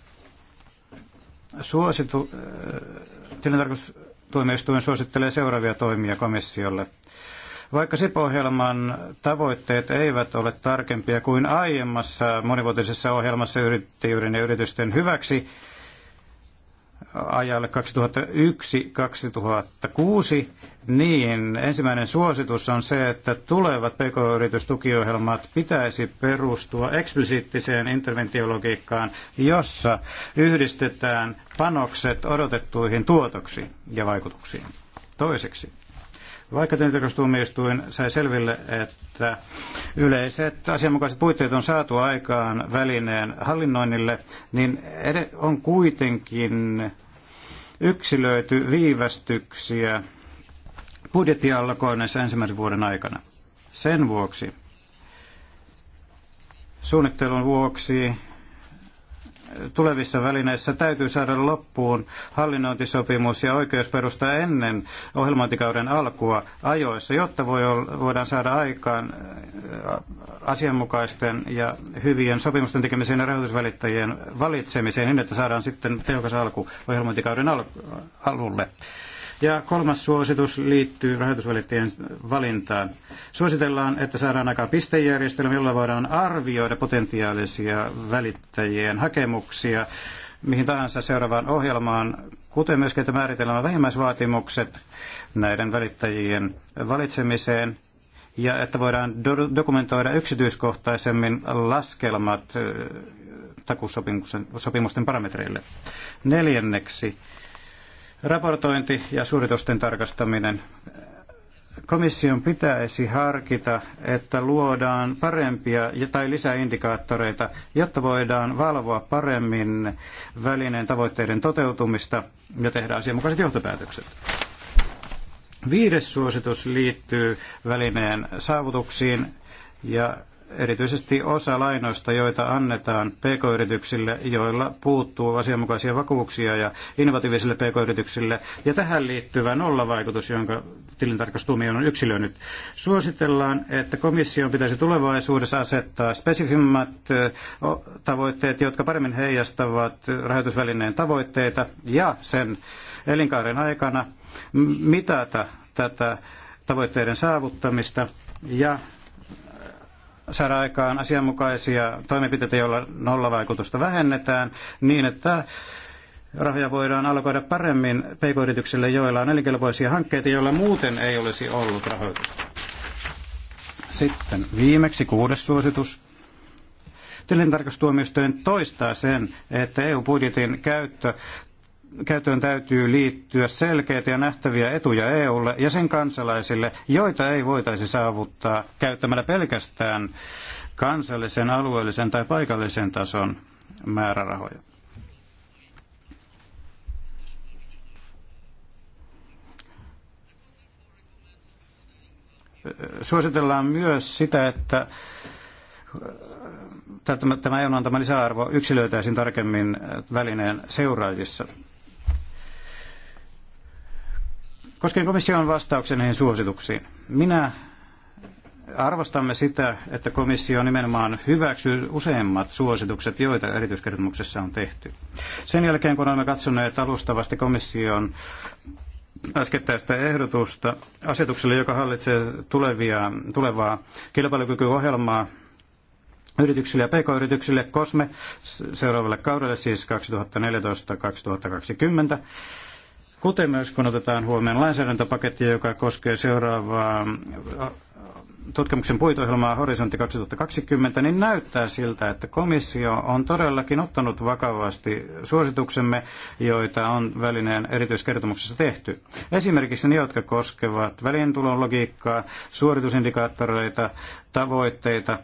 Suositu, äh, tilintarkastustuomioistuin suosittelee seuraavia toimia komissiolle. Vaikka SIP-ohjelman tavoitteet eivät ole tarkempia kuin aiemmassa monivuotisessa ohjelmassa yrittäjyyden ja yritysten hyväksi äh, ajalle 2001-2006, niin, ensimmäinen suositus on se, että tulevat pk-yritystukiohjelmat pitäisi perustua eksplisiittiseen interventiologiikkaan, jossa yhdistetään panokset odotettuihin tuotoksiin ja vaikutuksiin. Toiseksi, vaikka työntekostuomioistuin sai selville, että yleiset asianmukaiset puitteet on saatu aikaan välineen hallinnoinnille, niin on kuitenkin yksilöity viivästyksiä budjetti ensimmäisen vuoden aikana. Sen vuoksi, suunnittelun vuoksi, tulevissa välineissä täytyy saada loppuun hallinnointisopimus ja oikeusperusta ennen ohjelmointikauden alkua ajoissa, jotta voi olla, voidaan saada aikaan äh, asianmukaisten ja hyvien sopimusten tekemiseen ja rahoitusvälittäjien valitsemiseen niin, että saadaan sitten tehokas alku ohjelmointikauden al- alulle. Ja kolmas suositus liittyy rahoitusvälittäjien valintaan. Suositellaan, että saadaan aikaan pistejärjestelmä, jolla voidaan arvioida potentiaalisia välittäjien hakemuksia mihin tahansa seuraavaan ohjelmaan, kuten myöskin, että määritellään vähimmäisvaatimukset näiden välittäjien valitsemiseen ja että voidaan dokumentoida yksityiskohtaisemmin laskelmat äh, takuusopimusten parametreille. Neljänneksi Raportointi ja suoritusten tarkastaminen. Komission pitäisi harkita, että luodaan parempia tai lisäindikaattoreita, jotta voidaan valvoa paremmin välineen tavoitteiden toteutumista ja tehdä asianmukaiset johtopäätökset. Viides suositus liittyy välineen saavutuksiin ja erityisesti osa lainoista, joita annetaan pk-yrityksille, joilla puuttuu asianmukaisia vakuuksia ja innovatiivisille pk-yrityksille. Ja tähän liittyvä nollavaikutus, jonka tilintarkastustuomio on yksilönyt. Suositellaan, että komission pitäisi tulevaisuudessa asettaa spesifimmät tavoitteet, jotka paremmin heijastavat rahoitusvälineen tavoitteita ja sen elinkaaren aikana mitata tätä tavoitteiden saavuttamista ja saada aikaan asianmukaisia toimenpiteitä, joilla nollavaikutusta vähennetään niin, että rahoja voidaan alkoida paremmin pk-yrityksille, joilla on elinkelpoisia hankkeita, joilla muuten ei olisi ollut rahoitusta. Sitten viimeksi kuudes suositus. Tilintarkastustuomioistuin toistaa sen, että EU-budjetin käyttö käyttöön täytyy liittyä selkeitä ja nähtäviä etuja EUlle ja sen kansalaisille, joita ei voitaisi saavuttaa käyttämällä pelkästään kansallisen, alueellisen tai paikallisen tason määrärahoja. Suositellaan myös sitä, että tämä EUn antama lisäarvo yksilöitäisiin tarkemmin välineen seuraajissa. Koskien komission vastauksen näihin suosituksiin. Minä arvostamme sitä, että komissio nimenomaan hyväksyy useimmat suositukset, joita erityiskertomuksessa on tehty. Sen jälkeen, kun olemme katsoneet alustavasti komission äskettäistä ehdotusta asetukselle, joka hallitsee tulevia, tulevaa kilpailukykyohjelmaa yrityksille ja pk-yrityksille COSME seuraavalle kaudelle, siis 2014-2020, Kuten myös kun otetaan huomioon lainsäädäntöpaketti, joka koskee seuraavaa tutkimuksen puitohjelmaa Horisontti 2020, niin näyttää siltä, että komissio on todellakin ottanut vakavasti suosituksemme, joita on välineen erityiskertomuksessa tehty. Esimerkiksi ne, jotka koskevat välientulon logiikkaa, suoritusindikaattoreita, tavoitteita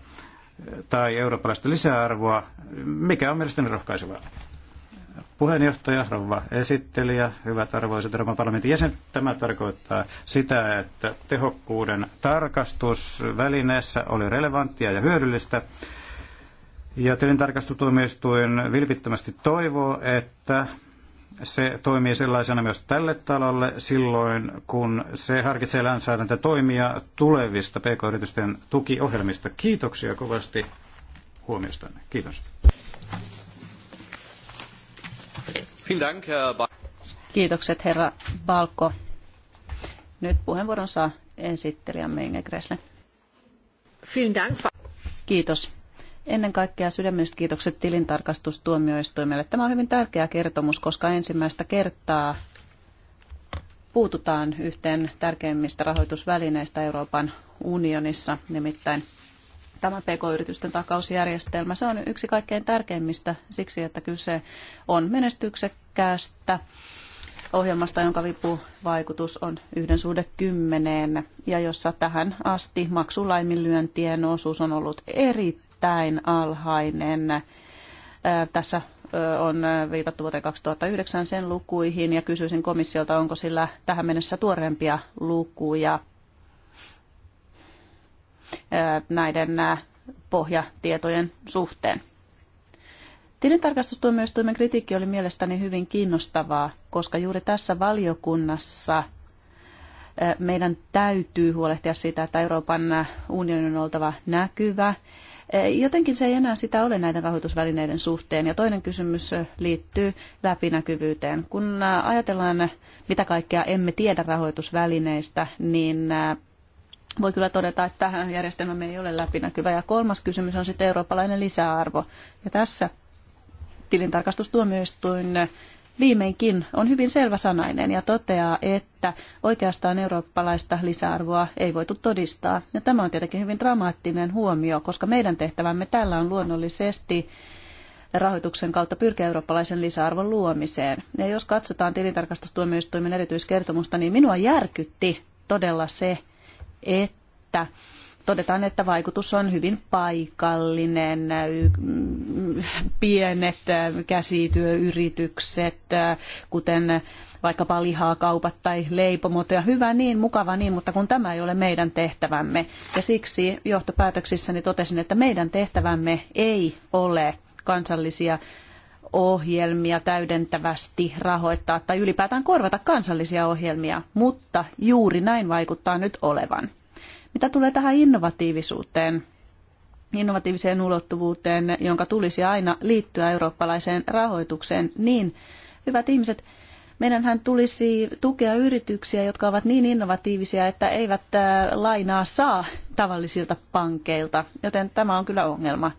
tai eurooppalaista lisäarvoa, mikä on mielestäni rohkaisevaa puheenjohtaja, rouva esittelijä, hyvät arvoiset Euroopan parlamentin jäsenet. Tämä tarkoittaa sitä, että tehokkuuden tarkastus välineessä oli relevanttia ja hyödyllistä. Ja tilintarkastustuomioistuin vilpittömästi toivoo, että se toimii sellaisena myös tälle talolle silloin, kun se harkitsee toimia tulevista pk-yritysten tukiohjelmista. Kiitoksia kovasti huomiostanne. Kiitos. Kiitokset herra Balko. Nyt puheenvuoron saa esittelijämme Inge Gressle. Kiitos. Ennen kaikkea sydämelliset kiitokset tilintarkastustuomioistuimelle. Tämä on hyvin tärkeä kertomus, koska ensimmäistä kertaa puututaan yhteen tärkeimmistä rahoitusvälineistä Euroopan unionissa, nimittäin tämä PK-yritysten takausjärjestelmä. Se on yksi kaikkein tärkeimmistä siksi, että kyse on menestyksekkäästä ohjelmasta, jonka vipuvaikutus on yhden suhde kymmeneen ja jossa tähän asti maksulaiminlyöntien osuus on ollut erittäin alhainen. Tässä on viitattu vuoteen 2009 sen lukuihin ja kysyisin komissiolta, onko sillä tähän mennessä tuorempia lukuja – näiden pohjatietojen suhteen. Tilintarkastustuomioistuimen kritiikki oli mielestäni hyvin kiinnostavaa, koska juuri tässä valiokunnassa meidän täytyy huolehtia siitä, että Euroopan unionin on oltava näkyvä. Jotenkin se ei enää sitä ole näiden rahoitusvälineiden suhteen. Ja toinen kysymys liittyy läpinäkyvyyteen. Kun ajatellaan, mitä kaikkea emme tiedä rahoitusvälineistä, niin voi kyllä todeta, että tähän järjestelmämme ei ole läpinäkyvä. Ja kolmas kysymys on sitten eurooppalainen lisäarvo. Ja tässä tilintarkastustuomioistuin viimeinkin on hyvin selväsanainen ja toteaa, että oikeastaan eurooppalaista lisäarvoa ei voitu todistaa. Ja tämä on tietenkin hyvin dramaattinen huomio, koska meidän tehtävämme tällä on luonnollisesti rahoituksen kautta pyrkiä eurooppalaisen lisäarvon luomiseen. Ja jos katsotaan tilintarkastustuomioistuimen erityiskertomusta, niin minua järkytti todella se, että todetaan, että vaikutus on hyvin paikallinen, pienet äh, käsityöyritykset, äh, kuten vaikkapa kaupat tai leipomot, ja hyvä niin, mukava niin, mutta kun tämä ei ole meidän tehtävämme. Ja siksi johtopäätöksissäni totesin, että meidän tehtävämme ei ole kansallisia ohjelmia täydentävästi rahoittaa tai ylipäätään korvata kansallisia ohjelmia, mutta juuri näin vaikuttaa nyt olevan. Mitä tulee tähän innovatiivisuuteen, innovatiiviseen ulottuvuuteen, jonka tulisi aina liittyä eurooppalaiseen rahoitukseen, niin hyvät ihmiset, meidänhän tulisi tukea yrityksiä, jotka ovat niin innovatiivisia, että eivät lainaa saa tavallisilta pankeilta, joten tämä on kyllä ongelma.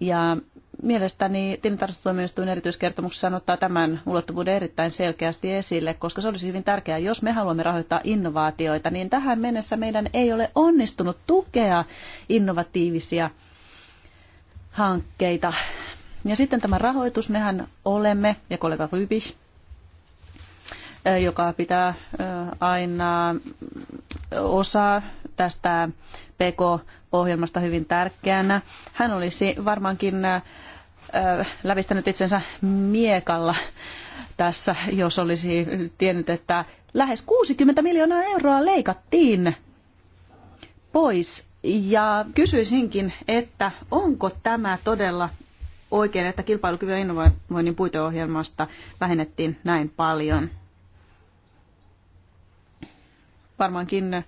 Ja mielestäni tilintarkastustuomioistuin erityiskertomuksessa sanottaa tämän ulottuvuuden erittäin selkeästi esille, koska se olisi hyvin tärkeää, jos me haluamme rahoittaa innovaatioita, niin tähän mennessä meidän ei ole onnistunut tukea innovatiivisia hankkeita. Ja sitten tämä rahoitus, mehän olemme, ja kollega Rybi, joka pitää aina osaa tästä PK-ohjelmasta hyvin tärkeänä. Hän olisi varmaankin lävistänyt itsensä miekalla tässä, jos olisi tiennyt, että lähes 60 miljoonaa euroa leikattiin pois. Ja kysyisinkin, että onko tämä todella oikein, että kilpailukyvyn ja innovoinnin puiteohjelmasta vähennettiin näin paljon? Varmaankin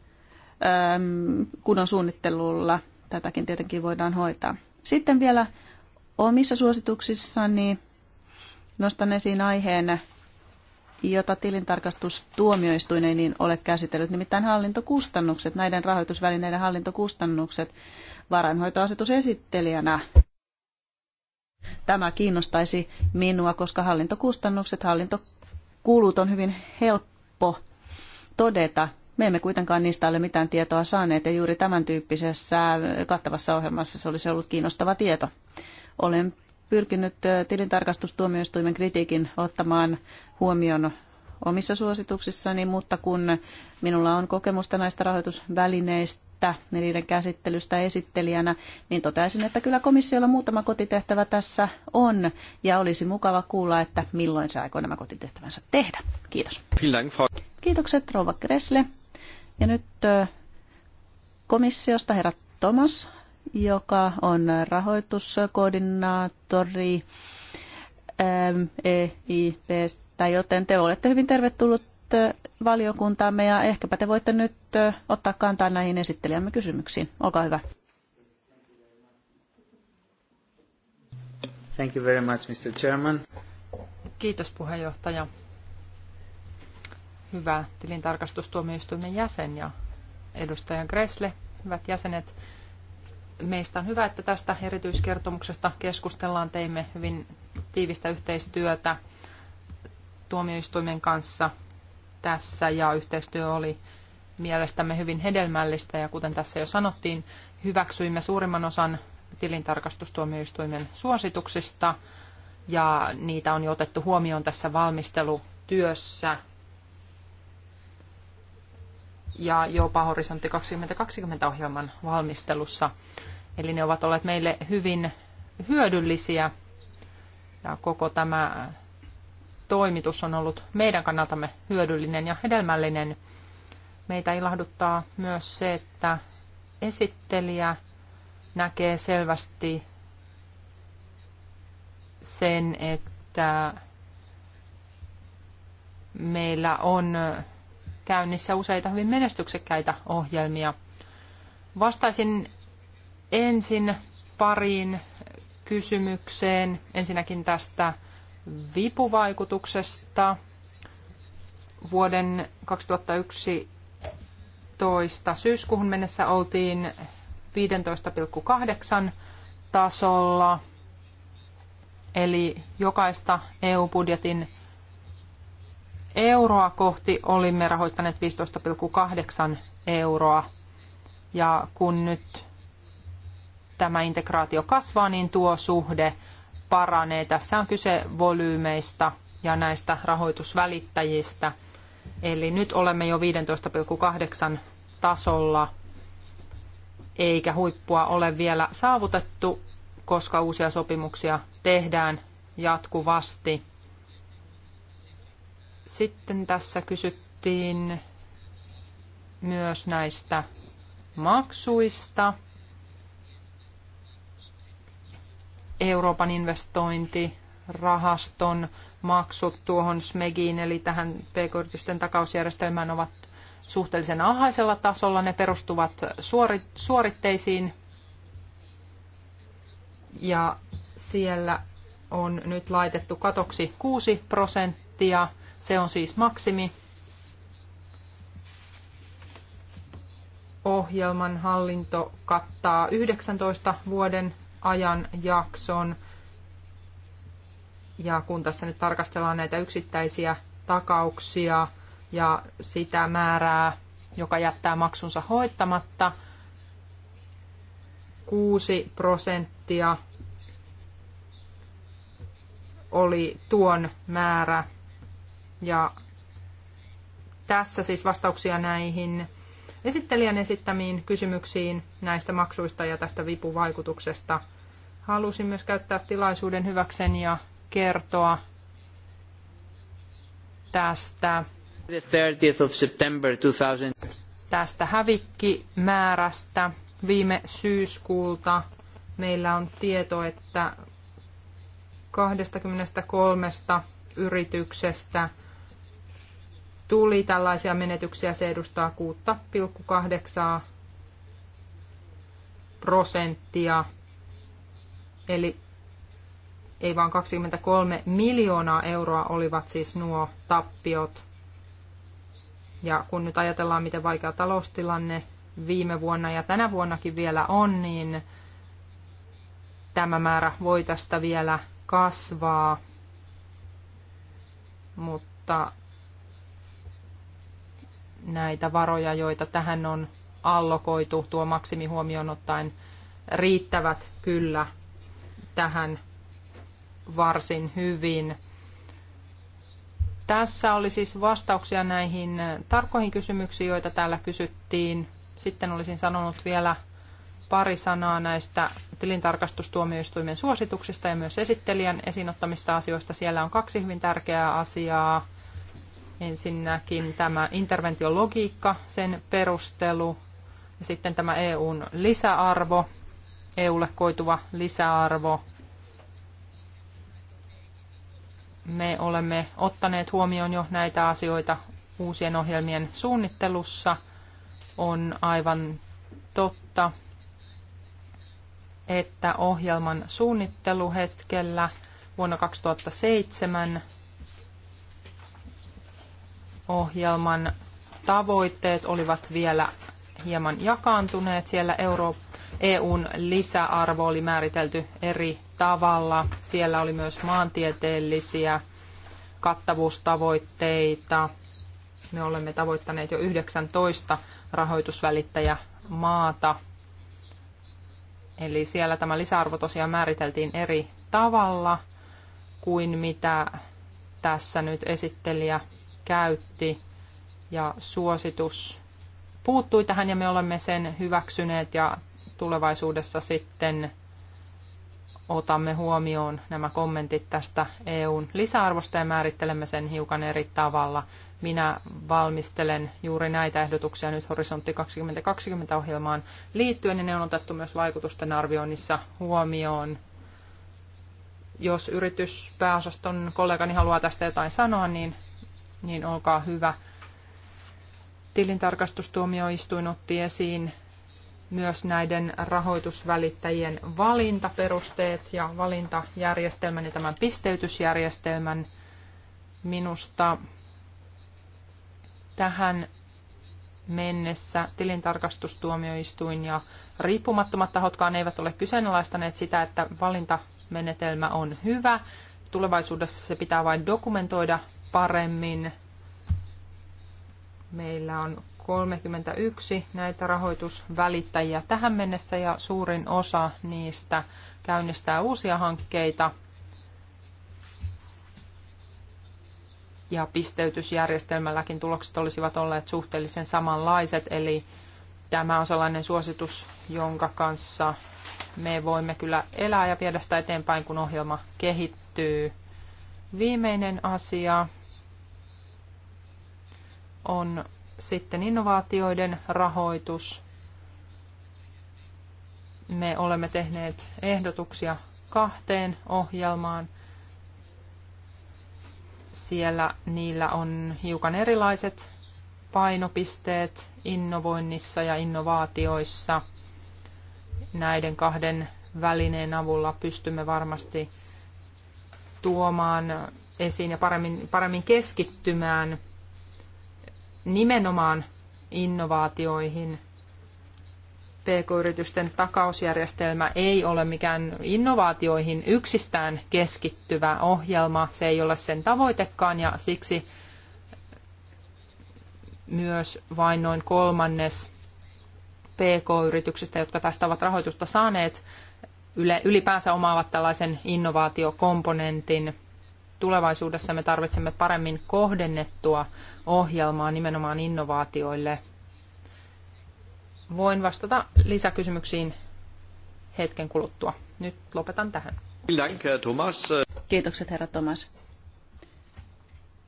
kunnon suunnittelulla tätäkin tietenkin voidaan hoitaa. Sitten vielä Omissa suosituksissani nostan esiin aiheen, jota tilintarkastustuomioistuin ei niin ole käsitellyt, nimittäin hallintokustannukset, näiden rahoitusvälineiden hallintokustannukset varainhoitoasetusesittelijänä. Tämä kiinnostaisi minua, koska hallintokustannukset, hallintokulut on hyvin helppo todeta. Me emme kuitenkaan niistä ole mitään tietoa saaneet ja juuri tämän tyyppisessä kattavassa ohjelmassa se olisi ollut kiinnostava tieto. Olen pyrkinyt tilintarkastustuomioistuimen kritiikin ottamaan huomioon omissa suosituksissani, mutta kun minulla on kokemusta näistä rahoitusvälineistä niiden käsittelystä esittelijänä, niin toteaisin, että kyllä komissiolla muutama kotitehtävä tässä on ja olisi mukava kuulla, että milloin se aikoo nämä kotitehtävänsä tehdä. Kiitos. Kiitokset Rouva Kresle. Ja nyt komissiosta herra Thomas, joka on rahoituskoordinaattori ähm, EIP, joten te olette hyvin tervetullut äh, valiokuntaamme ja ehkäpä te voitte nyt äh, ottaa kantaa näihin esittelijämme kysymyksiin. Olkaa hyvä. Thank you very much, Mr. Chairman. Kiitos puheenjohtaja. Hyvä tilintarkastustuomioistuimen jäsen ja edustaja Gressle, hyvät jäsenet meistä on hyvä, että tästä erityiskertomuksesta keskustellaan. Teimme hyvin tiivistä yhteistyötä tuomioistuimen kanssa tässä ja yhteistyö oli mielestämme hyvin hedelmällistä ja kuten tässä jo sanottiin, hyväksyimme suurimman osan tilintarkastustuomioistuimen suosituksista ja niitä on jo otettu huomioon tässä valmistelutyössä. Ja jopa Horisontti 2020 ohjelman valmistelussa Eli ne ovat olleet meille hyvin hyödyllisiä ja koko tämä toimitus on ollut meidän kannaltamme hyödyllinen ja hedelmällinen. Meitä ilahduttaa myös se, että esittelijä näkee selvästi sen, että meillä on käynnissä useita hyvin menestyksekkäitä ohjelmia. Vastaisin ensin pariin kysymykseen. Ensinnäkin tästä vipuvaikutuksesta vuoden 2011 syyskuuhun mennessä oltiin 15,8 tasolla, eli jokaista EU-budjetin euroa kohti olimme rahoittaneet 15,8 euroa. Ja kun nyt tämä integraatio kasvaa, niin tuo suhde paranee. Tässä on kyse volyymeista ja näistä rahoitusvälittäjistä. Eli nyt olemme jo 15,8 tasolla, eikä huippua ole vielä saavutettu, koska uusia sopimuksia tehdään jatkuvasti. Sitten tässä kysyttiin myös näistä maksuista. Euroopan investointirahaston maksut tuohon SMEGiin, eli tähän pk-yritysten takausjärjestelmään ovat suhteellisen alhaisella tasolla. Ne perustuvat suoritteisiin ja siellä on nyt laitettu katoksi 6 prosenttia. Se on siis maksimi. Ohjelman hallinto kattaa 19 vuoden ajanjakson. Ja kun tässä nyt tarkastellaan näitä yksittäisiä takauksia ja sitä määrää, joka jättää maksunsa hoittamatta, 6 prosenttia oli tuon määrä. Ja tässä siis vastauksia näihin esittelijän esittämiin kysymyksiin näistä maksuista ja tästä vipuvaikutuksesta. Halusin myös käyttää tilaisuuden hyväkseni ja kertoa tästä, tästä hävikkimäärästä viime syyskuulta. Meillä on tieto, että 23 yrityksestä tuli tällaisia menetyksiä. Se edustaa 6,8 prosenttia, eli ei vaan 23 miljoonaa euroa olivat siis nuo tappiot. Ja kun nyt ajatellaan, miten vaikea taloustilanne viime vuonna ja tänä vuonnakin vielä on, niin tämä määrä voi tästä vielä kasvaa. Mutta näitä varoja, joita tähän on allokoitu, tuo maksimi huomioon ottaen, riittävät kyllä tähän varsin hyvin. Tässä oli siis vastauksia näihin tarkkoihin kysymyksiin, joita täällä kysyttiin. Sitten olisin sanonut vielä pari sanaa näistä tilintarkastustuomioistuimen suosituksista ja myös esittelijän esiin ottamista asioista. Siellä on kaksi hyvin tärkeää asiaa. Ensinnäkin tämä interventiologiikka, sen perustelu, ja sitten tämä EUn lisäarvo, EUlle koituva lisäarvo. Me olemme ottaneet huomioon jo näitä asioita uusien ohjelmien suunnittelussa. On aivan totta, että ohjelman suunnitteluhetkellä vuonna 2007 ohjelman tavoitteet olivat vielä hieman jakaantuneet. Siellä Euro- EUn lisäarvo oli määritelty eri tavalla. Siellä oli myös maantieteellisiä kattavuustavoitteita. Me olemme tavoittaneet jo 19 maata. Eli siellä tämä lisäarvo tosiaan määriteltiin eri tavalla kuin mitä tässä nyt esittelijä käytti ja suositus puuttui tähän ja me olemme sen hyväksyneet ja tulevaisuudessa sitten otamme huomioon nämä kommentit tästä EUn lisäarvosta ja määrittelemme sen hiukan eri tavalla. Minä valmistelen juuri näitä ehdotuksia nyt Horisontti 2020-ohjelmaan liittyen ja ne on otettu myös vaikutusten arvioinnissa huomioon. Jos yrityspääosaston kollegani haluaa tästä jotain sanoa, niin niin olkaa hyvä. Tilintarkastustuomioistuin otti esiin myös näiden rahoitusvälittäjien valintaperusteet ja valintajärjestelmän ja tämän pisteytysjärjestelmän minusta tähän mennessä tilintarkastustuomioistuin ja riippumattomat tahotkaan eivät ole kyseenalaistaneet sitä, että valintamenetelmä on hyvä. Tulevaisuudessa se pitää vain dokumentoida paremmin. Meillä on 31 näitä rahoitusvälittäjiä tähän mennessä ja suurin osa niistä käynnistää uusia hankkeita. Ja pisteytysjärjestelmälläkin tulokset olisivat olleet suhteellisen samanlaiset, eli tämä on sellainen suositus, jonka kanssa me voimme kyllä elää ja viedä sitä eteenpäin, kun ohjelma kehittyy. Viimeinen asia on sitten innovaatioiden rahoitus. Me olemme tehneet ehdotuksia kahteen ohjelmaan. Siellä niillä on hiukan erilaiset painopisteet innovoinnissa ja innovaatioissa. Näiden kahden välineen avulla pystymme varmasti tuomaan esiin ja paremmin, paremmin keskittymään nimenomaan innovaatioihin. PK-yritysten takausjärjestelmä ei ole mikään innovaatioihin yksistään keskittyvä ohjelma, se ei ole sen tavoitekaan ja siksi myös vain noin kolmannes PK-yrityksistä, jotka tästä ovat rahoitusta saaneet, ylipäänsä omaavat tällaisen innovaatiokomponentin tulevaisuudessa me tarvitsemme paremmin kohdennettua ohjelmaa nimenomaan innovaatioille. Voin vastata lisäkysymyksiin hetken kuluttua. Nyt lopetan tähän. Eh, Thomas. Kiitokset herra Thomas.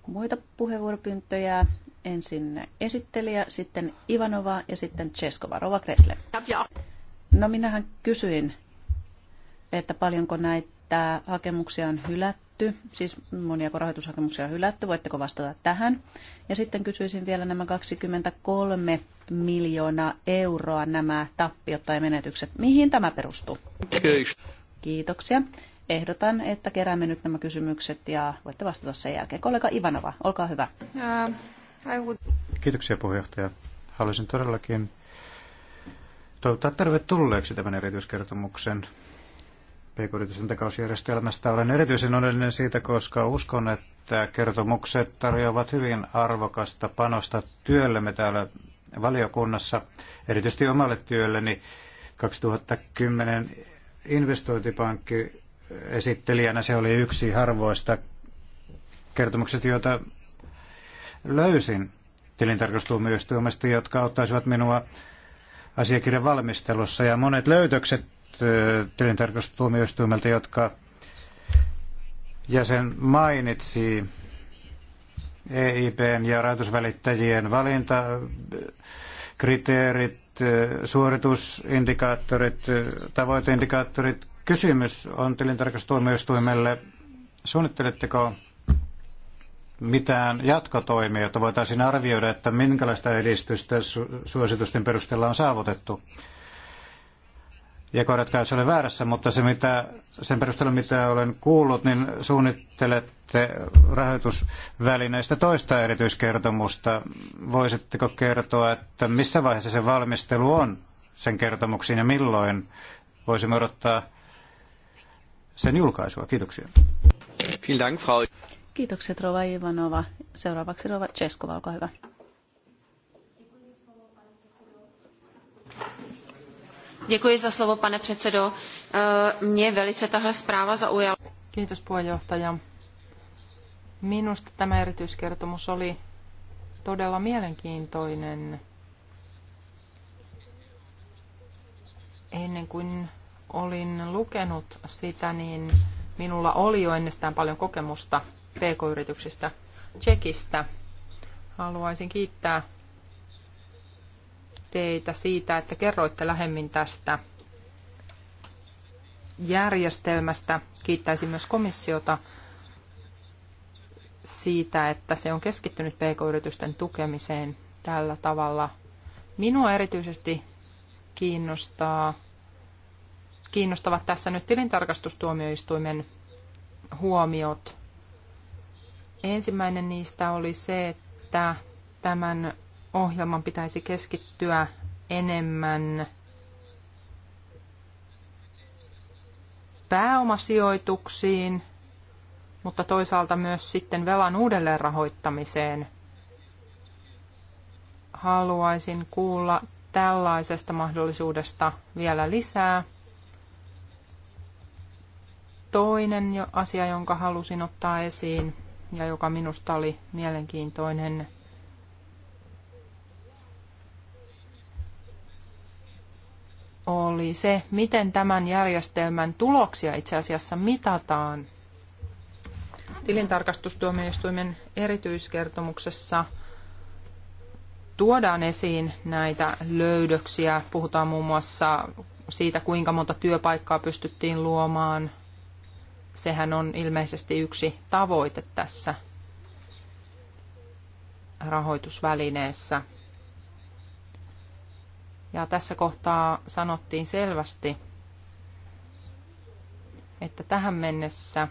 Muita puheenvuoropyyntöjä. Ensin esittelijä, sitten Ivanova ja sitten Cheskova. Rova Kresle. No minähän kysyin, että paljonko näitä että hakemuksia on hylätty, siis monia rahoitushakemuksia on hylätty, voitteko vastata tähän? Ja sitten kysyisin vielä nämä 23 miljoonaa euroa nämä tappiot tai menetykset. Mihin tämä perustuu? Kiitos. Kiitoksia. Ehdotan, että keräämme nyt nämä kysymykset ja voitte vastata sen jälkeen. Kollega Ivanova, olkaa hyvä. Uh, Kiitoksia puheenjohtaja. Haluaisin todellakin toivottaa tervetulleeksi tämän erityiskertomuksen pk takausjärjestelmästä. Olen erityisen onnellinen siitä, koska uskon, että kertomukset tarjoavat hyvin arvokasta panosta työllemme täällä valiokunnassa, erityisesti omalle työlleni. 2010 investointipankki esittelijänä se oli yksi harvoista kertomuksista, joita löysin tilintarkastustuomioistuimesta, jotka auttaisivat minua asiakirjan valmistelussa. Ja monet löytökset Äh, tilintarkastustuomioistuimelta, jotka jäsen mainitsi EIPn ja rahoitusvälittäjien valinta, kriteerit, äh, suoritusindikaattorit, äh, tavoiteindikaattorit. Kysymys on tilintarkastustuomioistuimelle. Suunnitteletteko mitään jatkotoimia, jotta voitaisiin arvioida, että minkälaista edistystä suositusten perusteella on saavutettu? jos ole väärässä, mutta se mitä, sen perusteella mitä olen kuullut, niin suunnittelette rahoitusvälineistä toista erityiskertomusta. Voisitteko kertoa, että missä vaiheessa se valmistelu on sen kertomuksiin ja milloin voisimme odottaa sen julkaisua? Kiitoksia. Frau. Kiitokset, Rova Ivanova. Seuraavaksi Rova Cheskova, olkaa hyvä. Děkuji za slovo, pane předsedo. E, mě velice tahle zpráva zaujala. Kiitos puheenjohtaja. Minusta tämä erityiskertomus oli todella mielenkiintoinen. Ennen kuin olin lukenut sitä, niin minulla oli jo ennestään paljon kokemusta pk-yrityksistä Tsekistä. Haluaisin kiittää teitä siitä, että kerroitte lähemmin tästä järjestelmästä. Kiittäisin myös komissiota siitä, että se on keskittynyt pk-yritysten tukemiseen tällä tavalla. Minua erityisesti kiinnostaa, kiinnostavat tässä nyt tilintarkastustuomioistuimen huomiot. Ensimmäinen niistä oli se, että tämän ohjelman pitäisi keskittyä enemmän pääomasijoituksiin, mutta toisaalta myös sitten velan uudelleenrahoittamiseen. Haluaisin kuulla tällaisesta mahdollisuudesta vielä lisää. Toinen asia, jonka halusin ottaa esiin ja joka minusta oli mielenkiintoinen oli se, miten tämän järjestelmän tuloksia itse asiassa mitataan. Tilintarkastustuomioistuimen erityiskertomuksessa tuodaan esiin näitä löydöksiä. Puhutaan muun muassa siitä, kuinka monta työpaikkaa pystyttiin luomaan. Sehän on ilmeisesti yksi tavoite tässä rahoitusvälineessä. Ja tässä kohtaa sanottiin selvästi, että tähän mennessä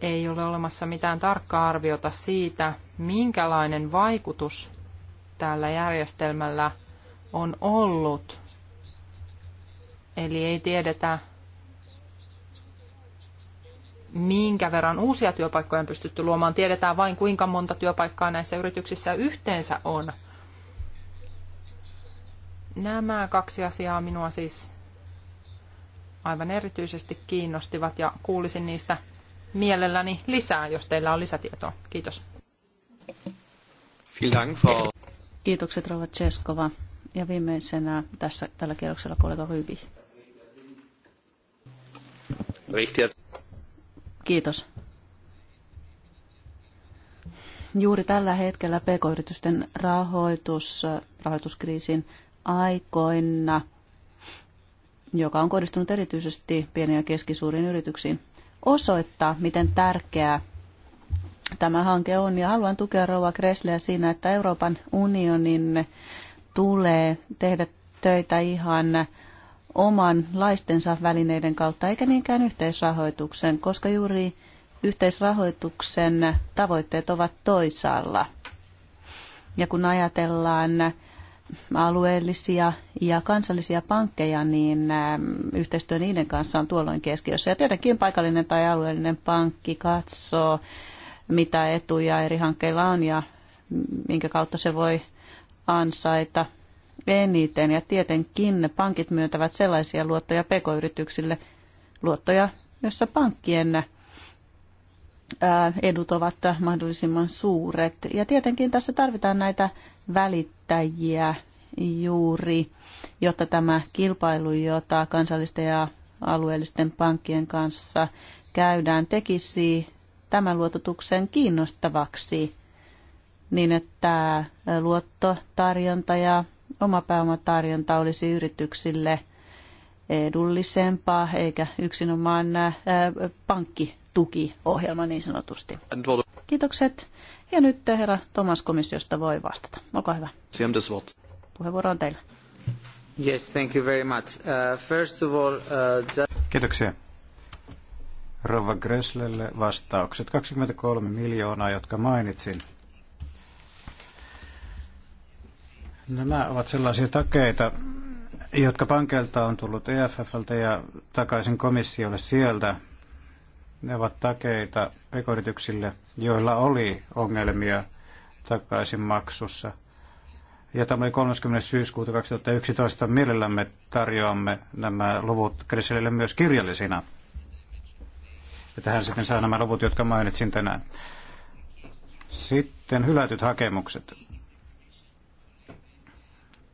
ei ole olemassa mitään tarkkaa arviota siitä, minkälainen vaikutus tällä järjestelmällä on ollut. Eli ei tiedetä, minkä verran uusia työpaikkoja on pystytty luomaan. Tiedetään vain, kuinka monta työpaikkaa näissä yrityksissä yhteensä on. Nämä kaksi asiaa minua siis aivan erityisesti kiinnostivat ja kuulisin niistä mielelläni lisää, jos teillä on lisätietoa. Kiitos. Kiitokset Rova Cheskova. Ja viimeisenä tässä tällä kierroksella kollega Richtig. Kiitos. Juuri tällä hetkellä pk-yritysten rahoitus, rahoituskriisin aikoina, joka on kohdistunut erityisesti pieniin ja keskisuuriin yrityksiin, osoittaa, miten tärkeää tämä hanke on. Ja haluan tukea Rouva Kresleä siinä, että Euroopan unionin tulee tehdä töitä ihan oman laistensa välineiden kautta, eikä niinkään yhteisrahoituksen, koska juuri yhteisrahoituksen tavoitteet ovat toisaalla. Ja kun ajatellaan alueellisia ja kansallisia pankkeja, niin ähm, yhteistyö niiden kanssa on tuolloin keskiössä. Ja tietenkin paikallinen tai alueellinen pankki katsoo, mitä etuja eri hankkeilla on ja minkä kautta se voi ansaita eniten ja tietenkin pankit myöntävät sellaisia luottoja pk-yrityksille, luottoja, jossa pankkien edut ovat mahdollisimman suuret. Ja tietenkin tässä tarvitaan näitä välittäjiä juuri, jotta tämä kilpailu, jota kansallisten ja alueellisten pankkien kanssa käydään, tekisi tämän luototuksen kiinnostavaksi niin, että luottotarjonta ja Oma pääomatarjonta olisi yrityksille edullisempaa, eikä yksinomaan pankkitukiohjelma niin sanotusti. Kiitokset. Ja nyt herra Tomas komissiosta voi vastata. Olkaa hyvä. Puheenvuoro on teillä. Yes, thank you very much. Uh, first of all, uh, just... Kiitoksia. Rova Gresslelle vastaukset. 23 miljoonaa, jotka mainitsin, Nämä ovat sellaisia takeita, jotka pankeilta on tullut EFFltä ja takaisin komissiolle sieltä. Ne ovat takeita pekoyrityksille, joilla oli ongelmia takaisin maksussa. Ja tämä oli 30. syyskuuta 2011. Mielellämme tarjoamme nämä luvut Kriselille myös kirjallisina. Ja tähän sitten saa nämä luvut, jotka mainitsin tänään. Sitten hylätyt hakemukset.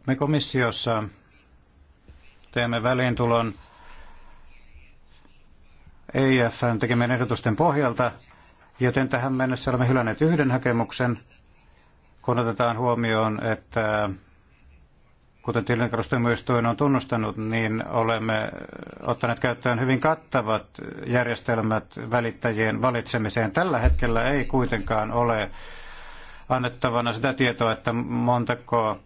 Me komissiossa teemme väliintulon EIFn tekemien ehdotusten pohjalta, joten tähän mennessä olemme hylänneet yhden hakemuksen, kun otetaan huomioon, että kuten tilintarkastustuomioistuin on tunnustanut, niin olemme ottaneet käyttöön hyvin kattavat järjestelmät välittäjien valitsemiseen. Tällä hetkellä ei kuitenkaan ole annettavana sitä tietoa, että montako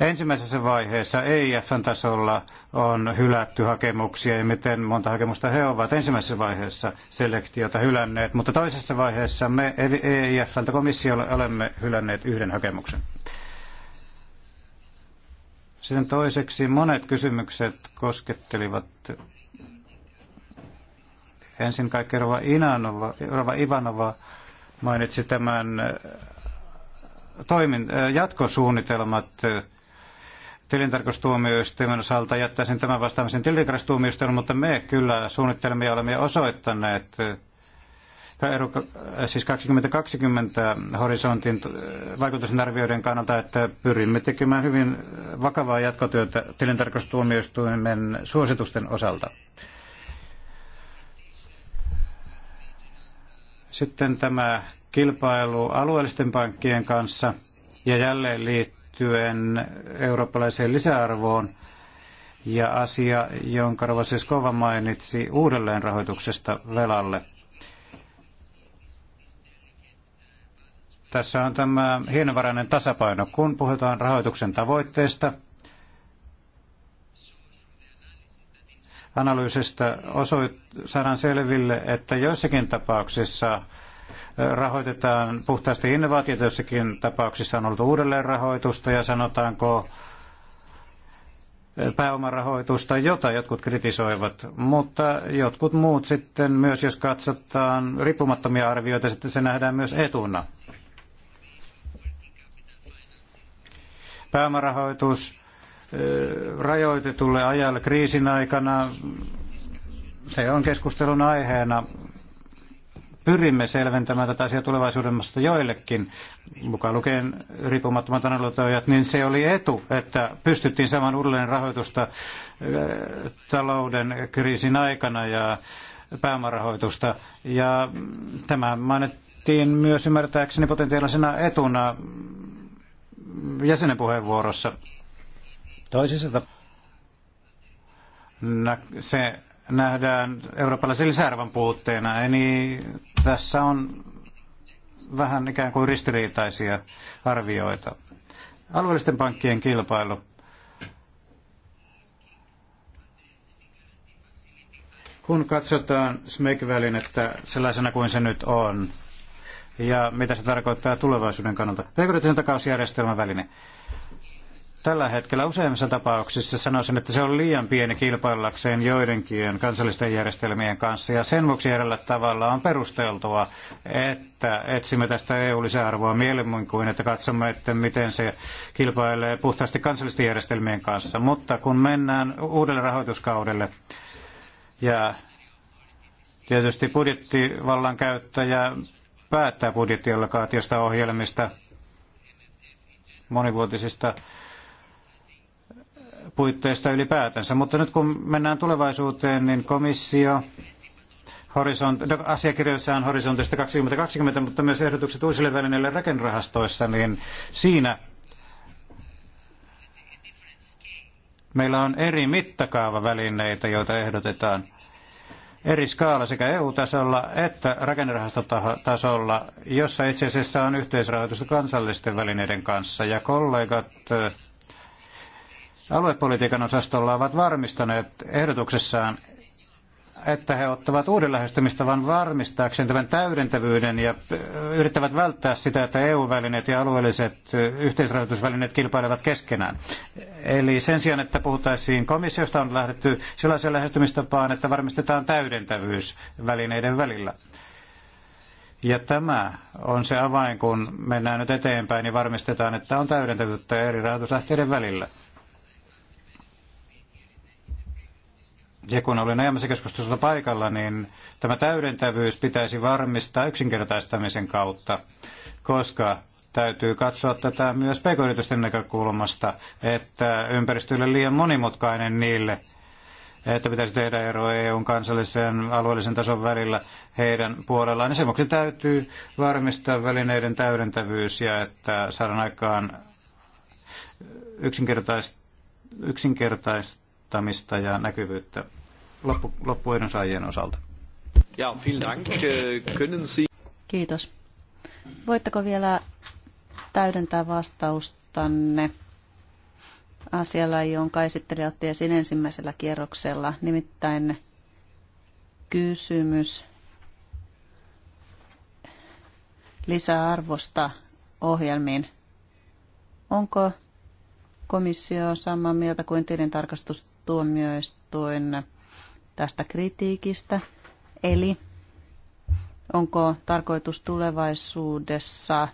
Ensimmäisessä vaiheessa EIFn tasolla on hylätty hakemuksia ja miten monta hakemusta he ovat ensimmäisessä vaiheessa selektiota hylänneet, mutta toisessa vaiheessa me EIF-ltä komissiolle olemme hylänneet yhden hakemuksen. Sitten toiseksi monet kysymykset koskettelivat ensin kaikkea Rova, Inanova, Rova Ivanova mainitsi tämän äh, toimin, äh, jatkosuunnitelmat äh, tilintarkastuomioistuimen osalta jättäisin tämän vastaamisen tilintarkastuomioistuimen, mutta me kyllä suunnittelmia olemme osoittaneet siis 2020 horisontin eh, vaikutusarvioiden kannalta, että pyrimme tekemään hyvin vakavaa jatkotyötä tilintarkastustuomioistuimen suositusten osalta. Sitten tämä kilpailu alueellisten pankkien kanssa ja jälleen liittyy liittyen eurooppalaiseen lisäarvoon ja asia, jonka Rovasiskova mainitsi uudelleenrahoituksesta velalle. Tässä on tämä hienovarainen tasapaino, kun puhutaan rahoituksen tavoitteesta. Analyysistä osoit, saadaan selville, että joissakin tapauksissa rahoitetaan puhtaasti innovaatioita, jossakin tapauksissa on ollut uudelleenrahoitusta ja sanotaanko eh, pääomarahoitusta, jota jotkut kritisoivat, mutta jotkut muut sitten myös, jos katsotaan riippumattomia arvioita, sitten se nähdään myös etuna. Pääomarahoitus eh, rajoitetulle ajalle kriisin aikana, se on keskustelun aiheena pyrimme selventämään tätä asiaa tulevaisuudessa joillekin, mukaan lukien riippumattomat analytoijat, niin se oli etu, että pystyttiin saamaan uudelleen rahoitusta talouden kriisin aikana ja pääomarahoitusta. Ja tämä mainittiin myös ymmärtääkseni potentiaalisena etuna jäsenen puheenvuorossa. Toisissa tapauksissa se nähdään eurooppalaisen lisäarvon puutteena. Eli tässä on vähän ikään kuin ristiriitaisia arvioita. Alueellisten pankkien kilpailu. Kun katsotaan SMEC-välinettä sellaisena kuin se nyt on, ja mitä se tarkoittaa tulevaisuuden kannalta. Pekoritin takausjärjestelmän väline. Tällä hetkellä useimmissa tapauksissa sanoisin, että se on liian pieni kilpaillakseen joidenkin kansallisten järjestelmien kanssa. Ja sen vuoksi eräällä tavalla on perusteltua, että etsimme tästä EU-lisäarvoa mieluummin kuin, että katsomme, että miten se kilpailee puhtaasti kansallisten järjestelmien kanssa. Mutta kun mennään uudelle rahoituskaudelle ja tietysti budjettivallan käyttäjä päättää budjettiallokaatiosta ohjelmista, monivuotisista puitteista ylipäätänsä. Mutta nyt kun mennään tulevaisuuteen, niin komissio horisont, no, asiakirjoissaan horisontista 2020, mutta myös ehdotukset uusille välineille rakennerahastoissa, niin siinä meillä on eri mittakaavavälineitä, joita ehdotetaan eri skaala sekä EU-tasolla että rakennerahastotasolla, jossa itse asiassa on yhteisrahoitusta kansallisten välineiden kanssa. Ja kollegat aluepolitiikan osastolla ovat varmistaneet ehdotuksessaan, että he ottavat uuden lähestymistavan varmistaakseen tämän täydentävyyden ja yrittävät välttää sitä, että EU-välineet ja alueelliset yhteisrahoitusvälineet kilpailevat keskenään. Eli sen sijaan, että puhutaisiin komissiosta, on lähdetty sellaiseen lähestymistapaan, että varmistetaan täydentävyys välineiden välillä. Ja tämä on se avain, kun mennään nyt eteenpäin, niin varmistetaan, että on täydentävyyttä eri rahoituslähteiden välillä. Ja kun olin ajamassa keskustelusta paikalla, niin tämä täydentävyys pitäisi varmistaa yksinkertaistamisen kautta, koska täytyy katsoa tätä myös pk-yritysten näkökulmasta, että ympäristölle liian monimutkainen niille, että pitäisi tehdä ero EUn kansallisen alueellisen tason välillä heidän puolellaan. Niin sen vuoksi täytyy varmistaa välineiden täydentävyys ja että saadaan aikaan yksinkertaista vaikuttamista ja näkyvyyttä loppu, loppuedunsaajien osalta. Ja, vielen dank. Können Sie... Kiitos. Voitteko vielä täydentää vastaustanne asialla, jonka esittelijä otti esiin ensimmäisellä kierroksella, nimittäin kysymys lisäarvosta ohjelmiin. Onko komissio on samaa mieltä kuin tilintarkastustuomioistuin tästä kritiikistä. Eli onko tarkoitus tulevaisuudessa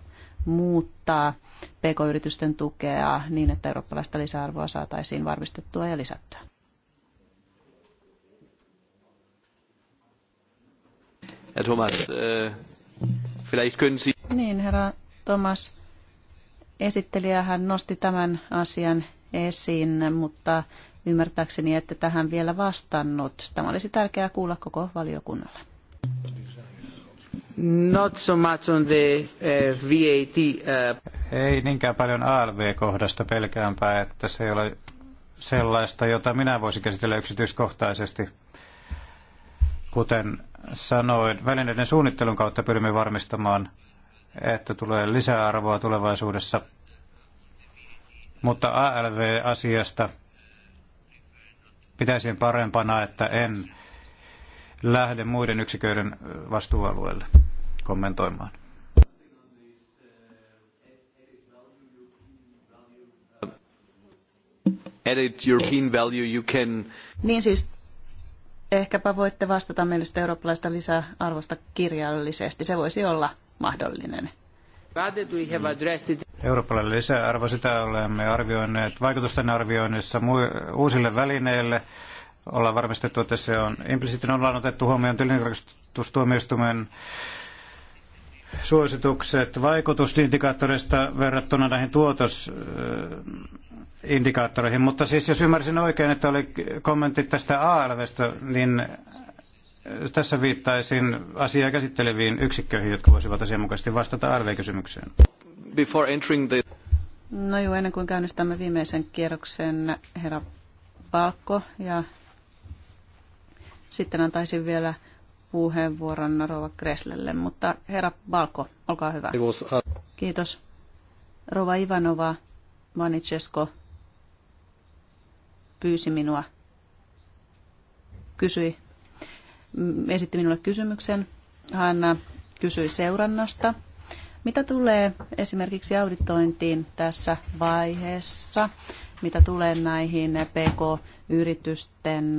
muuttaa pk-yritysten tukea niin, että eurooppalaista lisäarvoa saataisiin varmistettua ja lisättyä? Herr Thomas, äh, vielleicht können Sie... Niin, herra Thomas, esittelijä, hän nosti tämän asian esiin, mutta ymmärtääkseni, että tähän vielä vastannut. Tämä olisi tärkeää kuulla koko valiokunnalle. Not so much on the uh, eh, VAT. Uh... Eh. Ei niinkään paljon alv kohdasta pelkäänpä, että se ei ole sellaista, jota minä voisin käsitellä yksityiskohtaisesti. Kuten sanoin, välineiden suunnittelun kautta pyrimme varmistamaan että tulee lisäarvoa tulevaisuudessa. Mutta ALV-asiasta pitäisin parempana, että en lähde muiden yksiköiden vastuualueelle kommentoimaan. Edit European value you can... Niin siis ehkäpä voitte vastata meille sitä eurooppalaista lisäarvosta kirjallisesti. Se voisi olla mahdollinen. Euroopalle lisäarvo, sitä olemme arvioineet vaikutusten arvioinnissa uusille välineille. Ollaan varmistettu, että se on implisiittinen, ollaan otettu huomioon tilintarkastustuomioistuimen suositukset vaikutusindikaattoreista verrattuna näihin tuotosindikaattoreihin. Äh, Mutta siis jos ymmärsin oikein, että oli kommentti tästä ALVstä, niin tässä viittaisin asiaa käsitteleviin yksikköihin, jotka voisivat asianmukaisesti vastata arvekysymykseen. Before entering the... No juu, ennen kuin käynnistämme viimeisen kierroksen, herra Valkko, ja sitten antaisin vielä puheenvuoron Rova Kreslelle, mutta herra Balko, olkaa hyvä. Kiitos. Rova Ivanova Manichesko pyysi minua, kysyi esitti minulle kysymyksen. Hän kysyi seurannasta. Mitä tulee esimerkiksi auditointiin tässä vaiheessa? Mitä tulee näihin PK-yritysten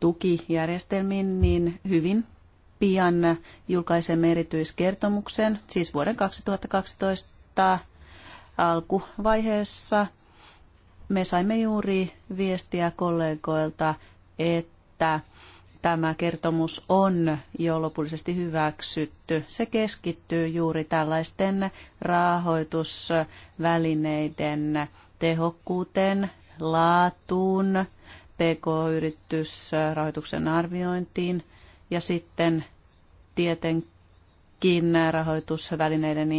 tukijärjestelmiin, niin hyvin pian julkaisemme erityiskertomuksen, siis vuoden 2012 alkuvaiheessa. Me saimme juuri viestiä kollegoilta, että että tämä kertomus on jo lopullisesti hyväksytty. Se keskittyy juuri tällaisten rahoitusvälineiden tehokkuuteen, laatuun, pk-yritysrahoituksen arviointiin ja sitten tietenkin rahoitusvälineiden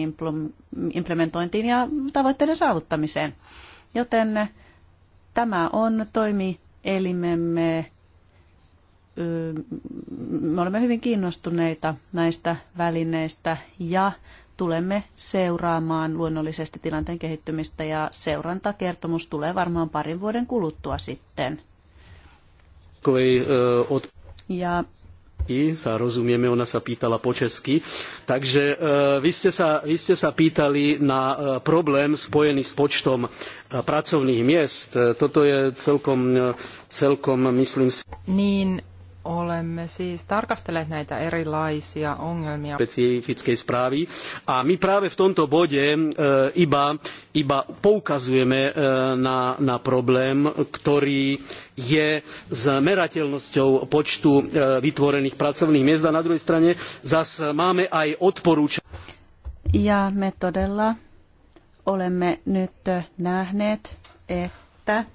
implementointiin ja tavoitteiden saavuttamiseen. Joten tämä on toimielimemme me olemme hyvin kiinnostuneita näistä välineistä ja tulemme seuraamaan luonnollisesti tilanteen kehittymistä ja seurantakertomus tulee varmaan parin vuoden kuluttua sitten. Ja i sa rozumieme, ona sa pýtala po česky. Takže vy ste sa, vy ste sa pýtali na problém spojený s počtom pracovných miest. Toto je celkom, celkom myslím si... Niin olemme siis tarkastelleet näitä erilaisia ongelmia. Specifickej správy. A my práve v tomto bode e, iba, iba poukazujeme e, na, na problém, ktorý je s merateľnosťou počtu e, vytvorených pracovných miest a na druhej strane zas máme aj odporúčania. Ja me todella olemme nyt nähneet, että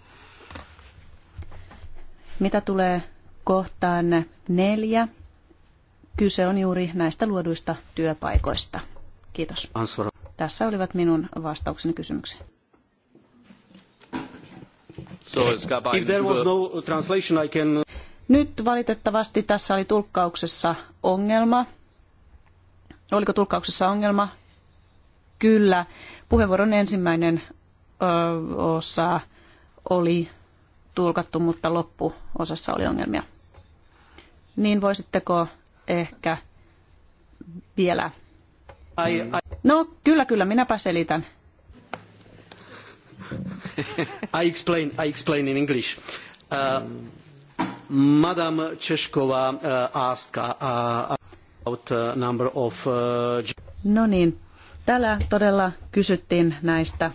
mitä tulee kohtaan neljä. Kyse on juuri näistä luoduista työpaikoista. Kiitos. Answer. Tässä olivat minun vastaukseni kysymykseen. So If there was no translation, I can... Nyt valitettavasti tässä oli tulkkauksessa ongelma. Oliko tulkkauksessa ongelma? Kyllä. Puheenvuoron ensimmäinen ö, osa oli tulkattu, mutta loppuosassa oli ongelmia niin voisitteko ehkä vielä... Ai, ai. No kyllä, kyllä, minäpä selitän. I explain, I explain in English. Uh, Madame Cheshkova uh, asked uh, about uh, number of... Uh... No niin, täällä todella kysyttiin näistä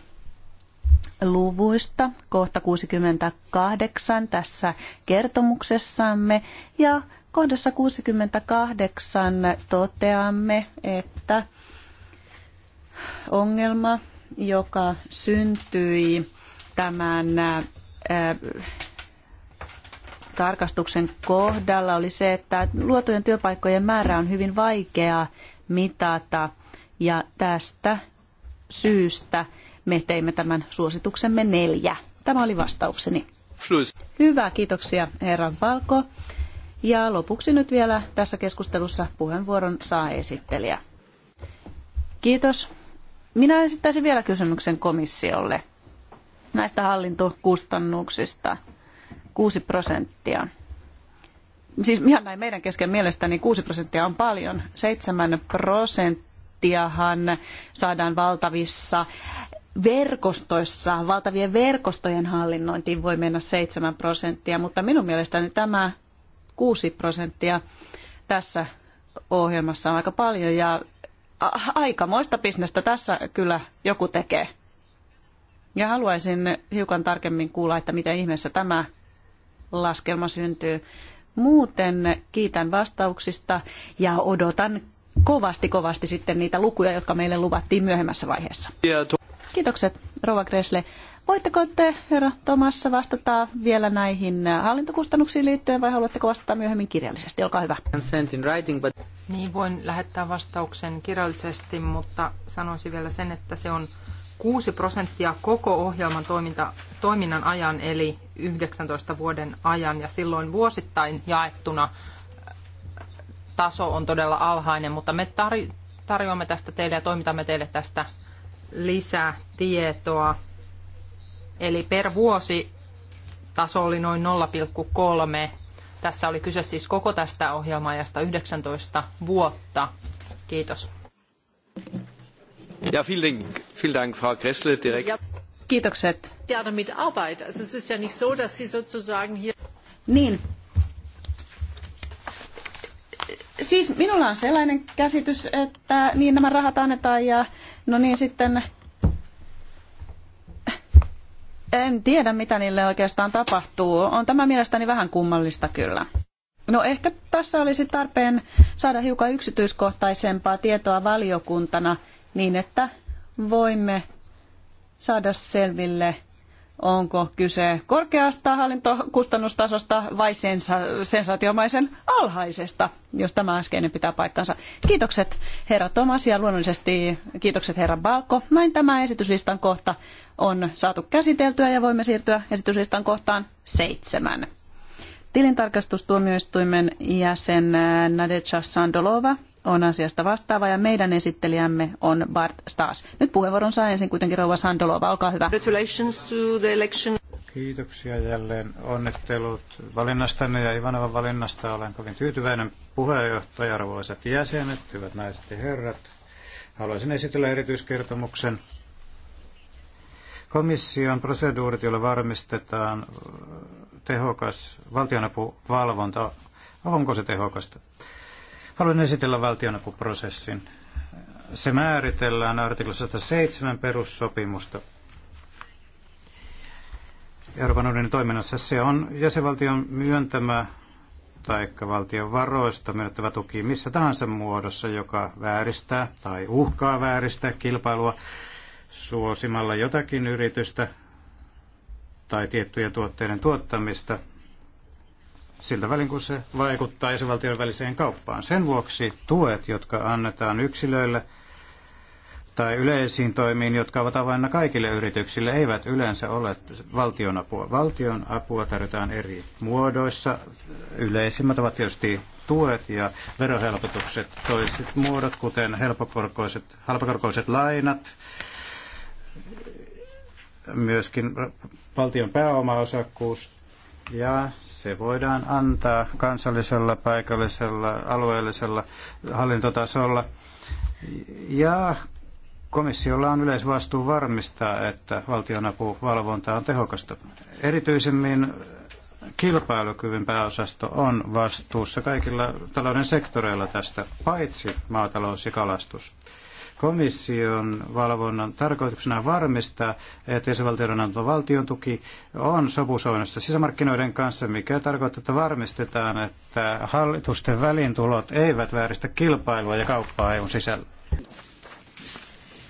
luvuista, kohta 68 tässä kertomuksessamme, ja Kohdassa 68 toteamme, että ongelma, joka syntyi tämän tarkastuksen kohdalla oli se, että luotujen työpaikkojen määrä on hyvin vaikea mitata ja tästä syystä me teimme tämän suosituksemme neljä. Tämä oli vastaukseni. Hyvä, kiitoksia herra Valko. Ja lopuksi nyt vielä tässä keskustelussa puheenvuoron saa esittelijä. Kiitos. Minä esittäisin vielä kysymyksen komissiolle näistä hallintokustannuksista. 6 prosenttia. Siis ihan näin meidän kesken mielestäni 6 prosenttia on paljon. 7 prosenttiahan saadaan valtavissa verkostoissa, valtavien verkostojen hallinnointiin voi mennä 7 prosenttia, mutta minun mielestäni tämä 6 prosenttia tässä ohjelmassa on aika paljon ja aikamoista bisnestä tässä kyllä joku tekee. Ja haluaisin hiukan tarkemmin kuulla, että miten ihmeessä tämä laskelma syntyy. Muuten kiitän vastauksista ja odotan kovasti kovasti sitten niitä lukuja, jotka meille luvattiin myöhemmässä vaiheessa. Kiitokset, Rova Kresle. Voitteko te, herra Tomassa, vastata vielä näihin hallintokustannuksiin liittyen vai haluatteko vastata myöhemmin kirjallisesti? Olkaa hyvä. Niin, voin lähettää vastauksen kirjallisesti, mutta sanoisin vielä sen, että se on 6 prosenttia koko ohjelman toiminta, toiminnan ajan, eli 19 vuoden ajan, ja silloin vuosittain jaettuna äh, taso on todella alhainen, mutta me tarjoamme tästä teille ja toimitamme teille tästä lisää tietoa Eli per vuosi taso oli noin 0,3. Tässä oli kyse siis koko tästä ohjelmaajasta 19 vuotta. Kiitos. Ja, vielen, vielen Dank, Frau Gressle, direkt. Ja. Kiitokset. Ja, damit Arbeit. Also es ist ja nicht so, dass Sie sozusagen hier... Niin. Siis minulla on sellainen käsitys, että niin nämä rahat annetaan ja no niin sitten en tiedä, mitä niille oikeastaan tapahtuu. On tämä mielestäni vähän kummallista kyllä. No ehkä tässä olisi tarpeen saada hiukan yksityiskohtaisempaa tietoa valiokuntana niin, että voimme saada selville onko kyse korkeasta hallintokustannustasosta vai sensa- sensaatiomaisen alhaisesta, jos tämä äskeinen pitää paikkansa. Kiitokset herra Tomas ja luonnollisesti kiitokset herra Balko. Näin tämä esityslistan kohta on saatu käsiteltyä ja voimme siirtyä esityslistan kohtaan seitsemän. Tilintarkastustuomioistuimen jäsen Nadeja Sandolova on asiasta vastaava ja meidän esittelijämme on Bart Stas. Nyt puheenvuoron saa ensin kuitenkin rouva Sandolova, olkaa hyvä. Congratulations to the election. Kiitoksia jälleen onnittelut valinnastanne ja Ivanovan valinnasta. Olen kovin tyytyväinen puheenjohtaja, arvoisat jäsenet, hyvät naiset ja herrat. Haluaisin esitellä erityiskertomuksen komission proseduurit, joilla varmistetaan tehokas valtionapuvalvonta. Onko se tehokasta? Haluan esitellä valtionapuprosessin. Se määritellään artiklassa 107 perussopimusta. Euroopan unionin toiminnassa se on jäsenvaltion myöntämä tai valtion varoista myönnettävä tuki missä tahansa muodossa, joka vääristää tai uhkaa vääristää kilpailua suosimalla jotakin yritystä tai tiettyjen tuotteiden tuottamista siltä välin, kun se vaikuttaa jäsenvaltioiden väliseen kauppaan. Sen vuoksi tuet, jotka annetaan yksilöille tai yleisiin toimiin, jotka ovat avainna kaikille yrityksille, eivät yleensä ole valtionapua. apua tarjotaan eri muodoissa. Yleisimmät ovat tietysti tuet ja verohelpotukset. Toiset muodot, kuten helpokorkoiset, halpakorkoiset lainat, myöskin valtion pääomaosakkuus ja se voidaan antaa kansallisella, paikallisella, alueellisella hallintotasolla. Ja komissiolla on yleisvastuu varmistaa, että valtionapuvalvonta on tehokasta. Erityisemmin kilpailukyvyn pääosasto on vastuussa kaikilla talouden sektoreilla tästä, paitsi maatalous ja kalastus. Komission valvonnan tarkoituksena on varmistaa, että jäsenvaltioiden antama valtion tuki on sopusoinnassa sisämarkkinoiden kanssa, mikä tarkoittaa, että varmistetaan, että hallitusten välintulot eivät vääristä kilpailua ja kauppaa EUn sisällä.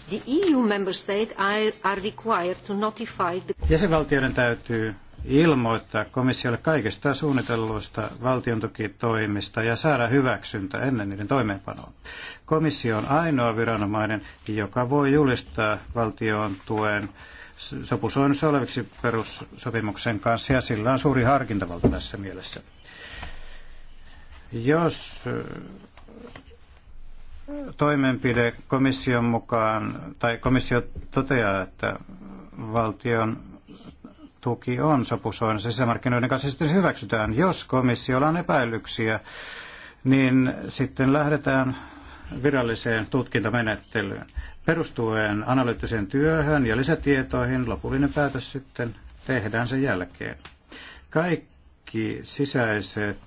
The EU member state are required to notify the... Jäsenvaltioiden täytyy ilmoittaa komissiolle kaikista suunnitelluista valtiontukitoimista ja saada hyväksyntä ennen niiden toimeenpanoa. Komissio on ainoa viranomainen, joka voi julistaa valtion tuen sopusoinnussa oleviksi perussopimuksen kanssa ja sillä on suuri harkintavalta tässä mielessä. Jos toimenpide komission mukaan, tai komissio toteaa, että valtion tuki on sopusoinnissa sisämarkkinoiden kanssa sitten hyväksytään. Jos komissiolla on epäilyksiä, niin sitten lähdetään viralliseen tutkintamenettelyyn. Perustuen analyyttiseen työhön ja lisätietoihin lopullinen päätös sitten tehdään sen jälkeen. Kaikki sisäiset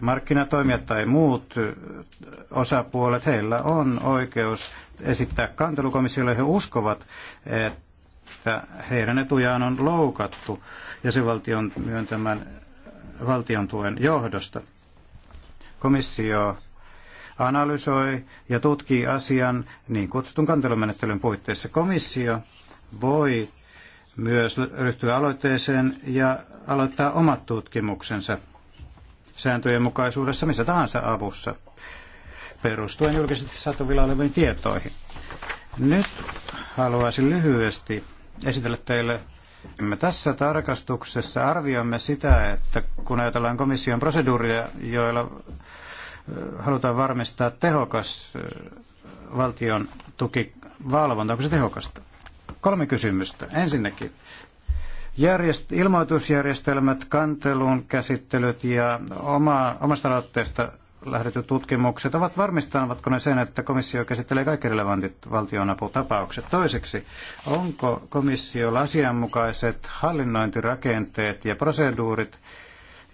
markkinatoimijat tai muut osapuolet, heillä on oikeus esittää kantelukomissiolle, he uskovat, että että heidän etujaan on loukattu jäsenvaltion myöntämän valtion tuen johdosta. Komissio analysoi ja tutkii asian niin kutsutun kantelumenettelyn puitteissa. Komissio voi myös ryhtyä aloitteeseen ja aloittaa omat tutkimuksensa sääntöjen mukaisuudessa missä tahansa avussa perustuen julkisesti saatavilla oleviin tietoihin. Nyt haluaisin lyhyesti esitellä teille. Me tässä tarkastuksessa arvioimme sitä, että kun ajatellaan komission proseduuria, joilla halutaan varmistaa tehokas valtion tukivalvonta, onko se tehokasta? Kolme kysymystä. Ensinnäkin, järjest, ilmoitusjärjestelmät, kantelun käsittelyt ja oma, omasta aloitteesta lähdetyt tutkimukset ovat varmistavatko ne sen, että komissio käsittelee kaikki relevantit valtionaputapaukset. Toiseksi, onko komissiolla asianmukaiset hallinnointirakenteet ja proseduurit,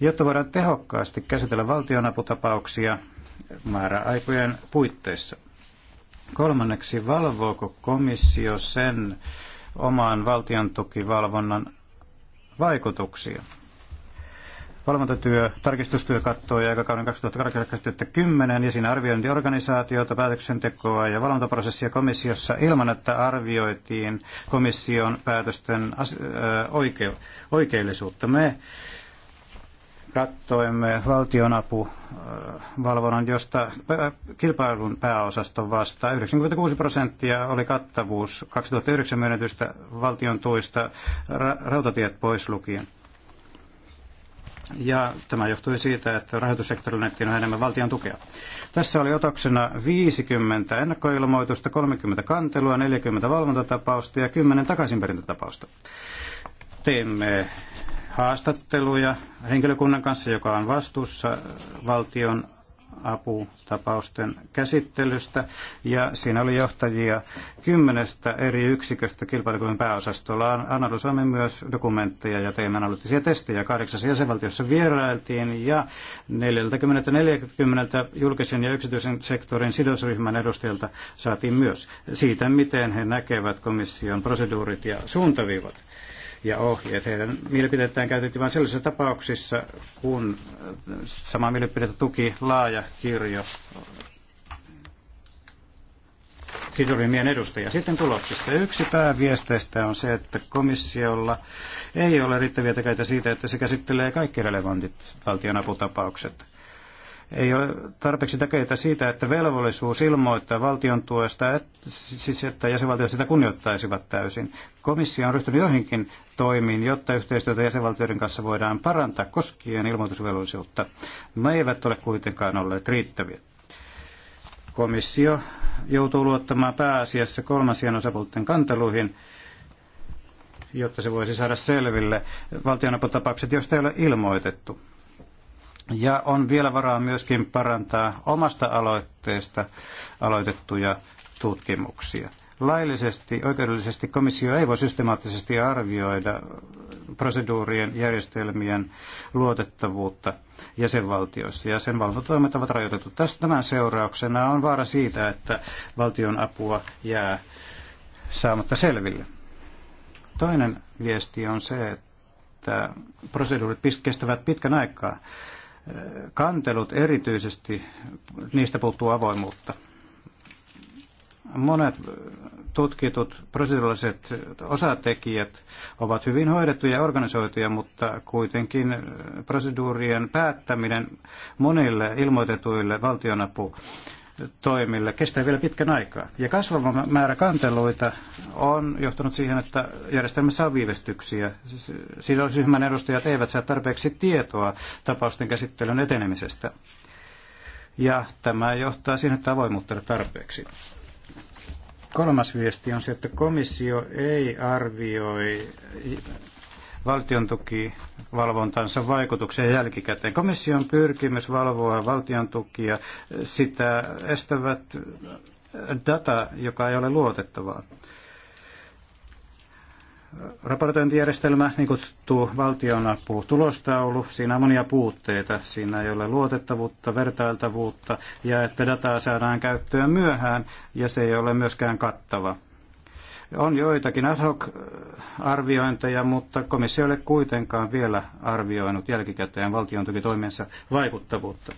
jotta voidaan tehokkaasti käsitellä valtionaputapauksia määräaikojen puitteissa? Kolmanneksi, valvooko komissio sen oman valtiontukivalvonnan vaikutuksia? Valvontatyö, tarkistustyö kattoi aikakauden 2010 ja siinä arviointiorganisaatiota, päätöksentekoa ja valvontaprosessia komissiossa ilman, että arvioitiin komission päätösten oike- oikeellisuutta. Me kattoimme valtionapuvalvonnan, josta kilpailun pääosaston vastaa 96 prosenttia oli kattavuus 2009 myönnetystä valtion tuista rautatiet pois lukien. Ja tämä johtui siitä, että rahoitussektorillekin on enemmän valtion tukea. Tässä oli otoksena 50 ennakkoilmoitusta, 30 kantelua, 40 valvontatapausta ja 10 takaisinperintätapausta. Teemme haastatteluja henkilökunnan kanssa, joka on vastuussa valtion aputapausten käsittelystä ja siinä oli johtajia kymmenestä eri yksiköstä kilpailukyvyn pääosastolla. Analysoimme myös dokumentteja ja teimme analyyttisia testejä. Kahdeksassa jäsenvaltiossa vierailtiin ja 40-40 julkisen ja yksityisen sektorin sidosryhmän edustajilta saatiin myös siitä, miten he näkevät komission proseduurit ja suuntaviivat ja ohjeet. Heidän mielipiteitään käytettiin vain sellaisissa tapauksissa, kun samaa mielipidettä tuki laaja kirjo sidorymien edustajia. Sitten tuloksista. Yksi pääviesteistä on se, että komissiolla ei ole riittäviä tekijöitä siitä, että se käsittelee kaikki relevantit valtionaputapaukset ei ole tarpeeksi takeita siitä, että velvollisuus ilmoittaa valtion tuesta, että, siis että jäsenvaltiot sitä kunnioittaisivat täysin. Komissio on ryhtynyt joihinkin toimiin, jotta yhteistyötä jäsenvaltioiden kanssa voidaan parantaa koskien ilmoitusvelvollisuutta. Ne eivät ole kuitenkaan olleet riittäviä. Komissio joutuu luottamaan pääasiassa kolmansien osapuolten kanteluihin, jotta se voisi saada selville valtionaputapaukset, joista ei ole ilmoitettu. Ja on vielä varaa myöskin parantaa omasta aloitteesta aloitettuja tutkimuksia. Laillisesti, oikeudellisesti komissio ei voi systemaattisesti arvioida proseduurien järjestelmien luotettavuutta jäsenvaltioissa, ja sen valvontatoimet ovat rajoitettu. Tästä tämän seurauksena on vaara siitä, että valtion apua jää saamatta selville. Toinen viesti on se, että proseduurit kestävät pitkän aikaa kantelut erityisesti, niistä puuttuu avoimuutta. Monet tutkitut prosessuaaliset osatekijät ovat hyvin hoidettuja ja organisoituja, mutta kuitenkin proseduurien päättäminen monille ilmoitetuille valtionapu toimille kestää vielä pitkän aikaa. Ja kasvava määrä kanteluita on johtanut siihen, että järjestelmässä on viivästyksiä. Sidosryhmän edustajat eivät saa tarpeeksi tietoa tapausten käsittelyn etenemisestä. Ja tämä johtaa siihen, että avoimuutta tarpeeksi. Kolmas viesti on se, että komissio ei arvioi valtion valvontansa vaikutuksia jälkikäteen. Komission pyrkimys valvoa valtion tukia, eh, sitä estävät eh, data, joka ei ole luotettavaa. Raportointijärjestelmä, niin kutsuttu valtionapu, tulostaulu, siinä on monia puutteita. Siinä ei ole luotettavuutta, vertailtavuutta ja että dataa saadaan käyttöön myöhään ja se ei ole myöskään kattava. On joitakin ad hoc äh, arviointeja, mutta komissio ei ole kuitenkaan vielä arvioinut jälkikäteen valtion vaikuttavuutta.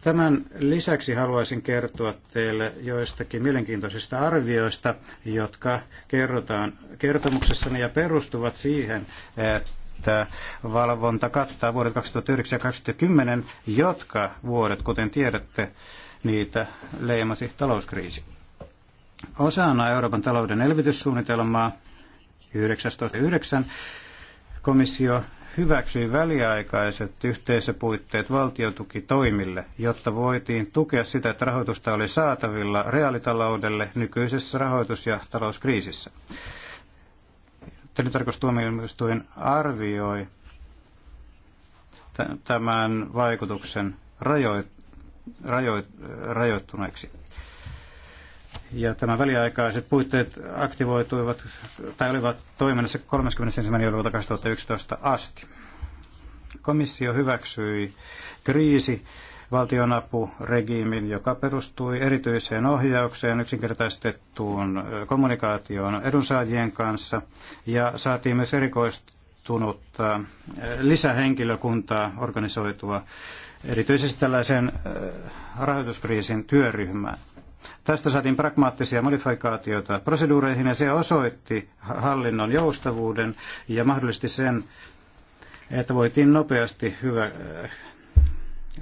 Tämän lisäksi haluaisin kertoa teille joistakin mielenkiintoisista arvioista, jotka kerrotaan kertomuksessani ja perustuvat siihen, että valvonta kattaa vuodet 2009 ja 2010, jotka vuodet, kuten tiedätte, niitä leimasi talouskriisi. Osana Euroopan talouden elvytyssuunnitelmaa 19.9. komissio hyväksyi väliaikaiset yhteisöpuitteet valtiotukitoimille, jotta voitiin tukea sitä, että rahoitusta oli saatavilla reaalitaloudelle nykyisessä rahoitus- ja talouskriisissä. Tilintarkastustuomioistuin arvioi tämän vaikutuksen rajoit, rajoit, rajoittuneeksi. Ja tämä väliaikaiset puitteet aktivoituivat tai olivat toiminnassa 31. joulukuuta 2011 asti. Komissio hyväksyi kriisi valtionapuregiimin, joka perustui erityiseen ohjaukseen, yksinkertaistettuun kommunikaatioon edunsaajien kanssa ja saatiin myös erikoistunutta lisähenkilökuntaa organisoitua erityisesti tällaisen rahoituskriisin työryhmään. Tästä saatiin pragmaattisia modifikaatioita proseduureihin ja se osoitti hallinnon joustavuuden ja mahdollisesti sen, että voitiin nopeasti hyvä, äh,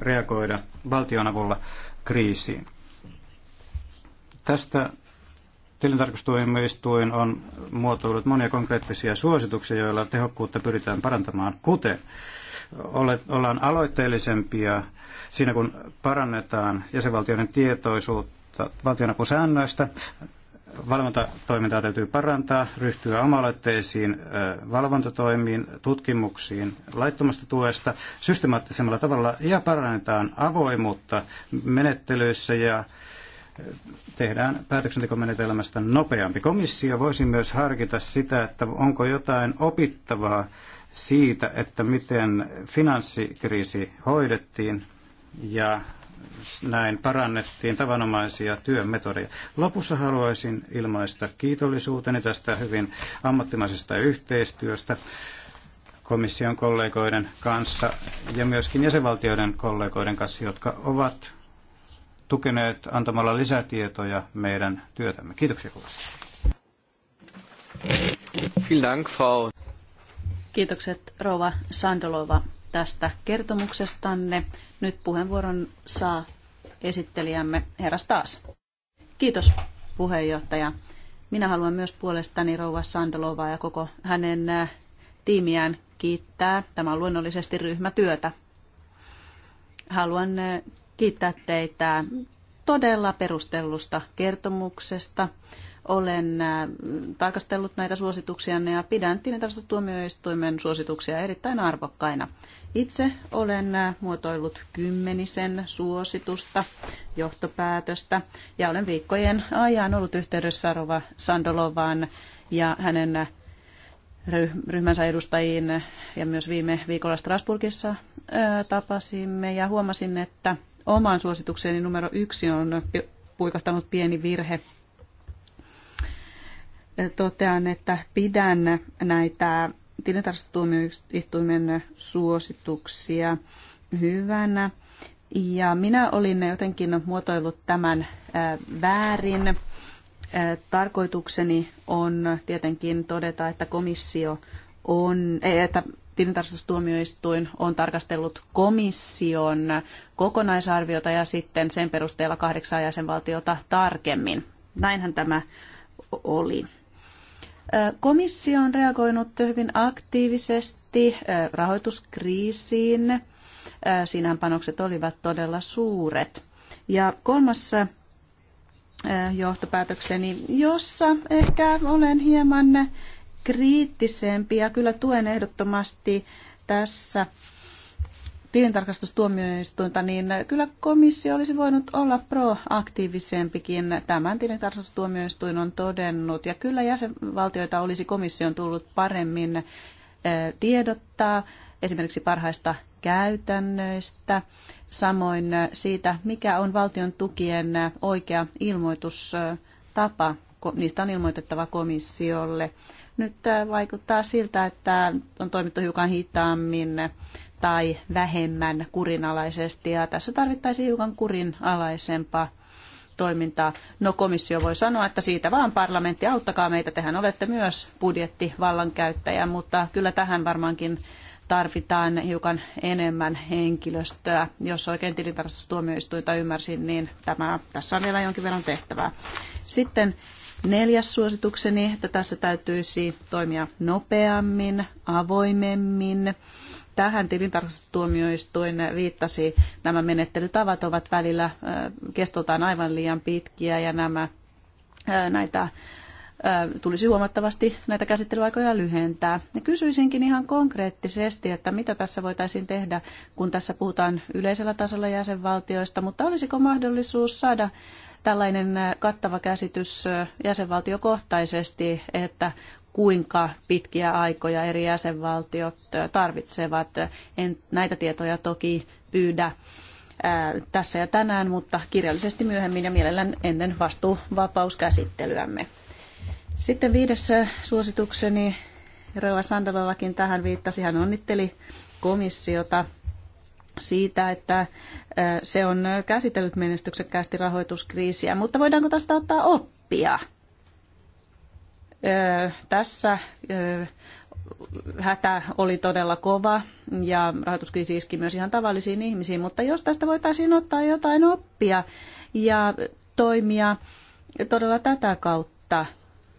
reagoida valtionavulla kriisiin. Tästä tilintarkastuimistuin on muotoillut monia konkreettisia suosituksia, joilla tehokkuutta pyritään parantamaan, kuten ollaan aloitteellisempia siinä, kun parannetaan jäsenvaltioiden tietoisuutta valtionapusäännöistä. Valvontatoimintaa täytyy parantaa, ryhtyä omaloitteisiin valvontatoimiin, tutkimuksiin laittomasta tuesta systemaattisemmalla tavalla ja parannetaan avoimuutta menettelyissä ja tehdään päätöksentekomenetelmästä nopeampi. Komissio voisi myös harkita sitä, että onko jotain opittavaa siitä, että miten finanssikriisi hoidettiin ja näin parannettiin tavanomaisia työmetodeja. Lopussa haluaisin ilmaista kiitollisuuteni tästä hyvin ammattimaisesta yhteistyöstä komission kollegoiden kanssa ja myöskin jäsenvaltioiden kollegoiden kanssa, jotka ovat tukeneet antamalla lisätietoja meidän työtämme. Kiitoksia kovasti. Kiitokset rouva Sandolova tästä kertomuksestanne. Nyt puheenvuoron saa esittelijämme herra Staas. Kiitos puheenjohtaja. Minä haluan myös puolestani rouva Sandalovaa ja koko hänen äh, tiimiään kiittää. Tämä on luonnollisesti ryhmätyötä. Haluan äh, kiittää teitä todella perustellusta kertomuksesta. Olen äh, tarkastellut näitä suosituksia ja pidän tuomioistuimen suosituksia erittäin arvokkaina. Itse olen äh, muotoillut kymmenisen suositusta, johtopäätöstä ja olen viikkojen ajan ollut yhteydessä Rova Sandolovaan ja hänen äh, ryhmänsä edustajiin ja myös viime viikolla Strasburgissa tapasimme ja huomasin, että oman suositukseni numero yksi on puikahtanut pieni virhe totean, että pidän näitä tilintarkastustuomioistuimen suosituksia hyvänä. Ja minä olin jotenkin muotoillut tämän väärin. Tarkoitukseni on tietenkin todeta, että komissio on, että tilintarkastustuomioistuin on tarkastellut komission kokonaisarviota ja sitten sen perusteella kahdeksan jäsenvaltiota tarkemmin. Näinhän tämä oli. Komissio on reagoinut hyvin aktiivisesti rahoituskriisiin. Siinähän panokset olivat todella suuret. Ja kolmas johtopäätökseni, jossa ehkä olen hieman kriittisempi ja kyllä tuen ehdottomasti tässä tilintarkastustuomioistuinta, niin kyllä komissio olisi voinut olla proaktiivisempikin. Tämän tilintarkastustuomioistuin on todennut, ja kyllä jäsenvaltioita olisi komission tullut paremmin eh, tiedottaa esimerkiksi parhaista käytännöistä, samoin eh, siitä, mikä on valtion tukien eh, oikea ilmoitustapa. Niistä on ilmoitettava komissiolle. Nyt vaikuttaa siltä, että on toimittu hiukan hitaammin tai vähemmän kurinalaisesti. Ja tässä tarvittaisiin hiukan kurinalaisempaa toimintaa. No komissio voi sanoa, että siitä vaan parlamentti, auttakaa meitä, tehän olette myös budjettivallankäyttäjä, mutta kyllä tähän varmaankin tarvitaan hiukan enemmän henkilöstöä. Jos oikein tilintarkastustuomioistuinta ymmärsin, niin tämä, tässä on vielä jonkin verran tehtävää. Sitten neljäs suositukseni, että tässä täytyisi toimia nopeammin, avoimemmin tähän tilintarkastustuomioistuin viittasi, nämä menettelytavat ovat välillä kestoltaan aivan liian pitkiä ja nämä näitä tulisi huomattavasti näitä käsittelyaikoja lyhentää. Ja kysyisinkin ihan konkreettisesti, että mitä tässä voitaisiin tehdä, kun tässä puhutaan yleisellä tasolla jäsenvaltioista, mutta olisiko mahdollisuus saada tällainen kattava käsitys jäsenvaltiokohtaisesti, että kuinka pitkiä aikoja eri jäsenvaltiot tarvitsevat. En näitä tietoja toki pyydä tässä ja tänään, mutta kirjallisesti myöhemmin ja mielellään ennen vastuuvapauskäsittelyämme. Sitten viides suositukseni, Rova Sandalovakin tähän viittasi, hän onnitteli komissiota siitä, että se on käsitellyt menestyksekkäästi rahoituskriisiä, mutta voidaanko tästä ottaa oppia? tässä hätä oli todella kova ja rahoituskriisi iski myös ihan tavallisiin ihmisiin, mutta jos tästä voitaisiin ottaa jotain oppia ja toimia todella tätä kautta,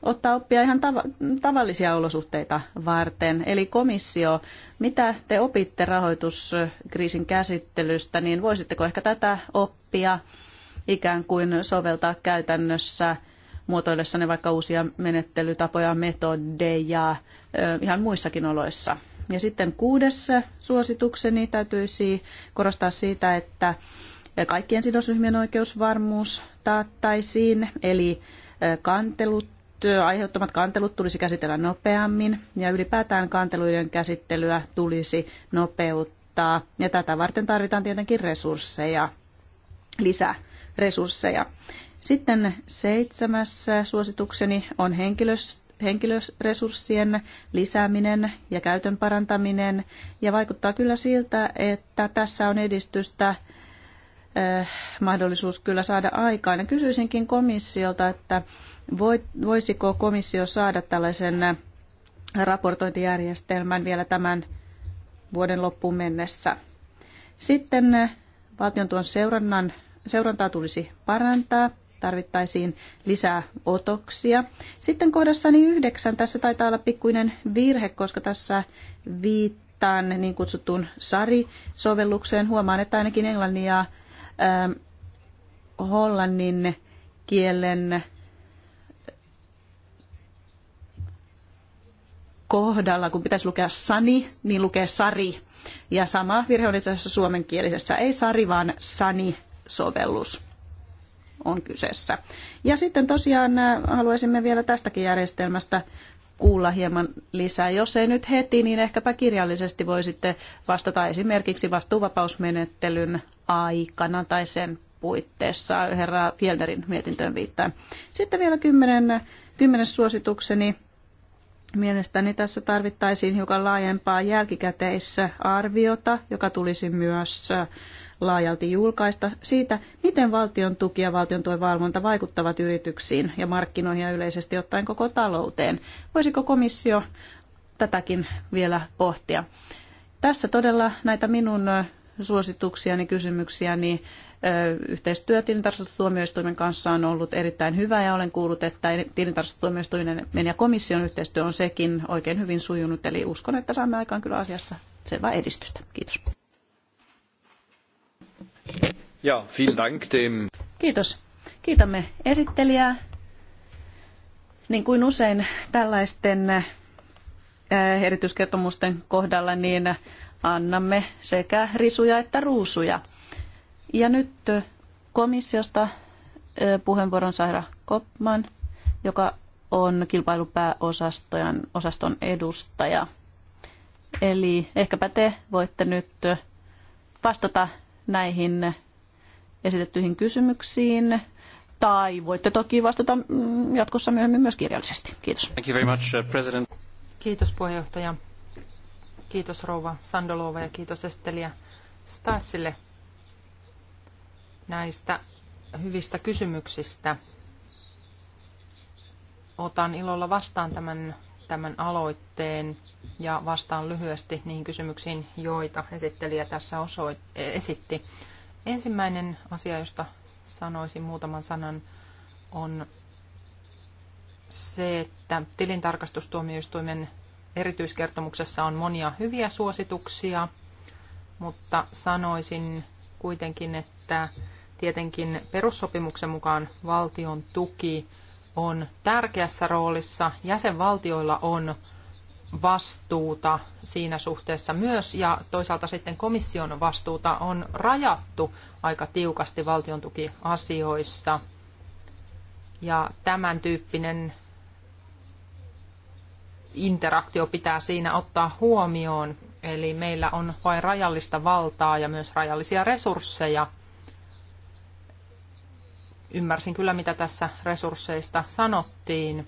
ottaa oppia ihan tav- tavallisia olosuhteita varten. Eli komissio, mitä te opitte rahoituskriisin käsittelystä, niin voisitteko ehkä tätä oppia ikään kuin soveltaa käytännössä – muotoillessanne vaikka uusia menettelytapoja, metodeja ihan muissakin oloissa. Ja sitten kuudes suositukseni täytyisi korostaa siitä, että kaikkien sidosryhmien oikeusvarmuus taattaisiin, eli kantelut aiheuttamat kantelut tulisi käsitellä nopeammin ja ylipäätään kanteluiden käsittelyä tulisi nopeuttaa. Ja tätä varten tarvitaan tietenkin resursseja lisää resursseja. Sitten seitsemäs suositukseni on henkilöresurssien lisääminen ja käytön parantaminen. Ja vaikuttaa kyllä siltä, että tässä on edistystä eh, mahdollisuus kyllä saada aikaan. Ja kysyisinkin komissiolta, että voisiko komissio saada tällaisen eh, raportointijärjestelmän vielä tämän vuoden loppuun mennessä. Sitten eh, valtion tuon seurannan seurantaa tulisi parantaa, tarvittaisiin lisää otoksia. Sitten kohdassani yhdeksän, tässä taitaa olla pikkuinen virhe, koska tässä viittaan niin kutsuttuun Sari-sovellukseen. Huomaan, että ainakin englannin ja ähm, hollannin kielen äh, kohdalla, kun pitäisi lukea sani, niin lukee sari. Ja sama virhe on itse asiassa suomenkielisessä. Ei sari, vaan sani sovellus on kyseessä. Ja sitten tosiaan äh, haluaisimme vielä tästäkin järjestelmästä kuulla hieman lisää. Jos ei nyt heti, niin ehkäpä kirjallisesti voisitte vastata esimerkiksi vastuuvapausmenettelyn aikana tai sen puitteissa herra Fielderin mietintöön viittaan. Sitten vielä kymmenen, kymmenes suositukseni. Mielestäni tässä tarvittaisiin hiukan laajempaa jälkikäteissä arviota, joka tulisi myös äh, laajalti julkaista siitä, miten valtion tuki ja valtion tuen valvonta vaikuttavat yrityksiin ja markkinoihin ja yleisesti ottaen koko talouteen. Voisiko komissio tätäkin vielä pohtia? Tässä todella näitä minun suosituksiani, kysymyksiäni yhteistyö tilintarkastustuomioistuimen kanssa on ollut erittäin hyvä ja olen kuullut, että tilintarkastustuomioistuimen ja komission yhteistyö on sekin oikein hyvin sujunut, eli uskon, että saamme aikaan kyllä asiassa selvää edistystä. Kiitos. Ja, vielen Dank dem. Kiitos. Kiitämme esittelijää. Niin kuin usein tällaisten äh, erityiskertomusten kohdalla, niin annamme sekä risuja että ruusuja. Ja nyt äh, komissiosta äh, puheenvuoron Saira Kopman, joka on kilpailupääosaston osaston edustaja. Eli ehkäpä te voitte nyt vastata näihin esitettyihin kysymyksiin. Tai voitte toki vastata mm, jatkossa myöhemmin myös kirjallisesti. Kiitos. Thank you very much, uh, President. Kiitos puheenjohtaja. Kiitos rouva Sandolova ja kiitos esittelijä Stassille näistä hyvistä kysymyksistä. Otan ilolla vastaan tämän tämän aloitteen ja vastaan lyhyesti niihin kysymyksiin, joita esittelijä tässä osoit- esitti. Ensimmäinen asia, josta sanoisin muutaman sanan, on se, että tilintarkastustuomioistuimen erityiskertomuksessa on monia hyviä suosituksia, mutta sanoisin kuitenkin, että tietenkin perussopimuksen mukaan valtion tuki on tärkeässä roolissa. Jäsenvaltioilla on vastuuta siinä suhteessa myös ja toisaalta sitten komission vastuuta on rajattu aika tiukasti valtiontukiasioissa. Ja tämän tyyppinen interaktio pitää siinä ottaa huomioon. Eli meillä on vain rajallista valtaa ja myös rajallisia resursseja – Ymmärsin kyllä, mitä tässä resursseista sanottiin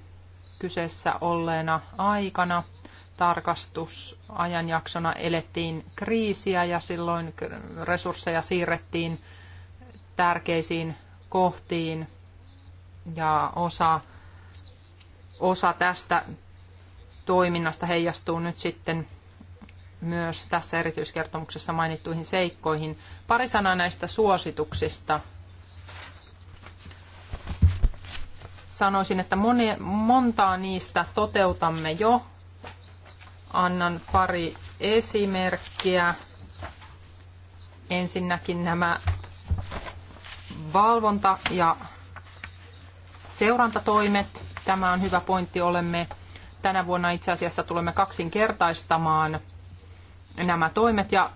kyseessä olleena aikana. Tarkastusajanjaksona elettiin kriisiä ja silloin resursseja siirrettiin tärkeisiin kohtiin ja osa, osa tästä toiminnasta heijastuu nyt sitten myös tässä erityiskertomuksessa mainittuihin seikkoihin. Pari sanaa näistä suosituksista. sanoisin, että moni, montaa niistä toteutamme jo. Annan pari esimerkkiä. Ensinnäkin nämä valvonta- ja seurantatoimet. Tämä on hyvä pointti. Olemme tänä vuonna itse asiassa tulemme kaksinkertaistamaan nämä toimet ja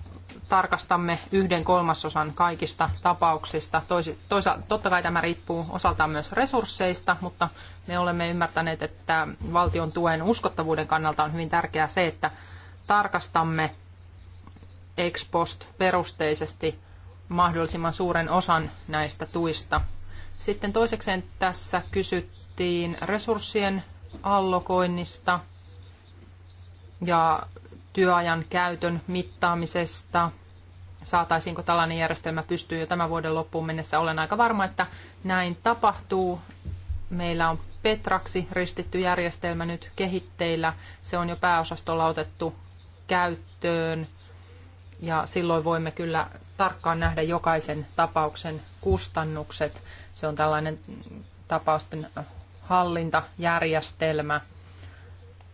tarkastamme yhden kolmasosan kaikista tapauksista. Toisa, totta kai tämä riippuu osaltaan myös resursseista, mutta me olemme ymmärtäneet, että valtion tuen uskottavuuden kannalta on hyvin tärkeää se, että tarkastamme ex post perusteisesti mahdollisimman suuren osan näistä tuista. Sitten toisekseen tässä kysyttiin resurssien allokoinnista ja työajan käytön mittaamisesta, saataisiinko tällainen järjestelmä pystyyn jo tämän vuoden loppuun mennessä. Olen aika varma, että näin tapahtuu. Meillä on Petraksi ristitty järjestelmä nyt kehitteillä. Se on jo pääosastolla otettu käyttöön ja silloin voimme kyllä tarkkaan nähdä jokaisen tapauksen kustannukset. Se on tällainen tapausten hallintajärjestelmä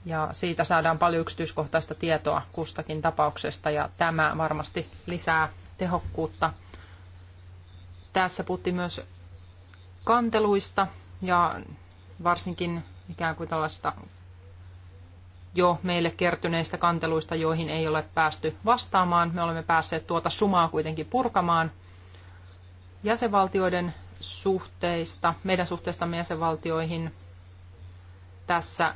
ja siitä saadaan paljon yksityiskohtaista tietoa kustakin tapauksesta ja tämä varmasti lisää tehokkuutta. Tässä puhuttiin myös kanteluista ja varsinkin ikään kuin tällaista jo meille kertyneistä kanteluista, joihin ei ole päästy vastaamaan. Me olemme päässeet tuota sumaa kuitenkin purkamaan jäsenvaltioiden suhteista, meidän suhteestamme jäsenvaltioihin. Tässä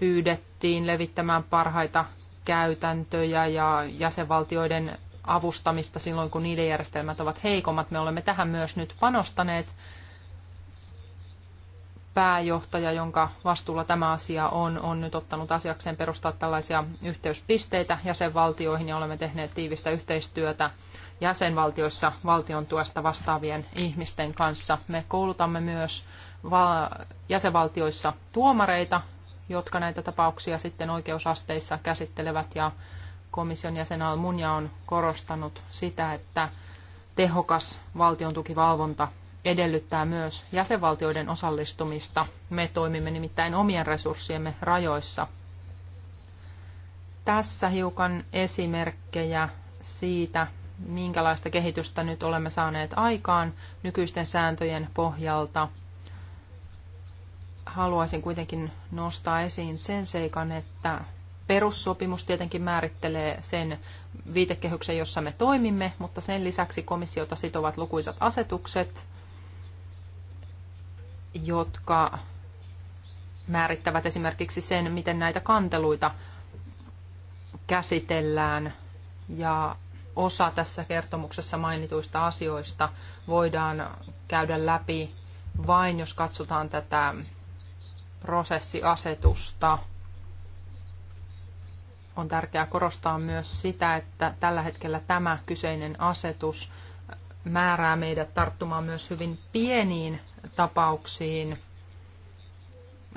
pyydettiin levittämään parhaita käytäntöjä ja jäsenvaltioiden avustamista silloin, kun niiden järjestelmät ovat heikommat. Me olemme tähän myös nyt panostaneet. Pääjohtaja, jonka vastuulla tämä asia on, on nyt ottanut asiakseen perustaa tällaisia yhteyspisteitä jäsenvaltioihin ja olemme tehneet tiivistä yhteistyötä jäsenvaltioissa valtion tuesta vastaavien ihmisten kanssa. Me koulutamme myös jäsenvaltioissa tuomareita jotka näitä tapauksia sitten oikeusasteissa käsittelevät ja komission jäsen Almunia on korostanut sitä, että tehokas valtion tukivalvonta edellyttää myös jäsenvaltioiden osallistumista. Me toimimme nimittäin omien resurssiemme rajoissa. Tässä hiukan esimerkkejä siitä, minkälaista kehitystä nyt olemme saaneet aikaan nykyisten sääntöjen pohjalta – haluaisin kuitenkin nostaa esiin sen seikan, että perussopimus tietenkin määrittelee sen viitekehyksen, jossa me toimimme, mutta sen lisäksi komissiota sitovat lukuisat asetukset, jotka määrittävät esimerkiksi sen, miten näitä kanteluita käsitellään ja osa tässä kertomuksessa mainituista asioista voidaan käydä läpi vain, jos katsotaan tätä prosessiasetusta. On tärkeää korostaa myös sitä, että tällä hetkellä tämä kyseinen asetus määrää meidät tarttumaan myös hyvin pieniin tapauksiin,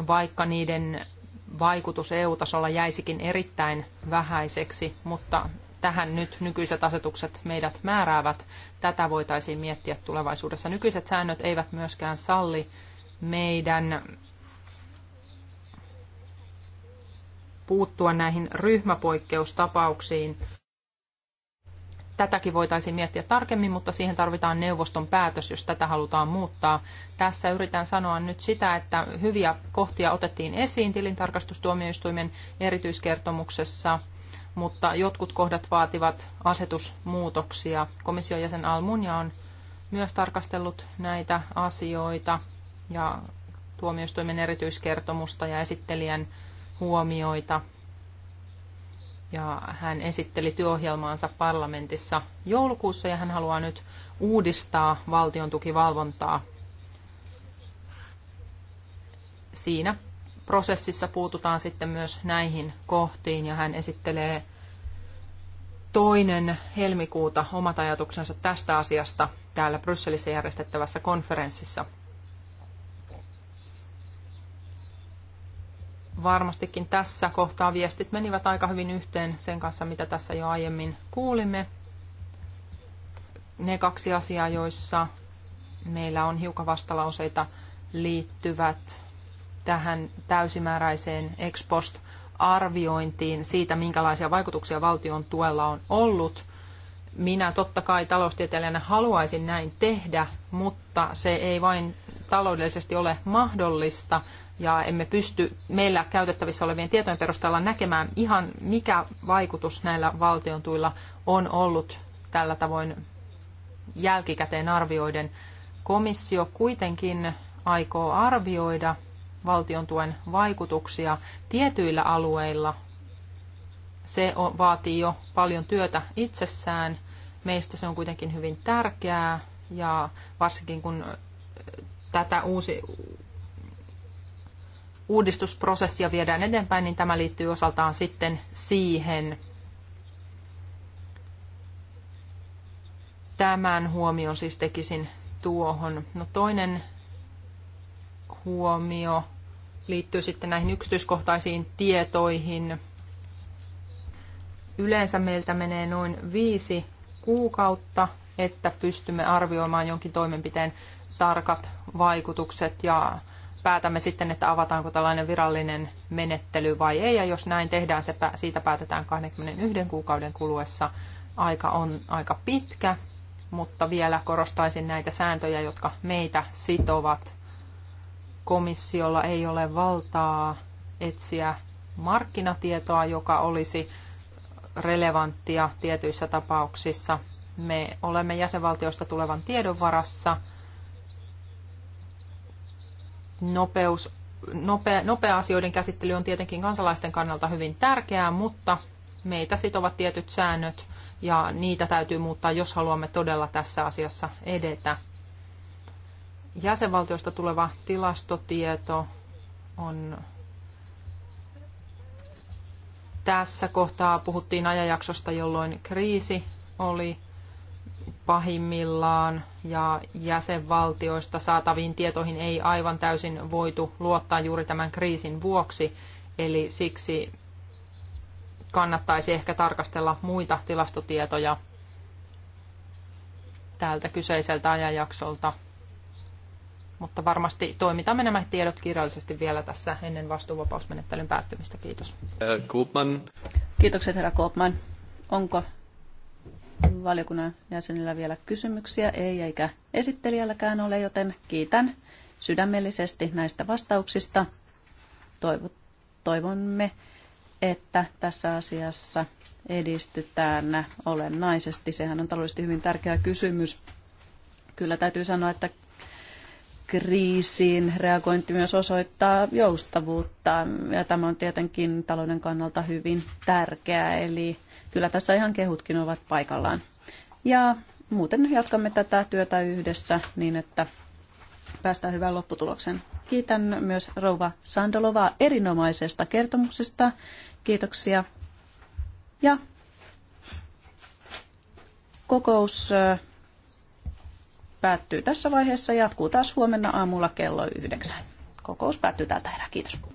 vaikka niiden vaikutus EU-tasolla jäisikin erittäin vähäiseksi, mutta tähän nyt nykyiset asetukset meidät määräävät. Tätä voitaisiin miettiä tulevaisuudessa. Nykyiset säännöt eivät myöskään salli meidän puuttua näihin ryhmäpoikkeustapauksiin. Tätäkin voitaisiin miettiä tarkemmin, mutta siihen tarvitaan neuvoston päätös, jos tätä halutaan muuttaa. Tässä yritän sanoa nyt sitä, että hyviä kohtia otettiin esiin tilintarkastustuomioistuimen erityiskertomuksessa, mutta jotkut kohdat vaativat asetusmuutoksia. Komission jäsen Almunia on myös tarkastellut näitä asioita ja tuomioistuimen erityiskertomusta ja esittelijän huomioita. Ja hän esitteli työohjelmaansa parlamentissa joulukuussa ja hän haluaa nyt uudistaa valtion tukivalvontaa. Siinä prosessissa puututaan sitten myös näihin kohtiin ja hän esittelee toinen helmikuuta omat ajatuksensa tästä asiasta täällä Brysselissä järjestettävässä konferenssissa – varmastikin tässä kohtaa viestit menivät aika hyvin yhteen sen kanssa, mitä tässä jo aiemmin kuulimme. Ne kaksi asiaa, joissa meillä on hiukan vastalauseita, liittyvät tähän täysimääräiseen ex post arviointiin siitä, minkälaisia vaikutuksia valtion tuella on ollut. Minä totta kai taloustieteilijänä haluaisin näin tehdä, mutta se ei vain taloudellisesti ole mahdollista ja emme pysty meillä käytettävissä olevien tietojen perusteella näkemään ihan mikä vaikutus näillä valtion tuilla on ollut tällä tavoin jälkikäteen arvioiden. Komissio kuitenkin aikoo arvioida valtion tuen vaikutuksia tietyillä alueilla. Se vaatii jo paljon työtä itsessään. Meistä se on kuitenkin hyvin tärkeää ja varsinkin kun tätä uusi, uudistusprosessia viedään eteenpäin, niin tämä liittyy osaltaan sitten siihen tämän huomion siis tekisin tuohon. No toinen huomio liittyy sitten näihin yksityiskohtaisiin tietoihin. Yleensä meiltä menee noin viisi kuukautta, että pystymme arvioimaan jonkin toimenpiteen tarkat vaikutukset ja päätämme sitten, että avataanko tällainen virallinen menettely vai ei. Ja jos näin tehdään, se, siitä päätetään 21 kuukauden kuluessa. Aika on aika pitkä, mutta vielä korostaisin näitä sääntöjä, jotka meitä sitovat. Komissiolla ei ole valtaa etsiä markkinatietoa, joka olisi relevanttia tietyissä tapauksissa. Me olemme jäsenvaltioista tulevan tiedon varassa – nopeus, nopea, nopea asioiden käsittely on tietenkin kansalaisten kannalta hyvin tärkeää, mutta meitä sitovat tietyt säännöt ja niitä täytyy muuttaa, jos haluamme todella tässä asiassa edetä. Jäsenvaltioista tuleva tilastotieto on tässä kohtaa puhuttiin ajanjaksosta, jolloin kriisi oli pahimmillaan ja jäsenvaltioista saataviin tietoihin ei aivan täysin voitu luottaa juuri tämän kriisin vuoksi, eli siksi kannattaisi ehkä tarkastella muita tilastotietoja tältä kyseiseltä ajanjaksolta. Mutta varmasti toimitamme nämä tiedot kirjallisesti vielä tässä ennen vastuuvapausmenettelyn päättymistä. Kiitos. Koopman. Kiitokset herra Koopman. Onko valiokunnan jäsenillä vielä kysymyksiä ei eikä esittelijälläkään ole, joten kiitän sydämellisesti näistä vastauksista. Toivomme, että tässä asiassa edistytään olennaisesti. Sehän on taloudellisesti hyvin tärkeä kysymys. Kyllä täytyy sanoa, että kriisiin reagointi myös osoittaa joustavuutta ja tämä on tietenkin talouden kannalta hyvin tärkeää. Eli Kyllä tässä ihan kehutkin ovat paikallaan. Ja muuten jatkamme tätä työtä yhdessä niin, että päästään hyvään lopputulokseen. Kiitän myös rouva Sandolovaa erinomaisesta kertomuksesta. Kiitoksia. Ja kokous päättyy tässä vaiheessa. Jatkuu taas huomenna aamulla kello yhdeksän. Kokous päättyy tältä erää. Kiitos.